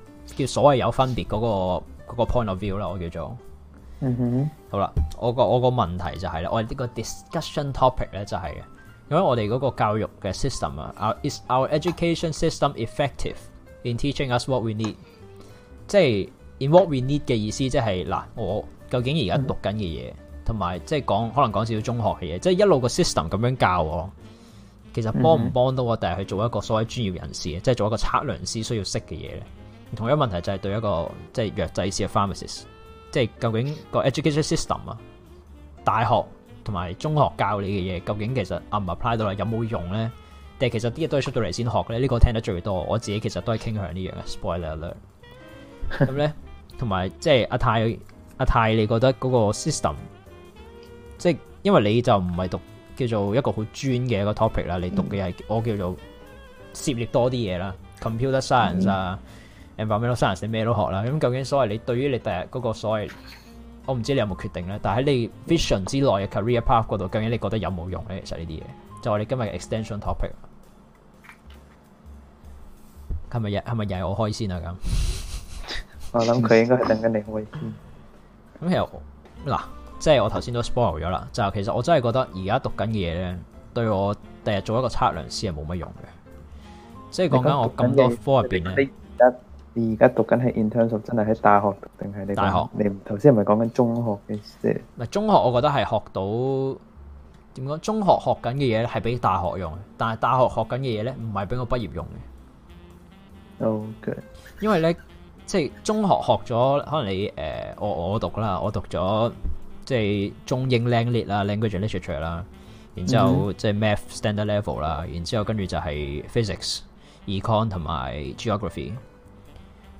叫所謂有分別嗰個嗰個 point of view 啦，我叫做嗯哼。Mm hmm. 好啦，我個我個問題就係啦，我哋呢個 discussion topic 咧就係，因為我哋嗰個教育嘅 system 啊，our, mm hmm. is our education system effective in teaching us what we need？即係 in what we need 嘅意思，即係嗱，我究竟而家讀緊嘅嘢，同埋即係講可能講少少中學嘅嘢，即係一路個 system 咁樣教我，其實幫唔幫到我哋去做一個所謂專業人士，即係做一個測量師需要識嘅嘢咧？同一個問題就係對一個即係藥劑師、pharmacist，即係究竟個 education system 啊，大學同埋中學教你嘅嘢，究竟其實 apply 到嚟有冇用咧？定係其實啲嘢都係出到嚟先學咧？呢、呢個聽得最多，我自己其實都係傾向的呢樣嘅。Spoiler alert，咁咧，同埋即係阿泰，阿泰，你覺得嗰個 system，即係因為你就唔係讀叫做一個好專嘅一個 topic 啦，你讀嘅係、嗯、我叫做涉獵多啲嘢啦，computer science 啊、嗯。咩都識，咩都學啦。咁、嗯、究竟所謂你對於你第日嗰個所謂，我唔知你有冇決定咧。但喺你 vision 之內嘅 career path 嗰度，究竟你覺得有冇用咧？其實呢啲嘢就係我哋今日嘅 extension topic。係咪？係咪又係我開先啊？咁 我諗佢應該係等緊你開先。咁、 嗯、其實嗱，即係我頭先都 spoil 咗啦。就其、是、實我真係覺得而家讀緊嘅嘢咧，對我第日，日做一個測量師係冇乜用嘅。即係講緊我咁多科入邊咧。你而家讀緊係 internship，真係喺大學定係你？大學你頭先唔係講緊中學嘅，即係唔係中學？中學我覺得係學到點講中學學緊嘅嘢咧，係俾大學用嘅。但係大學學緊嘅嘢咧，唔係俾我畢業用嘅。OK，因為咧即係中學學咗，可能你誒，我我讀啦，我讀咗即係中英 language, language 啦，language literature 啦，然之後即係 math standard level 啦，然之後跟住就係 physics、econ 同埋 geography。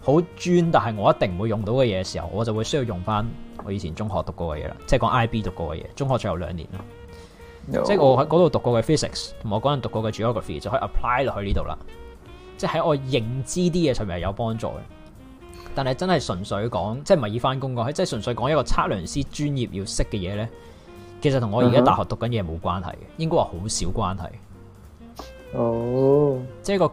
好專，但係我一定唔會用到嘅嘢嘅時候，我就會需要用翻我以前中學讀過嘅嘢啦，即係講 I B 讀過嘅嘢，中學最後兩年啦，No. 即係我喺嗰度讀過嘅 physics 同我嗰陣讀過嘅 geography 就可以 apply 落去呢度啦，即係喺我認知啲嘢上面係有幫助嘅。但係真係純粹講，即係唔係以翻工講，即係純粹講一個測量師專業要識嘅嘢咧，其實同我而家大學讀緊嘢冇關係嘅，uh huh. 應該話好少關係。哦，oh. 即係個。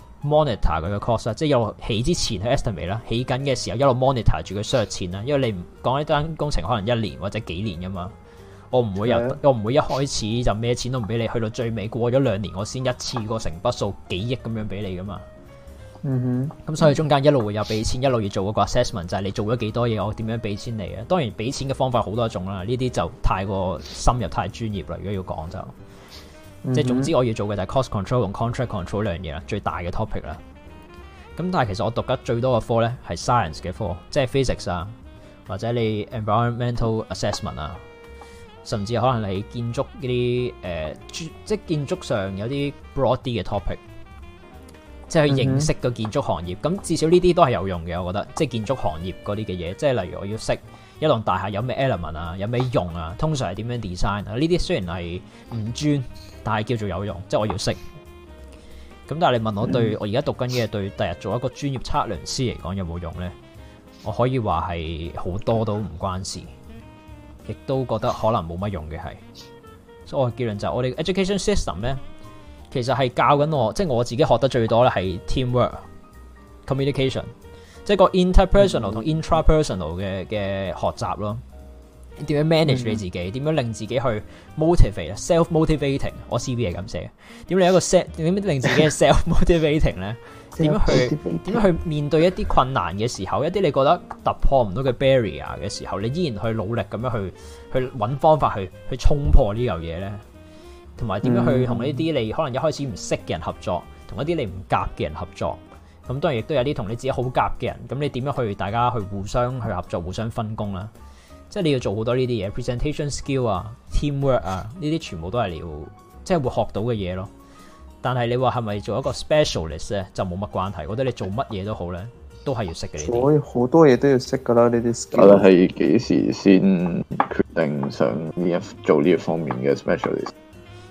monitor 佢嘅 cost 即係又起之前去 estimate 啦，起緊嘅時候一路 monitor 住佢收錢啦，因為你唔講一單工程可能一年或者幾年噶嘛，我唔會由的我唔會一開始就咩錢都唔俾你，去到最尾過咗兩年我先一次過成筆數幾億咁樣俾你噶嘛，嗯哼，咁所以中間一路會有俾錢，一路要做個 assessment，就係你做咗幾多嘢，我點樣俾錢給你嘅，當然俾錢嘅方法好多種啦，呢啲就太過深入太專業啦，如果要講就。即係總之，我要做嘅就係 cost control 同 contract control 兩樣嘢啦，最大嘅 topic 啦。咁但係其實我讀得最多嘅科咧，係 science 嘅科，即係 physics 啊，或者你 environmental assessment 啊，甚至可能你建築嗰啲誒，即係建築上有啲 broad 嘅 topic，即係去認識個建築行業。咁、mm hmm. 至少呢啲都係有用嘅，我覺得，即係建築行業嗰啲嘅嘢，即係例如我要識。一棟大廈有咩 element 啊？有咩用啊？通常係點樣 design 啊？呢啲雖然係唔專，但係叫做有用，即係我要識。咁但係你問我對我而家讀緊嘅對第日做一個專業測量師嚟講有冇用咧？我可以話係好多都唔關事，亦都覺得可能冇乜用嘅係。所以我嘅結論就係我哋 education system 咧，其實係教緊我，即係我自己學得最多咧係 teamwork，communication。是一個 interpersonal 同 intrapersonal 嘅嘅學習咯，點樣 manage 你自己？點樣令自己去 motivate？selfmotivating，我 C B 係咁寫。點你一個 set？點樣令自己 selfmotivating 咧？點樣 去點樣去面對一啲困難嘅時候，一啲你覺得突破唔到嘅 barrier 嘅時候，你依然去努力咁樣去去揾方法去去衝破這個東西呢嚿嘢咧？同埋點樣去同呢啲你可能一開始唔識嘅人合作，同一啲你唔夾嘅人合作？咁當然亦都有啲同你自己好夾嘅人，咁你點樣去大家去互相去合作、互相分工啦？即係你要做好多呢啲嘢，presentation skill 啊、teamwork 啊，呢啲全部都係你要即係、就是、會學到嘅嘢咯。但係你話係咪做一個 specialist 咧，就冇乜關係。我覺得你做乜嘢都好咧，都係要識嘅。所以好多嘢都要識㗎啦，呢啲。你係幾時先決定想呢一做呢一方面嘅 specialist？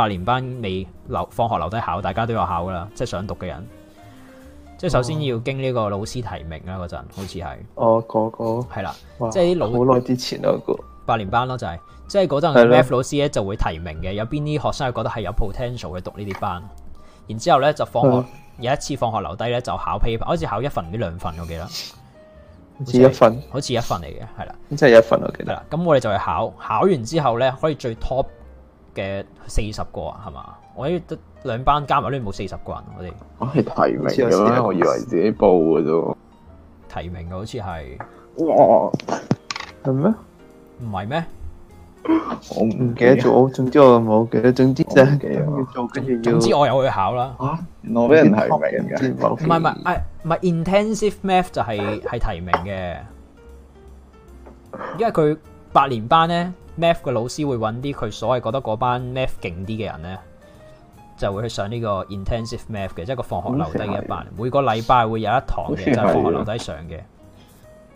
八年班未留放學留低考，大家都有考噶啦，即係想讀嘅人，即係首先要經呢個老師提名啊。嗰陣、oh. 好似係哦，嗰個係啦，wow, 即係啲老好耐之前咯，個八年班咯就係、是，即係嗰陣 Math 老師咧就會提名嘅，了有邊啲學生覺得係有 potential 去讀呢啲班，然之後咧就放學 Yeah. 有一次放學留低咧就考 paper，好似考一份唔知兩份我記得，好似一份，好似一份嚟嘅係啦，即係一份我記得，咁我哋就去考，考完之後咧可以最 top。嘅四十個啊，係嘛？我呢兩班加埋都冇四十個人，我哋。我係提名噶啦，我以為自己報噶都。提名嘅好似係，哇，係咩？唔係咩？我唔記得咗，總之我冇記得，總之即係做緊要。總之我有去考啦，我俾人提名噶，唔係唔係，唔係 Intensive Math 就係係提名嘅，因為佢八年班咧。Math 嘅老師會揾啲佢所謂覺得嗰班 Math 勁啲嘅人咧，就會去上呢個 intensive math 嘅，即係個放學留低嘅一班。的每個禮拜會有一堂嘅，的就係放學留低上嘅。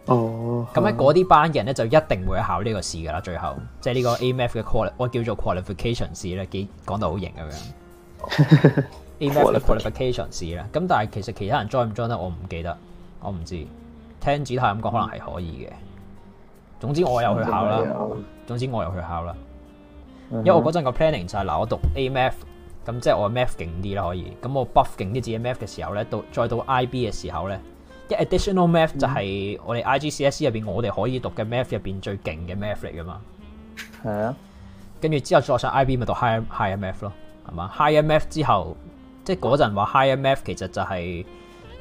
哦的。咁喺嗰啲班嘅人咧，就一定會考呢個試噶啦。最後，的即係呢個 AMF 嘅 quali，我叫做 qualification 試咧，講到好型咁樣。 AMF qualification 試啦。咁但係其實其他人 join 唔 join 得，我唔記得，我唔知。聽主題咁講，可能係可以嘅。總之我又去考啦。總之我又去考啦，因為我嗰陣個 planning 就係嗱，我讀 A Math 咁，即係我 Math 勁啲啦，可以。咁我 Buff 勁啲自己的 Math 嘅時候咧，到再到 IB 嘅時候咧，一 additional Math 就係我哋 IGCSE 入邊我哋可以讀嘅 Math 入邊最勁嘅 Math 嚟噶嘛。係啊的，跟住之後再上 IB 咪讀 High High Math 咯，係嘛？High Math 之後，即係嗰陣話 High Math 其實就係、是。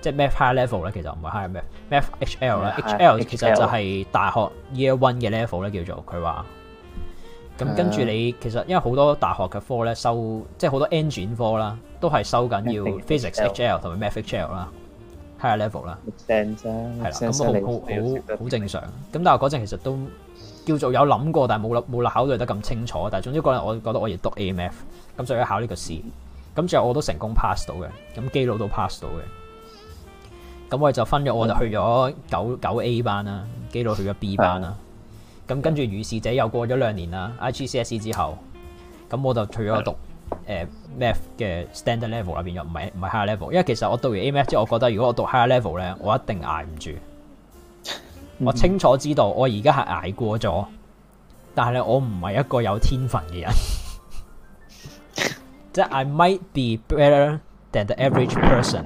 即係 math high level 咧，其實唔係 high math math H L 啦。Yeah, H L, H L. 其實就係大學 year one 嘅 level 咧，叫做佢話，咁跟住你其實因為好多大學嘅科咧，收即係好多 engine 科啦，都係收緊要 physics H L 同埋 math H L 啦 It 's，high level 啦，正啫，係啦，咁好好好好正常咁。it s 但係嗰陣其實都叫做有諗過，但係冇冇考慮得咁清楚。但係總之嗰日我，我覺得我可以讀 AMF 咁，所以考呢個試咁，最後我都成功 pass 到嘅，咁基佬都 pass 到嘅。咁我就分咗，我就去咗九九 A 班啦，基佬去咗 B 班啦。咁跟住，於是者又過咗兩年啦，IGCSE 之後，咁我就去咗讀誒 Math 嘅 Standard Level 啦，變咗唔係唔係 Higher Level。因為其實我讀完 A Math 之後，我覺得如果我讀 Higher Level 咧，我一定捱唔住。我清楚知道，我而家係捱過咗，但係咧，我唔係一個有天分嘅人。即係 I might be better than the average person.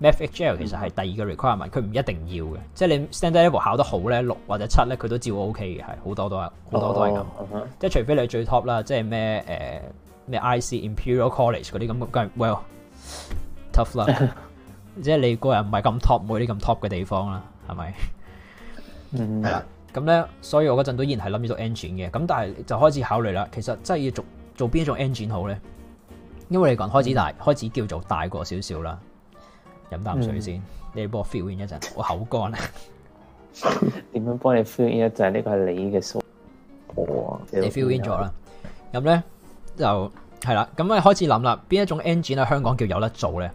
Math HL 其實係第二個 requirement，佢唔一定要嘅，即係你 standard level 考得好咧六或者七咧，佢都照 O K 嘅，好多都係好多都係咁，oh, uh huh. 即係除非你最 top 啦，即係咩誒咩 IC Imperial College 嗰啲咁梗係，Well tough 啦， 即係你個人唔係咁 top，冇啲咁 top 嘅地方啦，係咪？係啦、mm，咁、hmm. 咧，所以我嗰陣都依然係諗住做 engine 嘅，咁但係就開始考慮啦，其實真係要做做邊一種 engine 好咧？因為你講開始大，mm hmm. 開始叫做大過少少啦。飲啖水先，嗯、你哋幫我 fill in 一陣，我口乾啊！點樣幫你 fill in 一陣？呢個係你嘅 show 我啊，你 fill in 咗啦。咁咧就係啦，咁咪開始諗啦，邊一種 engine 喺香港叫有得做咧？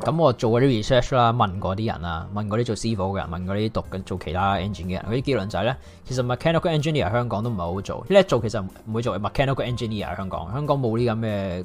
咁我做嗰啲 research 啦，問過啲人啊，問嗰啲做 civil 嘅人，問嗰啲讀緊做其他 engine 嘅人，嗰啲結論就係咧，其實 mechanical engineer 香港都唔係好做，呢一做其實唔會做 mechanical engineer 喺香港，香港冇呢咁嘅。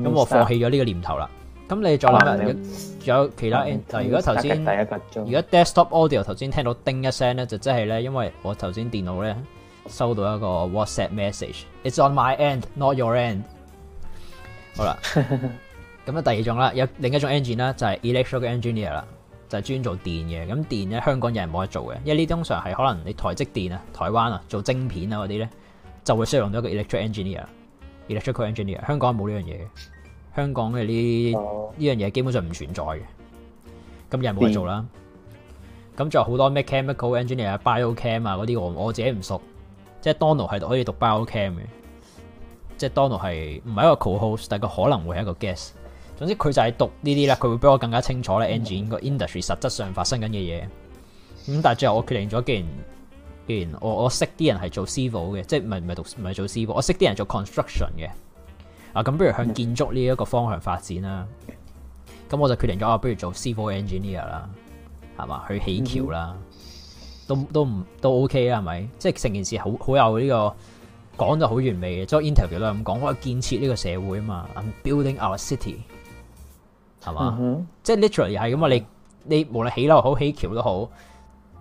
咁我放棄咗呢個念頭啦。咁你再諗下，嗯、有其他？如果頭先，如果 desktop audio 頭先聽到叮一聲咧，就即係咧，因為我頭先電腦咧收到一個 WhatsApp message，it's on my end，not your end。好啦，咁啊 第二種啦，有另一種 engine 啦，就係 electrical engineer 啦，就專做電嘅。咁電咧香港有人冇得做嘅，因為呢通常係可能你台積電台灣啊、台灣啊做晶片啊嗰啲咧，就會需要到一個 electrical engineer。Electrical engineer， 香港冇呢樣嘢香港嘅呢呢樣嘢基本上唔存在嘅，咁人冇去做啦。咁仲有好多咩 chemical engineer、b i o c a m 啊嗰啲，我我自己唔熟。即係 Donald 係可以讀 b i o c a m 嘅，即係 Donald 係唔係一個 co-host，但係佢可能會係一個 g u e s s 總之佢就係讀呢啲啦，佢會比我更加清楚咧。 engine 個 industry 實質上發生緊嘅嘢。咁、嗯、但係最後我決定咗既然。既然我我識啲人係做 civil 嘅，即係唔係唔係讀唔係做 civil，我識啲人做 construction 嘅。啊，咁不如向建築呢一個方向發展啦。咁我就決定咗，啊、我不如做 civil engineer 啦，係嘛？去起橋啦、嗯哼，都都唔都 OK 啦，係咪？即係成件事好好有呢、呢個講就好完美嘅，即係 interview 都係咁講，我建設呢個社會啊嘛，I'm building our city，係嘛？嗯、哼即係 literally 係咁啊！你你無論起樓好起橋都好。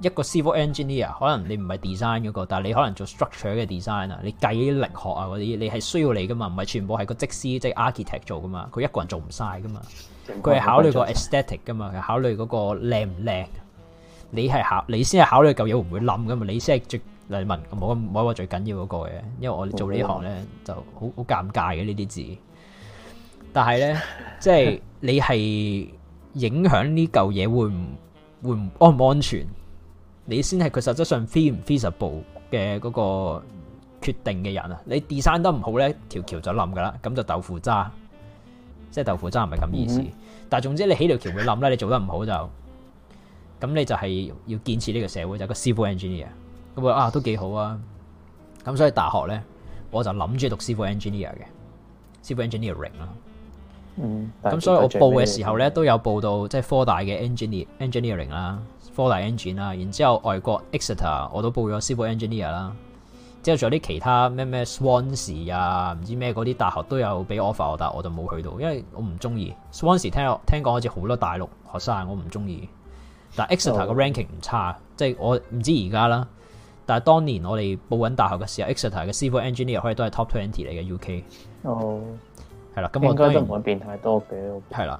一個 civil engineer 可能你唔係 design 嗰個，但係你可能做 structure 嘅 design 啊，你計力學啊嗰啲，你係需要你噶嘛？唔係全部係個職司，即係 architect 做噶嘛？佢一個人做唔晒噶嘛？佢係考慮個 aesthetic 噶嘛？考慮嗰個靚唔靚？你係考你先係考慮嚿嘢會唔會冧噶嘛？你先係最嚟問，冇咁冇話最緊要嗰個嘅，因為我哋做呢行咧就好好尷尬嘅呢啲字。但係咧，即係你係影響呢嚿嘢會唔會唔安唔安全？你先係佢實質上 feasible 嘅嗰個決定嘅人啊！你 design 得唔好咧，條橋就冧㗎喇，咁就豆腐渣，即係豆腐渣唔係咁意思。嗯嗯，但係總之你起條橋會冧啦，你做得唔好就咁，咁你就係要建設呢個社會就係、個 civil engineer 咁啊，都幾好啊！咁所以大學咧，我就諗住讀 civil engineer 嘅 civil engineering 啦、啊。嗯，咁所以我報嘅時候咧，都有報到即係科大嘅 engineer engineering 啦、啊。科大 engine 啦，然之後外國 Exeter 我都報咗 civil engineer 啦，之後仲有啲其他咩咩 Swansea 啊，唔知咩嗰啲大學都有俾 offer，但係我就冇去到，因為我唔中意 Swansea，聽聽講好似好多大陸學生，我唔中意。但 Exeter 個 ranking 唔差，oh. 即係我唔知而家啦，但係當年我哋報緊大學嘅時候，Exeter 嘅 civil engineer 可以都係 top twenty 嚟嘅 UK。哦、oh.，係、嗯、啦，應該都唔會變太多嘅。係啦。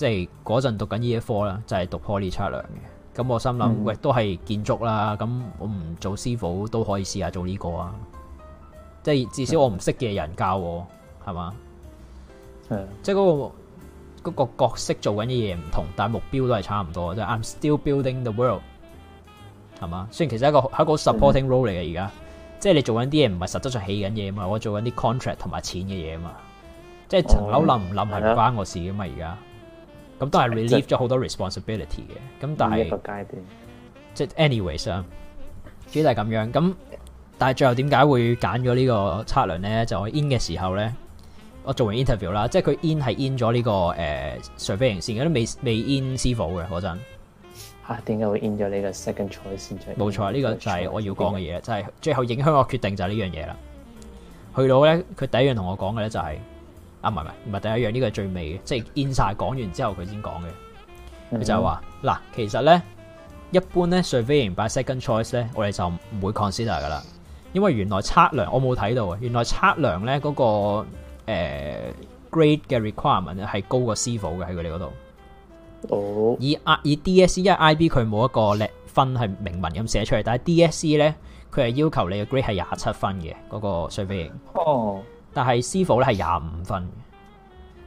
即係嗰陣讀緊呢一科啦，就係、是、讀 Poly 測量嘅。咁我心諗，嗯、喂，都係建築啦，咁我唔做師傅都可以試下做呢個啊。即係至少我唔識嘅人教我，係嘛？的即係嗰、那個、那個角色做緊嘅嘢唔同，但係目標都係差唔多。即、就、係、是、I'm still building the world，係嘛？雖然其實一個很很的一個 supporting role 嚟嘅，而家即係你做緊啲嘢唔係實質上起緊嘢嘛，我做緊啲 contract 同埋錢嘅嘢嘛，即係層樓冧唔冧係唔關我的事嘅嘛。而家。咁都係 relieve 咗好多 responsibility 嘅，咁但係一個階段，即係 anyways 啊主要係咁樣。咁但係最後點解會揀咗呢個測量咧？就我 in 嘅時候咧，我做完 interview 啦，即係佢 in 係 in 咗呢、這個 Surveying 線嘅，都未未 in civil 嘅嗰陣。嚇、啊？點解會 in 咗呢個 second choice 先錯？冇錯，呢個就係我要講嘅嘢，the choice. 就係最後影響我決定就係呢樣嘢啦。去到咧，佢第一樣同我講嘅咧就係、是。啊，唔係唔係，唔係第一樣呢個最尾嘅，即係 in 曬講完之後佢先講嘅。佢、嗯、就係話：嗱，其實咧，一般咧，Surveying by second choice 咧，我哋就唔會 consider 噶啦。因為原來測量我冇睇到啊，原來測量咧嗰、那個、呃、grade 嘅 requirement 係高過 C 傅嘅喺佢哋嗰度。哦。以壓以 DSE，因為 IB 佢冇一個叻分係明文咁寫出嚟，但係 DSE 咧，佢係要求你嘅 grade 係廿七分嘅嗰、那個 Surveying。哦。但係師傅咧係廿五分，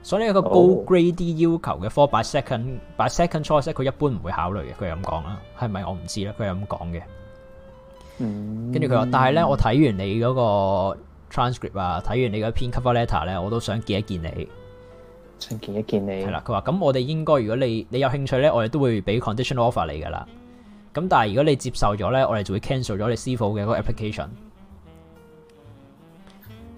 所以一個高 grade 要求嘅 four、oh. by second by second choice 佢一般唔會考慮嘅。佢係咁講啦，係咪我唔知咧？佢係咁講嘅。嗯。跟住佢話，但係咧，我睇完你嗰個 transcript 啊，睇完你嗰篇 cover letter 咧，我都想見一見你。想見一見你。係啦，佢話：咁我哋應該，如果你你有興趣咧，我哋都會俾 conditional offer 你噶啦。咁但係如果你接受咗咧，我哋就會 cancel 咗你師傅嘅嗰個 application。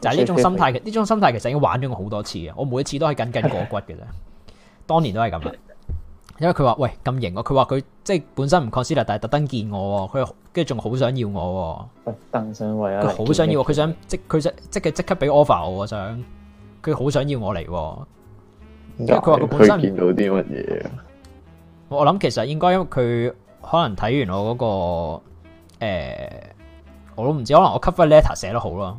就係呢種心態嘅呢種心態， 心態其實已經玩咗我好多次嘅。我每一次都係緊緊過骨嘅啫。 當年都係咁啊，因為佢話：喂咁型啊！佢話佢即係本身唔 consider 但係特登見我。佢跟住仲好想要我。登上位啊，佢好想要，佢想，即佢想即刻即刻俾 offer 我，我想佢好想要我嚟。因為佢話佢本身唔見到啲乜嘢。我我諗其實應該因為佢可能睇完我嗰個、欸、我都唔知道，可能我 cover letter 寫得好咯。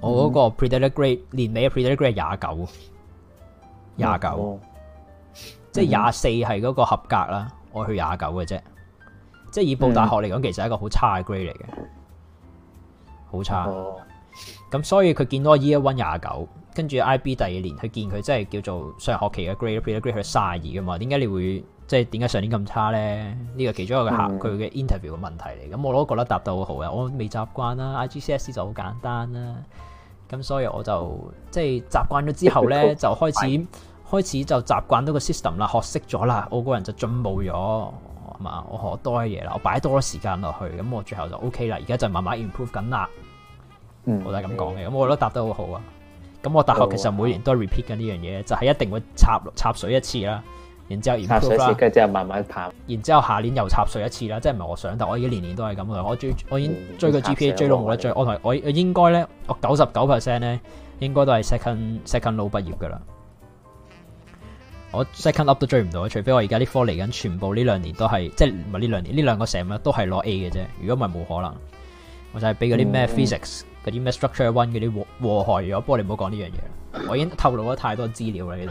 我嗰個 predicted grade 年尾 predicted grade 廿九、mm，廿九，即係廿四係嗰個合格啦。我去廿九嘅啫，即係以報大學嚟講，其實係一個好差嘅 grade 嚟嘅，好差。咁、mm hmm. 所以佢見到我 year one 廿九，跟住 IB 第二年去見佢，即係叫做上學期嘅 grade predicted grade 去卅二嘅嘛？點解你會？即係點解上年咁差咧？呢個其中一個客佢嘅、嗯、interview 嘅問題嚟。咁我都覺得答得好好啊！我未習慣啦，IGCS 就好簡單啦。咁所以我就即係習慣咗之後咧， 就開始 開始就習慣到個 system 啦，學識咗啦，我個人就進步咗啊嘛！我學多啲嘢啦，我擺多咗時間落去，咁我最後就 OK 啦。而家就慢慢 improve 緊啦。嗯、我都係咁講嘅。咁、嗯、我覺得答得好好啊。咁我大學其實每年都 repeat 緊呢樣嘢，就係一定會插插水一次啦。然之後，驗 p 啦，之後慢慢爬。然之後下年又插水一次啦，即係唔係我想，但我已經年年都係咁嘅。我追，追，我已經追個 GPA 追到冇得追。我同我應該咧，我九十九 percent 咧，應該都係 second second 佬畢業嘅啦。我 second up 都追唔到，除非我而家啲科嚟緊，全部呢兩年都係，即係唔係呢兩年呢兩個成日都係攞 A 嘅啫。如果唔係冇可能，我就係俾嗰啲咩 physics 嗰啲咩 structure one 嗰啲禍害。如果不過你唔好講呢樣嘢，我已經透露咗太多資料啦，其實。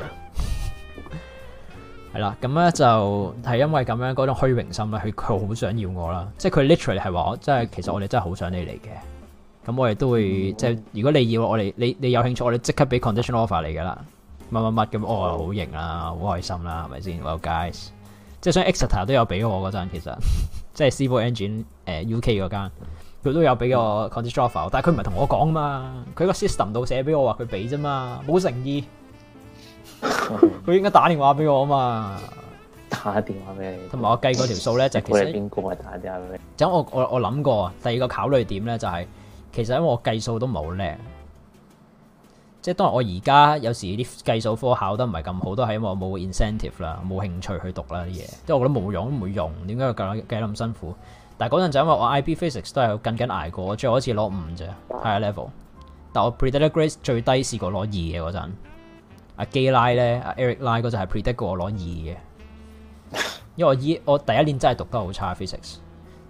係啦，咁咧就係因為咁樣嗰種虛榮心咧，佢佢好想要我啦，即係佢 literally 係話我，即係其實我哋真係好想你嚟嘅。咁我哋都會即係如果你要我哋，你你有興趣，我哋即刻俾 condition offer 嚟噶啦，乜乜乜咁，我又好型啦，好開心啦，係咪先？我、well, 有 guys，即係想 Exeter 都有俾我嗰陣，其實 即係 Civil Engine、呃、UK 嗰間，佢都有俾個 condition offer，但佢唔係同我講啊嘛，佢個 system 度寫俾我話佢俾啫嘛，冇誠意。佢 應該打電話俾我啊嘛，打電話俾你，同埋我計嗰條數咧就其實邊個打電話俾，就我我我諗過啊。第二個考慮點咧就係，其實因為我計數都冇叻，即係當然我而家有時啲計數科考得唔係咁好，都係因為我冇 incentive 啦，冇興趣去讀啦啲嘢，即係我覺得冇用都唔會用，點解要計咁咁辛苦？但係嗰陣就因為我 IB Physics 都係緊緊挨過，只係好似攞五啫 Higher Level，但我 Predicted Grade 最低試過攞二嘅嗰陣。阿基拉咧，阿 Eric Lie 嗰陣係 predict 過我攞二嘅，因為我我第一年真係讀得好差 physics，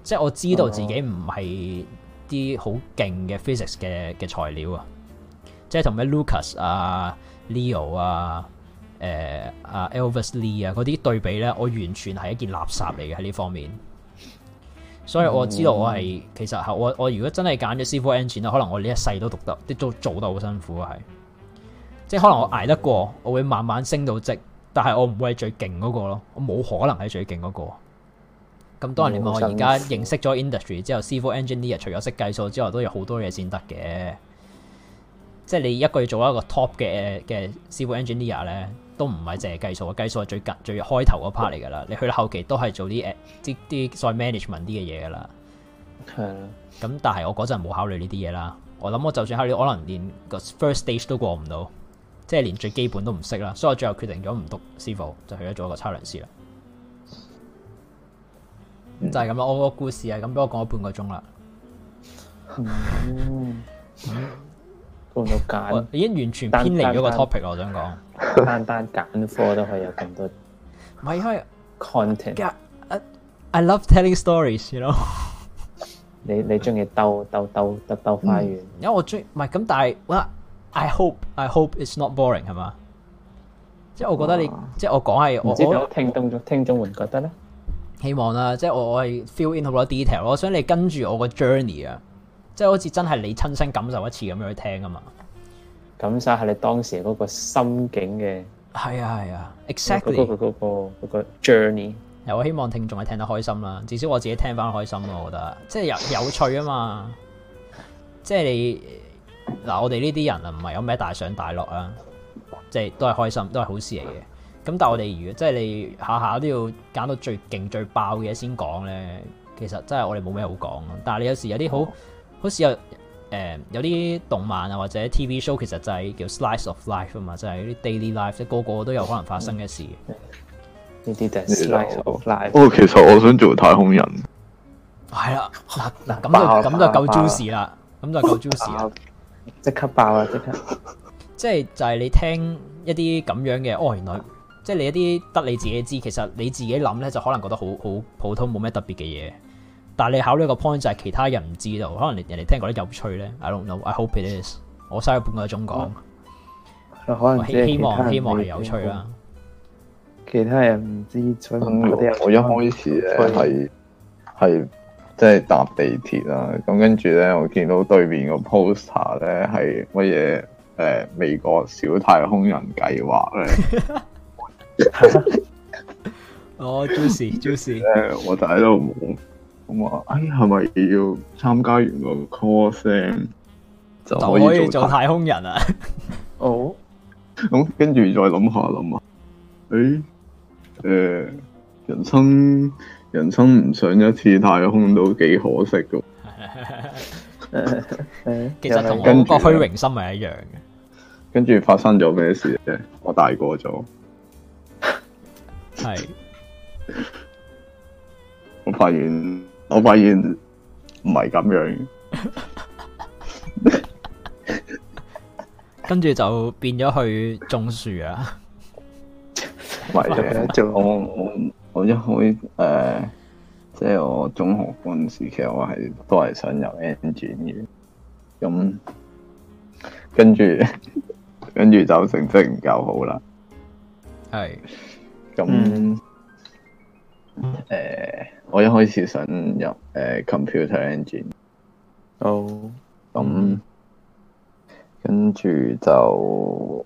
即係我知道自己唔係啲好勁嘅 physics 嘅嘅材料啊，即係同咩 Lucas 啊、Leo 啊、欸、啊、Elvis Lee 啊嗰啲對比咧，我完全係一件垃圾嚟嘅喺呢方面，所以我知道我係其實我我如果真係揀咗 Civil Engine，可能我呢一世都讀得，都做做得好辛苦係。即係可能我挨得過，我會慢慢升到職，但係我唔會係最勁嗰個咯，我冇可能係最勁嗰個。咁當人哋問我而家認識咗 industry 之後，civil engineer 除咗識計數之外，都有好多嘢先得嘅。即係你一個要做一個 top 嘅嘅 civil engineer 咧，都唔係淨係計數，計數係最近、最開頭嗰 part 嚟噶啦。你去到後期都係做啲誒，啲啲所謂 management 啲嘅嘢噶啦。係的。咁但係我嗰陣冇考慮呢啲嘢啦，我諗我就算考慮，可能連個 first stage 都過唔到。即係連最基本都唔識啦，所以我最後決定咗唔讀師傅，就去咗做一個測量師啦。就係咁啦，我個故事係咁，俾我講半個鐘啦。半個鍵已經完全偏離咗個 topic 我想講單單揀科都可以有咁多。唔係因為 content。i love telling stories，y o 你你中意兜兜兜兜兜花園？因為、嗯、我中唔係咁，但係哇。I hope I hope it's not boring 係嘛？啊、即係我覺得你，即係我講係我，我，唔知道聽眾聽眾們覺得咧？希望啦，即係我我係 fill in 好多 detail，我想你跟住我個 journey 啊，即係好似真係你親身感受一次咁樣去聽啊嘛。感受係你當時嗰個心境嘅。係啊係啊，Exactly 嗰個嗰個嗰個 journey。又我希望聽眾係聽得開心啦，至少我自己聽翻開心咯，我覺得即係有有趣啊嘛，即係你。嗱，我哋呢啲人啊，唔係有咩大上大落啊，即係都係開心，都係好事嚟嘅。咁但係我哋如果即係你下下都要揀到最勁最爆嘅嘢先講咧，其實真係我哋冇咩好講啊。但係你有時有啲好好似有，誒、欸，有啲動漫啊或者 TV show，其實就係叫 slice of life 啊嘛，就係、是、啲 daily life，即係個，個個都有可能發生嘅事。呢啲就係 slice of life。不過哦，其實我想做太空人。係、啊、啦，嗱嗱，咁就咁就夠 Juice 啦，咁就夠 Juice 啦。了即刻爆啦！即刻，即係就係你聽一啲咁樣嘅，哦，原來即係、就係、你一啲得你自己知，其實你自己諗咧就可能覺得好好普通，冇咩特別嘅嘢。但係你考慮一個 point 就係其他人唔知道，可能人哋聽覺得有趣咧。I don't know. I hope it is。我嘥咗半個鐘講、啊，可能希望希望係有趣啦。其他人唔知是，可能啲人、嗯、我一開始係係。是即係搭地鐵啦，咁跟住咧，我見到對面個 poster 咧係乜嘢？誒、呃，美國小太空人計劃咧。哦，Joyce，Joyce，我就喺度。咁啊，哎，係咪要參加完個 course, 就可以做太, 做太空人啊？ 哦，咁跟住再諗下諗啊，誒、哎，誒、呃，人生。人生唔上一次太空都幾可惜嘅， 其實同我個虛榮心係一樣嘅。 跟住發生咗咩事咧？我大個咗，係 的我發現，我發現唔係咁樣。 跟住就變咗去種樹啊！唔係咧，就我我。我我一開始誒、呃，即係我中學嗰陣時期，其實我係都係想入 engineering 咁跟住跟住就成績唔夠好啦。係，咁我一開始想入誒、呃、computer engineering 咁跟住就。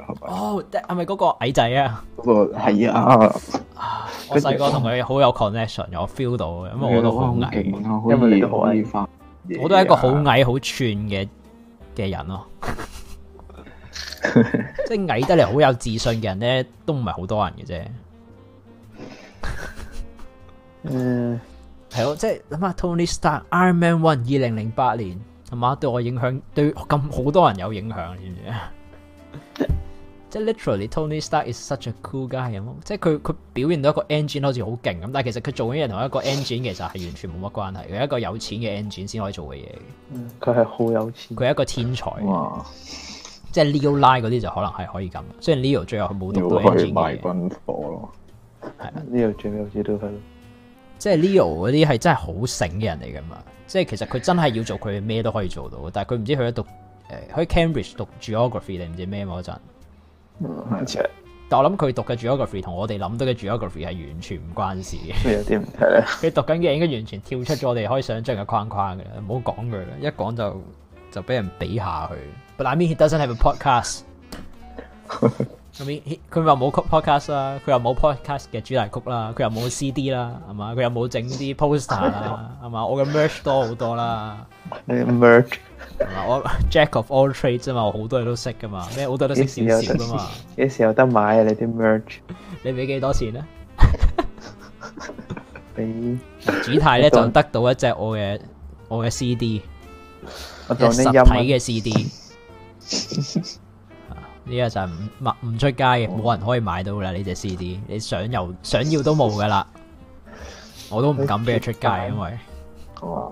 哦，係咪嗰個矮仔啊？係啊，我細個同佢好有 connection，我 feel 到，因為我都好矮，因為你都好矮，我都係一個好矮好串嘅嘅人咯、啊， 即係矮得嚟好有自信嘅人咧，都唔係好多人嘅啫。嗯，係咯，即係諗下 Tony Stark Iron Man 1, 2008、Iron Man，One 二零零八年係嘛，對我影響，對咁好多人有影響，知唔知啊？ 即係 literally，Tony Stark is such a cool guy 咁。即係佢佢表現到一個 engine 好似好勁咁，但係其實佢做緊嘅嘢同一個 engine 其實係完全冇乜關係。佢一個有錢嘅 engine 先可以做嘅嘢。佢係好有錢。佢係一個天才。哇即係 Leo Lie 嗰啲就可能係可以咁。雖然 Leo 最後冇讀到 engine 嘅嘢。佢去賣軍火咯。係 Leo 最後好似、啊、都係。即係 Leo 嗰啲係真係好醒嘅人嚟噶嘛？即係其實佢真係要做佢咩都可以做到，但係佢唔知佢喺讀誒喺、呃、Cambridge 讀 geography 定唔知咩嗰 但我諗佢讀嘅 geography 同我哋諗到嘅 geography 係完全唔關事嘅，有啲唔佢讀緊嘅嘢應該完全跳出咗我哋可以想象嘅框框嘅，唔好講佢啦，一講就就俾人比下去了。But I mean he doesn't have a podcast。咁，佢佢又冇 podcast 啦，佢又冇 podcast 嘅主題曲啦，佢又冇 CD 啦，係嘛，佢又冇整啲 poster 啦，係嘛，我嘅 merch 多好多啦。merch？ 我 Jack of all trades 啊嘛，我好多嘢都識噶嘛，咩好多都識少少噶嘛。幾時有得買啊？你啲 merge， 你俾幾多錢咧？俾主題咧就得到一隻我嘅我嘅 CD，我做實體嘅 CD。呢 個就唔唔出街嘅，冇 人可以買到噶啦。呢隻 CD，你想又想要都冇噶啦。我都唔敢俾佢出街，因為，哇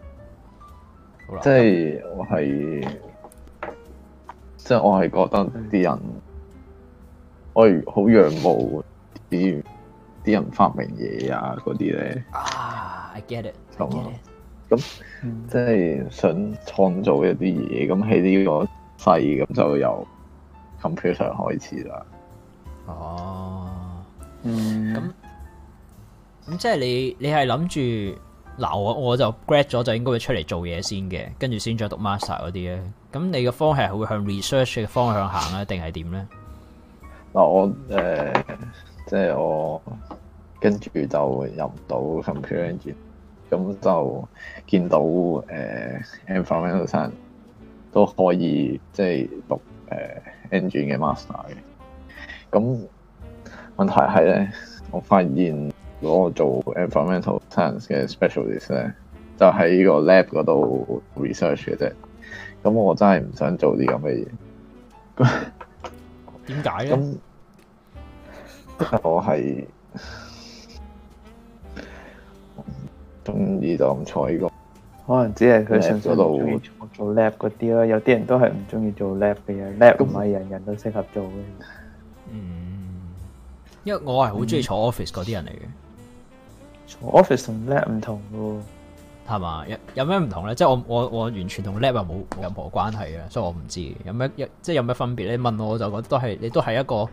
即係我係，即係我係覺得啲人，嗯、我好仰慕比如啲人發明嘢啊嗰啲咧。啊，I get it。咁，咁即係想創造一啲嘢，咁喺呢個世咁就由 computer 開始啦。哦、啊，嗯，咁咁即係你，你係諗住？嗱、啊，我我就 grad 咗就應該會出嚟做嘢先嘅，跟住先再讀 master 嗰啲咧。咁你嘅方向係會向 research 嘅方向行定係點咧？嗱、啊，我誒、呃、即係我跟住就入唔到 computer engineering 咁就見到、呃、environment 都可以即係讀 engineering 嘅 master 嘅。咁問題係咧，我發現如果我做 environmental science 嘅 specialist 咧，就喺呢個 lab 嗰度 research 嘅啫。咁我真係唔想做啲咁嘅嘢。點解咧？咁我係中意就唔錯呢個。可能只係佢純粹做做 lab 嗰啲啦。有啲人都係唔中意做 lab 嘅嘢那，lab 唔係人那人都適合做嘅。嗯，因為我係好中意坐 office 嗰啲人嚟嘅。office 同 lab 唔同咯，係嘛？有有咩唔同咧？即係我我我完全同 lab 又冇任何關係嘅，所以我唔知有咩即係有咩分別咧？你問我，我就覺得都係你都係一個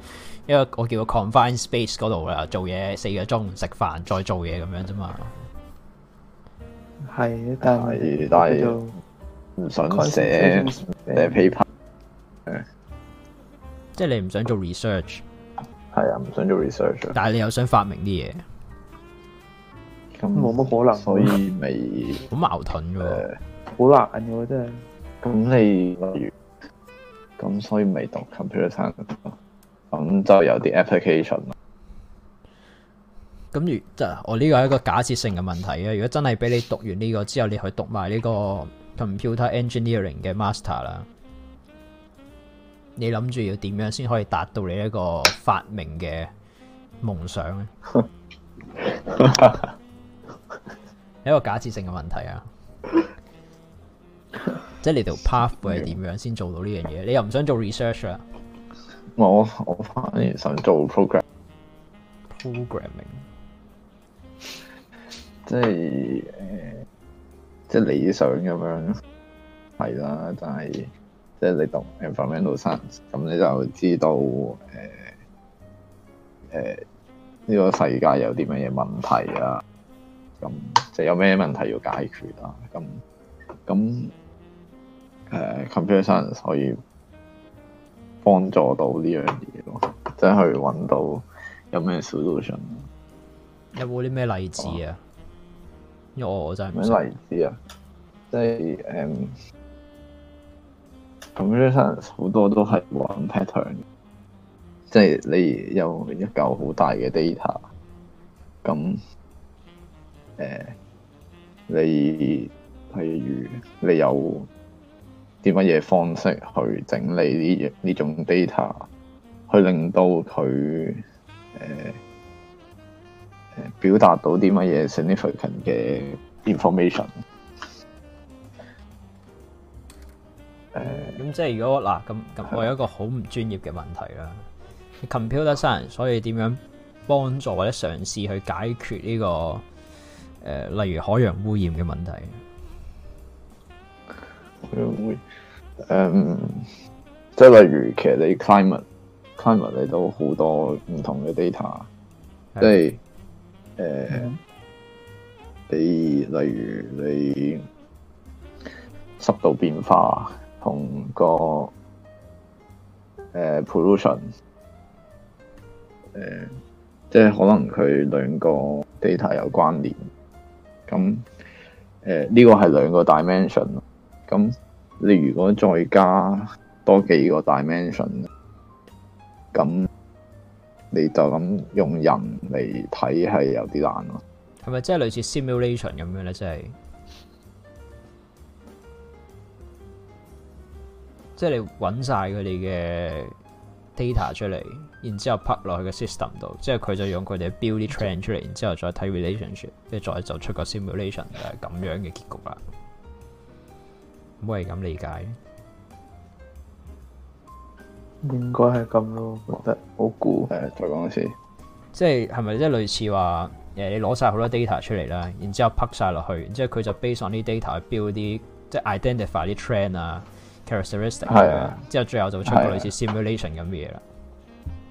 一個我叫個 confined space 嗰度啦，做嘢四個鐘唔食飯再做嘢咁樣啫嘛。係，但係唔想寫寫 paper，誒，即係你唔想做 research，係啊，唔想做 research，但係你又想發明啲嘢。咁冇乜可能，嗯、所以咪，好、嗯、矛盾嘅，好難嘅真係。咁你，咁所以咪讀 computer 咁就有啲 application 咯。咁如即係我呢個係一個假設性嘅問題嘅，如果真係俾你讀完呢個之後，你去讀埋呢個 computer engineering 嘅 master 啦，你諗住要點樣先可以達到你一個發明嘅夢想咧？ 一個假設性嘅問題啊， 即係你條 path 會係點樣先做到呢樣嘢？你又唔想做 research 啊？我我反而想做 programming，programming 即係誒、呃，即係理想咁樣係啦，但係即係你讀 environmental science 咁，你就知道誒誒呢個世界有啲乜嘢問題啊咁。有咩問題要解決呀？咁咁誒，Computer Science 可以幫助到呢樣嘢咯，即係去揾到有咩 solution。有冇啲咩例子啊？有咁，就真係咩例子啊？即係誒 Computer Science 好多都係玩 pattern，即係、就是、你有一嚿好大嘅 data，咁誒。啊你例如你有啲乜嘢方式去整理呢呢種 data，去令到佢誒誒表達到啲乜嘢 significant 嘅 information？誒，咁、呃、即係如果嗱咁咁，我有一個好唔專業嘅問題啦。你 Computer science 所以點樣幫助或者嘗試去解決呢、呢個？誒、呃，例如海洋污染嘅問題，誒、嗯，即、嗯、係例如其實你 climate，climate cl 你都好多唔同嘅 data，即係誒，你例如你濕度變化同、那個誒、呃、pollution，誒、呃，即、就、係、是、可能佢兩個 data 有關聯。咁，誒，呢個係兩個 dimension 咯。咁你如果再加多幾個 dimension，咁你就咁用人嚟睇係有啲難咯。係咪即係類似 simulation 咁樣咧？即係，即係你搵晒佢哋嘅 data 出嚟。然之後，拍落去個 system 度，即係佢就用佢哋 build trend 出嚟，然之後再睇 relationship，跟住再就出個 simulation 就係咁樣嘅結局啦。唔可以咁理解？應該係咁咯，我覺得好攰，誒。再講一次，即係係咪即係類似話誒？你攞晒好多 data 出嚟啦，然之後拍晒落去，然之後佢就 base on 啲 data 去 build 啲即係 identify 啲 trend 啊，characteristic 係啊，之、啊、的後最後就出個類似 simulation 咁嘅嘢啦的。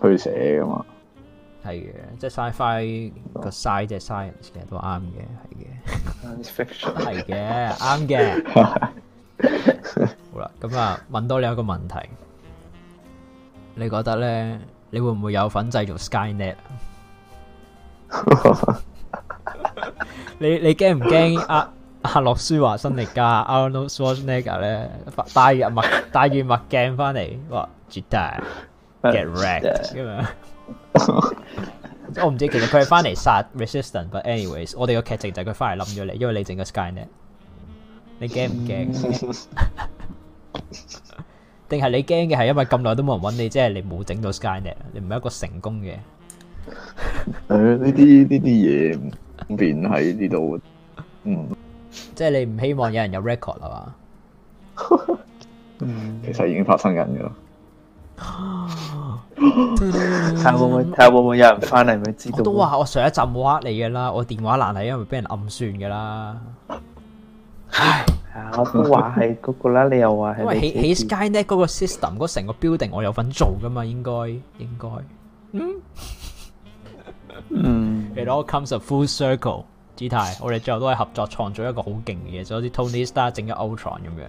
佢寫噶嘛？係嘅，即係 science sci 個 science，即係 science 嘅都啱嘅，係嘅，係嘅，啱嘅。好啦， 咁啊，問多你一個問題，你覺得咧，你會唔會有份製造 Skynet？你你驚唔驚阿阿洛舒華新力加 Arnold Schwarzenegger 咧帶住墨帶住墨鏡翻嚟哇絕大！get wrecked 我唔知其實佢係翻嚟殺 resistant，but anyways，我哋個劇情就係佢翻嚟冧咗你，因為你整個 Skynet，你驚唔驚？定係 你驚嘅係因為咁耐都冇人揾你，即係你冇整到 Skynet，你唔係一個成功嘅。誒， 呢啲呢啲嘢唔變喺呢度， 即係你唔希望有人有 record 係嘛？其實已經發生緊噶啦。睇下會唔會，睇下會唔會有人翻嚟？唔知道。我都話我上一集冇呃你噶啦，我電話爛係因為俾人暗算噶啦。唉，我都話係嗰個啦，你又話係。因為喺喺 SkyNet 嗰個 system 嗰成個 building，我有份做噶嘛，應該應該。嗯，嗯，It all comes a full circle。Gtai，我哋最後都係合作創造一個好勁嘅嘢，就好似 Tony Stark 整咗 Ultron 咁樣。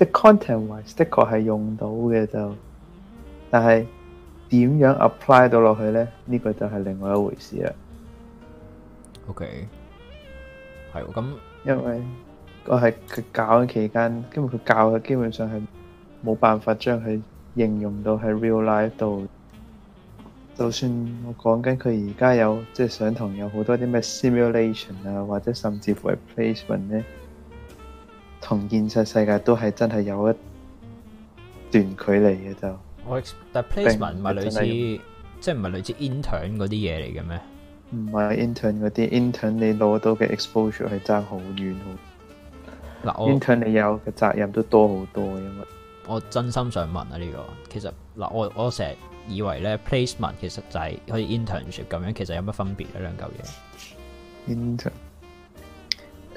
即係 contentwise 的確係用到嘅就，但係點樣 apply 到落去咧？呢個就係另外一回事啦。OK，係喎咁，因為我係佢教嘅期間，因為佢教嘅基本上係冇辦法將佢應用到喺 real life 度。就算我講緊佢而家有即係想同有好多啲咩 simulation 啊，或者甚至乎 replacement 咧。同現實世界都係真係有一段距離嘅，就我但 placement 唔係類似，即係唔係類似 intern 嗰啲嘢嚟嘅咩？唔係啊 intern 嗰啲 intern 你攞到嘅 exposure 係爭好遠喎。嗱我 intern 你有嘅責任都多好多，因為我真心想問啊呢個，其實嗱我我成日以為咧 placement 其實就係好似 internship 咁樣，其實有乜分別咧兩嚿嘢 intern。In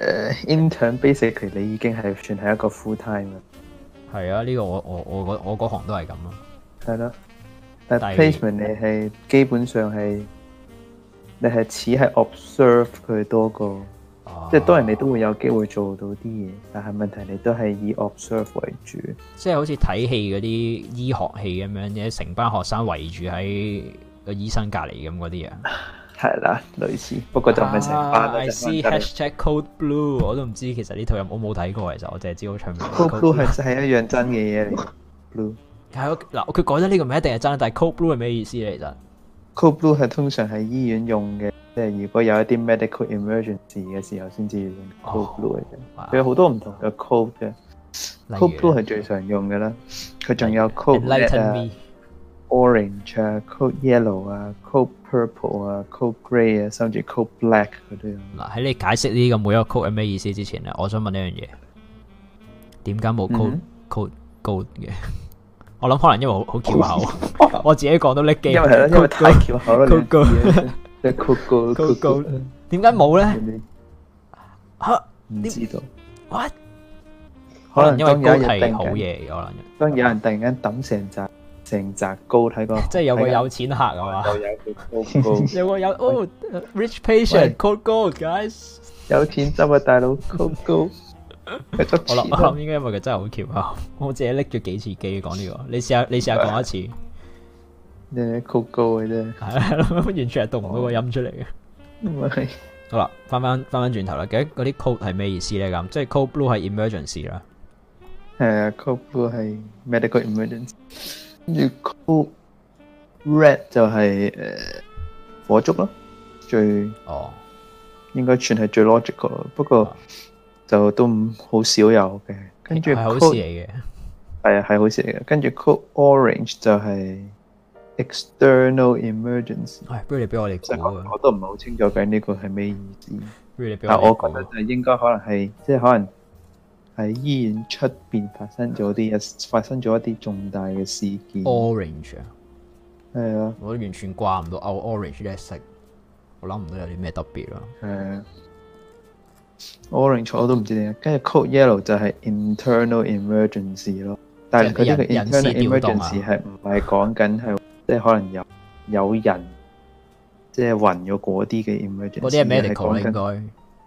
誒、uh，intern basically 你已經係算係一個 full time 啦。係啊，呢個我我我我嗰行都係咁咯。係咯，但 placement 你係基本上係你係似係 observe 佢多過，即係當然你都會有機會做到啲嘢，但係問題你都係以 observe 為主。即係好似睇戲嗰啲醫學戲咁樣，你成班學生圍住喺個醫生隔籬咁嗰啲啊。係啦，類似，不過就唔係成班。啊，I see #codeblue，我都唔知其實呢套有冇冇睇過，其實我淨係知好出名。code 係真係一樣真嘅嘢嚟。blue 係嗱，佢講得呢個唔一定係真，但係 code blue 係咩意思嚟？其實 code blue 係通常喺醫院用嘅，即係如果有一啲 medical emergency 嘅時候先至用 code blue 嘅。佢有好多唔同嘅 code 嘅，code blue 係最常用嘅啦，佢仲有 code light me。Orange 啊，code yellow 啊，code purple 啊，code grey 啊，甚至 code black 嗰啲。嗱喺你解釋呢個每一個 code 係咩意思之前咧，我想問呢樣嘢，點解冇 code code gold 嘅？我諗可能因為好好翹口，我自己講到叻機，因為太翹口啦。點解冇咧？啊，唔知道。可能因為高提好嘢，可能當有人突然間抌成扎，成扎高睇過，即係有個有錢客係嘛？有個有哦，rich patient code gold guys，有錢真係大佬 code gold。我諗我諗應該因為佢真係好巧啊！我自己搦咗幾次機講呢個，你試下你試下講一次。你 code gold 嘅真係，完全係讀唔到個音出嚟嘅。唔係，好啦，翻翻翻翻轉頭啦，嗰嗰啲 code 係咩意思咧？咁即係 code blue 係 emergency 啦。係 code blue 係 medical emergency。跟住 code red 就係誒火燭咯，最哦應該算係最 logical 咯，不過就都唔好少有嘅。跟住係好事嚟嘅，係啊係好事嚟嘅。跟住 code orange 就係 external emergency，哎係不如你俾我哋講我，我都唔係好清楚究竟呢個係咩意思。如的但我覺得就應該可能係即係可能。喺醫院出邊發生咗啲嘢，發生咗一啲重大嘅事件。Orange 啊，係啊，我完全掛唔到 out orange 呢色，我諗唔到有啲咩特別咯。係啊，orange 我都唔知點解，跟住 code yellow 就係 internal emergency 咯，但係佢呢個 internal emergency 係唔係講緊係即係可能有有人，即係暈咗嗰啲嘅 emergency。嗰啲 medical 應該。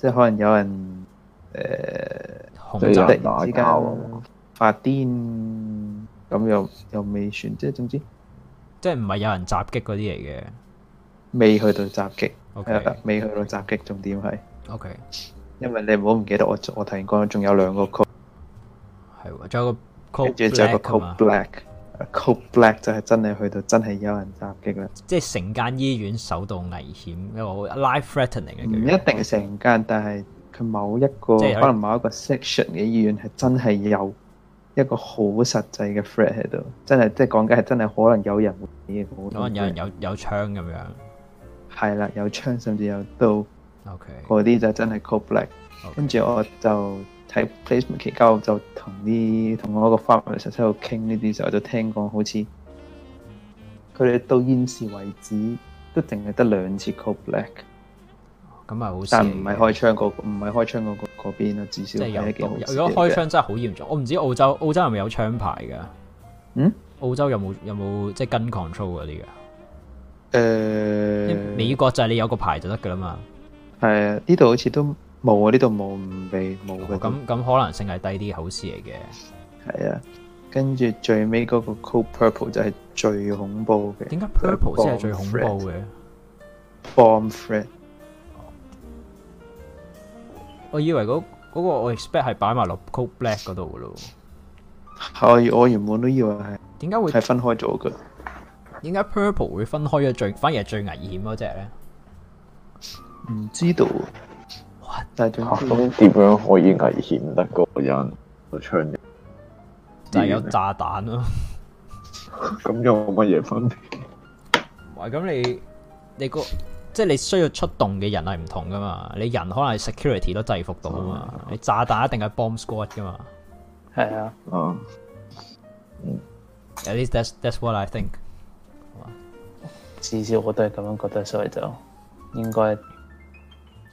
即係可能有人誒，即係突然之間發癲，咁又又未算，即係總之，即係唔係有人襲擊嗰啲嚟嘅，未去到襲擊，誒誒，未去到襲擊，重點係，OK，因為你唔好唔記得我我提過，仲有兩個 code，係喎，仲有個 code black 啊嘛。code black 就係真係去到真係有人襲擊啦，即係成間醫院受到危險，一個 life threatening 嘅，唔一定成間，Okay. 但係佢某一個即係可能某一個 section 嘅醫院係真係有一個好實際嘅 threat 喺度，真係即係講緊係真係可能有人，可能有人有有槍咁樣，係啦，有槍，有槍甚至有刀，嗰啲 Okay. 就真係 code black。跟住我就。睇 placement 期間，就同啲同我一個 partner 實喺度傾呢啲時候，就聽講好似佢哋到現時為止都淨係得兩次 coal black，咁咪好，但唔係開槍嗰唔係開槍嗰、那、嗰、個、邊至少有一件，如果開槍真係好嚴重，我唔知澳洲澳洲係咪有槍牌噶？嗯，澳洲有冇有冇即係 gun control 嗰啲噶？誒、呃，美國就係你有一個牌就得噶啦嘛。係啊，呢度好似都。冇啊！呢度冇，唔俾冇嘅。咁咁、哦、可能性係低啲嘅好事嚟嘅。係啊，跟住最尾嗰個 Code Purple 就係最恐怖嘅。點解 purple 先係最恐怖嘅？bomb threat。我以為嗰嗰 expect 係擺埋落 Code Black 嗰度嘅咯。係我原本都以為係。點解會係分開咗嘅？點解 purple 會分開咗最，反而係最危險嗰隻咧？唔知道。咁點樣可以危險得個人個槍？就係有炸彈咯。 咁有乜嘢分別？唔係咁，你你個即係你需要出動嘅人係唔同噶嘛？你人可能係 security 都制服到啊嘛。嗯、你炸彈一定係 bomb squad 噶嘛。係啊。嗯。嗯。At least that's that's what I think。至少我都係咁樣覺得，所以就應該。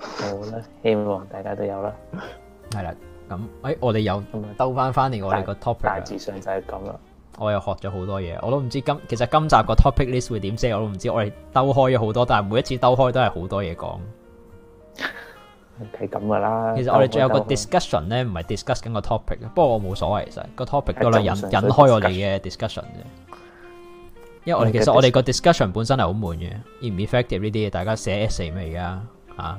好啦，希望大家都有啦。係啦， 咁誒，我哋有兜翻翻嚟我哋個 topic，大致上就係咁啦。我又學咗好多嘢，我都唔知今其實今集個 topic list 會點寫我都唔知。我哋兜開咗好多，但係每一次兜開都係好多嘢講，係咁噶啦。其實我哋仲有個 discussion 咧，唔係 discuss 緊個 topic，不過我冇所謂，其實個 topic 都係引引開我哋嘅 discussion 啫。Dis 因為我哋其實我哋個 discussion dis 本身係好悶嘅，唔 effective 呢啲，嘢。大家寫 essay 未噶啊？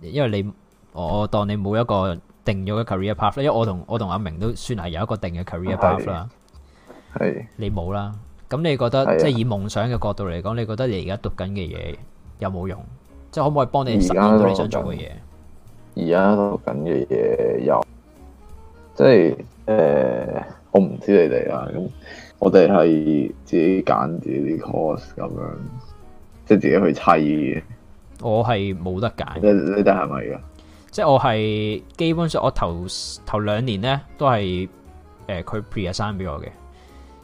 因為你我當你冇一個定咗嘅 career path 咧，因為我同我同阿明都算係有一個定嘅 career path 啦。係你冇啦，咁你覺得的即係以夢想嘅角度嚟講，你覺得你而家讀緊嘅嘢有冇用？即係可唔可以幫你實現到你想做嘅嘢？而家讀緊嘅嘢有，即係誒、呃，我唔知你哋啊。咁我哋係自己揀自己啲 course 咁樣，即係自己去砌嘅。我係冇得揀，你得係咪？即係我係基本上，我頭頭兩年呢都係誒佢、呃、preassign 俾我嘅。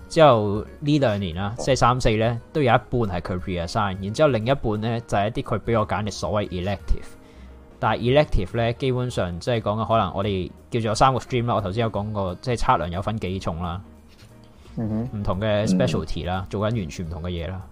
之後呢兩年啦，oh. 即係三四年咧，都有一半係佢 preassign 然之後另一半咧就係、是、一啲佢俾我揀嘅所謂 elective。但係 elective 咧，基本上即係講可能我哋叫做三個 stream 啦。我頭先有講過，即係測量有分幾重啦，唔、mm hmm. 同嘅 specialty 啦，做緊完全唔同嘅嘢啦。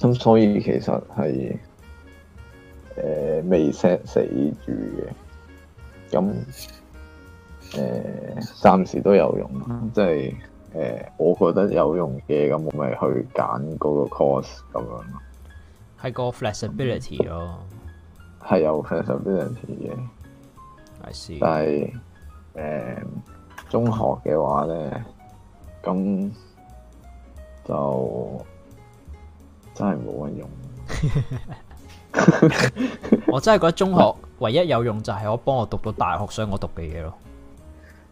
咁所以其實係誒未 set 死住嘅，咁誒、呃、暫時都有用啦，嗯、即係誒、呃、我覺得有用嘅，咁我咪去揀嗰個 course 咁樣咯。係個 flexibility 咯、哦，係有 flexibility 嘅。I see，但係誒、呃、中學嘅話咧，咁就。真係冇乜用。 我真係覺得中學唯一有用就係我幫我讀到大學所以我讀嘅嘢咯。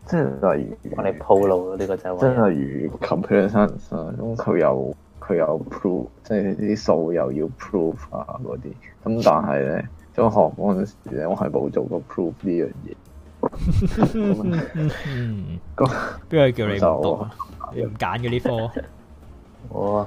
即係例如我哋鋪路呢、這個就，即係例如 comparisons，咁佢又佢又 prove，即係啲數又要 prove 啊嗰啲，咁但係咧中學嗰陣時咧我係冇做過 prove 呢樣嘢， 嗯，邊個 那叫你做，讀啊？你唔揀嗰啲科， 我。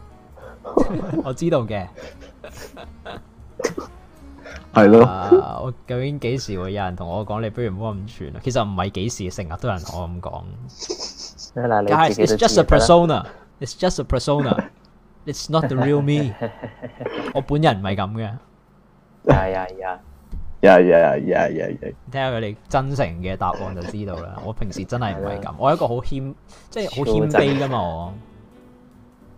我知道嘅，係咯。我究竟幾時會有人同我講？你不如唔好咁串啦。其實唔係幾時成日都有人同我咁講。梗係，it's just a persona，it's just a persona，it's not the real me。我本人唔係咁嘅。呀呀呀呀呀呀呀呀！聽下佢哋真誠嘅答案，就知道啦。我平時真係唔係咁。我係一個好謙，即係好謙卑噶嘛。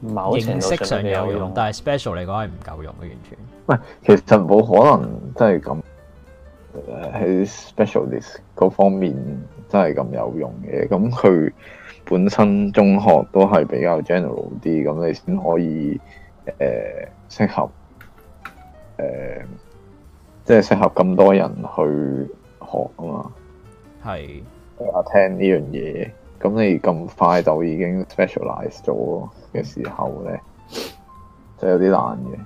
某程度上，上有用，但係 special 嚟講係唔夠用嘅，完全。唔係，其實冇可能真係咁喺 specialist 嗰方面真係咁有用嘅。咁佢本身中學都係比較 general 啲，咁你先可以誒、呃、適合誒，即、呃、係、就是、適合咁多人去學啊嘛。係比較聽呢樣嘢。咁你咁快就已經 specialise 咗嘅時候咧，就有啲難嘅。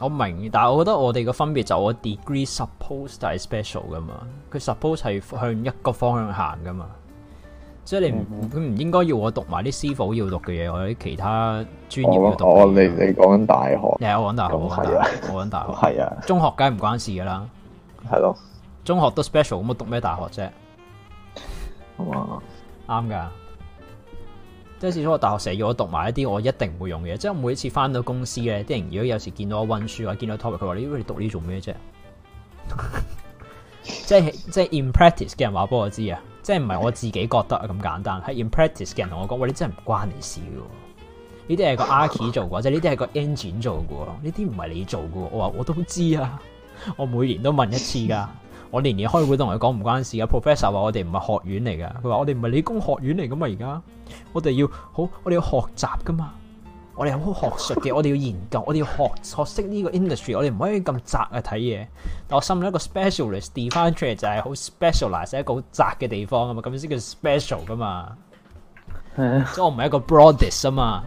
我明，但係我覺得我哋嘅分別就我 degree supposed 係 special 噶嘛，佢 supposed 係向一個方向行噶嘛。即係你唔佢唔應該要我讀埋啲師傅要讀嘅嘢，或者其他專業要讀我。我我你你講緊大學。係我講大學，係啊，我講大學，係啊，中學梗係唔關事噶啦，係咯，中學都 special，咁我讀咩大學啫？好嘛？啱噶，即係始終我大學成日要我讀埋一啲我一定唔會用嘅，即係我每次翻到公司咧，啲人如果有時見到我温書嘅，見到 topic，佢話：，你你讀呢做咩啫？即係即係 in practice 嘅人話，俾我知啊！即係唔係我自己覺得啊，咁簡單係 in practice 嘅人同我講，喂，你真係唔關你事嘅，呢啲係個 archie 做嘅，即係呢啲係個 engine 做嘅，呢啲唔係你做嘅。我話我都知啊，我每年都問一次噶。我年年開會都同佢講唔關事嘅。Professor 話我哋唔係學院嚟嘅，佢話我哋唔係理工學院嚟噶嘛。而家我哋要好，我哋要學習噶嘛。我哋係好學術嘅，我哋要研究，我哋要學要學識呢個 industry，我哋唔可以咁窄啊睇嘢。但我心諗一個 specialist define 出嚟就係好 specialize 一個好窄嘅地方啊嘛，咁先叫 special 噶嘛。所以、uh, broad 我唔係一個 broadest 啊嘛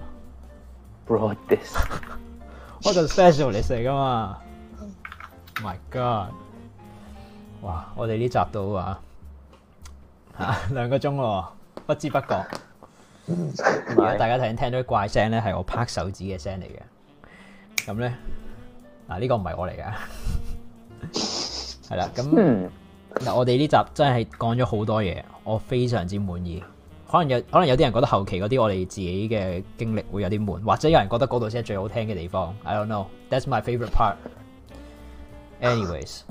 ，broadest，我係一個 specialist 嚟食噶嘛。Oh my God！哇！我哋呢集到啊，吓兩個鐘，不知不覺。 大家頭先聽到啲怪聲咧，係我拍手指嘅聲嚟嘅。咁咧，嗱、啊、呢、這個唔係我嚟噶，係 啦。咁嗱，但我哋呢集真係講咗好多嘢，我非常之滿意。可能有，可能有啲人覺得後期嗰啲我哋自己嘅經歷會有啲悶，或者有人覺得嗰度先係最好聽嘅地方。I don't know. That's my favorite part. Anyways.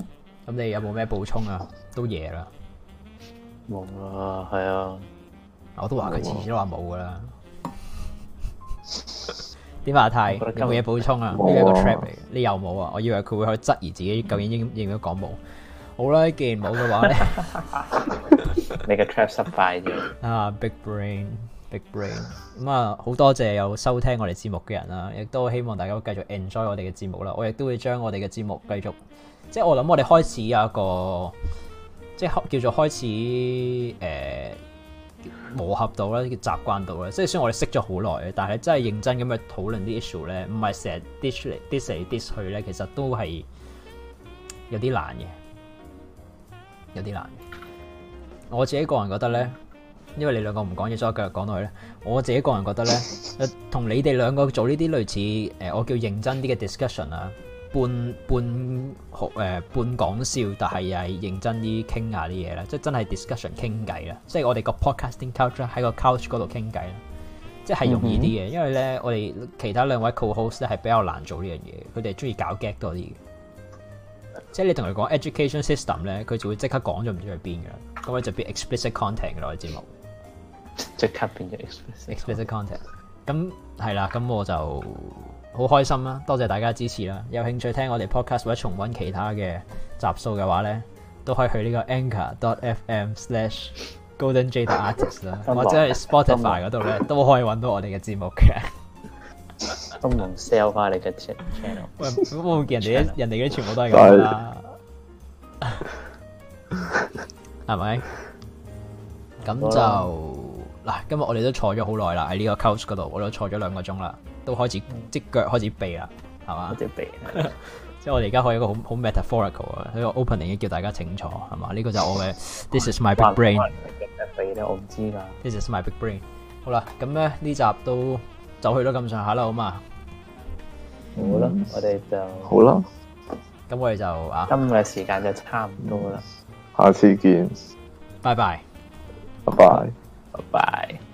咁你有冇咩補充啊？都夜啦，冇啊，係啊，我都話佢次次都話冇噶啦。點話？太有冇嘢補充啊！呢個係一個 trap 嚟嘅，你又冇啊？我以為佢會去質疑自己究竟應唔、嗯、應該講冇。好啦，既然冇嘅話咧，你嘅 trap 失敗咗啊！Big brain，big brain，咁啊好多謝有收聽我哋節目嘅人啦，亦都希望大家繼續 enjoy 我哋嘅節目啦。我亦都會將我哋嘅節目繼續。即係我諗，我哋開始有一個即係叫做開始誒、呃、磨合到啦，叫習慣到啦。即係雖然我哋識咗好耐，但係真係認真咁去討論啲 issue 咧，唔係成日 dis 嚟、dis 嚟、dis 去咧，其實都係有啲難嘅，有啲難嘅。我自己個人覺得咧，因為你兩個唔講嘢，所以我繼續講落去咧，我自己個人覺得咧，同 你哋兩個做呢啲類似誒，我叫認真啲嘅 discussion 啦。半半學誒、呃、半講笑，但係又係認真啲傾下啲嘢啦，即係真係 discussion 傾偈啦，即係我哋 pod 個 podcasting culture 喺個 couch 嗰度傾偈啦，即係容易啲嘅，嗯、哼因為咧我哋其他兩位 co-host 咧係比較難做呢樣嘢，佢哋中意搞 gag 多啲嘅，即係你同佢講 education system 咧，佢就會即刻講咗唔知去邊嘅、嗯、啦，咁咧就變 explicit content 嘅，我哋節目即刻變咗 explicit content，咁係啦，咁我就。好開心啦、啊！多謝大家支持啦、啊！有興趣聽我哋 podcast 或者重溫其他嘅集數嘅話咧，都可以去呢個 anchor.fm/slashgoldenj 的 artist 啦，或者喺 Spotify 嗰度咧都可以揾到我哋嘅節目嘅。都能 sell 翻你嘅 channel？喂，咁我見人哋道人哋嗰啲全部都係咁啦，係咪 吧？咁就嗱，今日我哋都坐咗好耐啦，喺呢個 coach 嗰度，我都坐咗兩個鐘啦。都開始即腳開始避啦，係嘛？鼻 即係我哋而家可以一個好好 metaphorical 啊，喺個 opening 叫大家請坐，係嘛？呢個就係我嘅 This is my big brain。我唔知㗎。This is my big brain 好。好啦，咁咧呢集都走去都咁上下啦，好嘛？好啦，我哋就好啦吧。咁我哋就啊，今日嘅時間就差唔多啦。下次見。拜拜 bye。拜拜 bye。拜拜。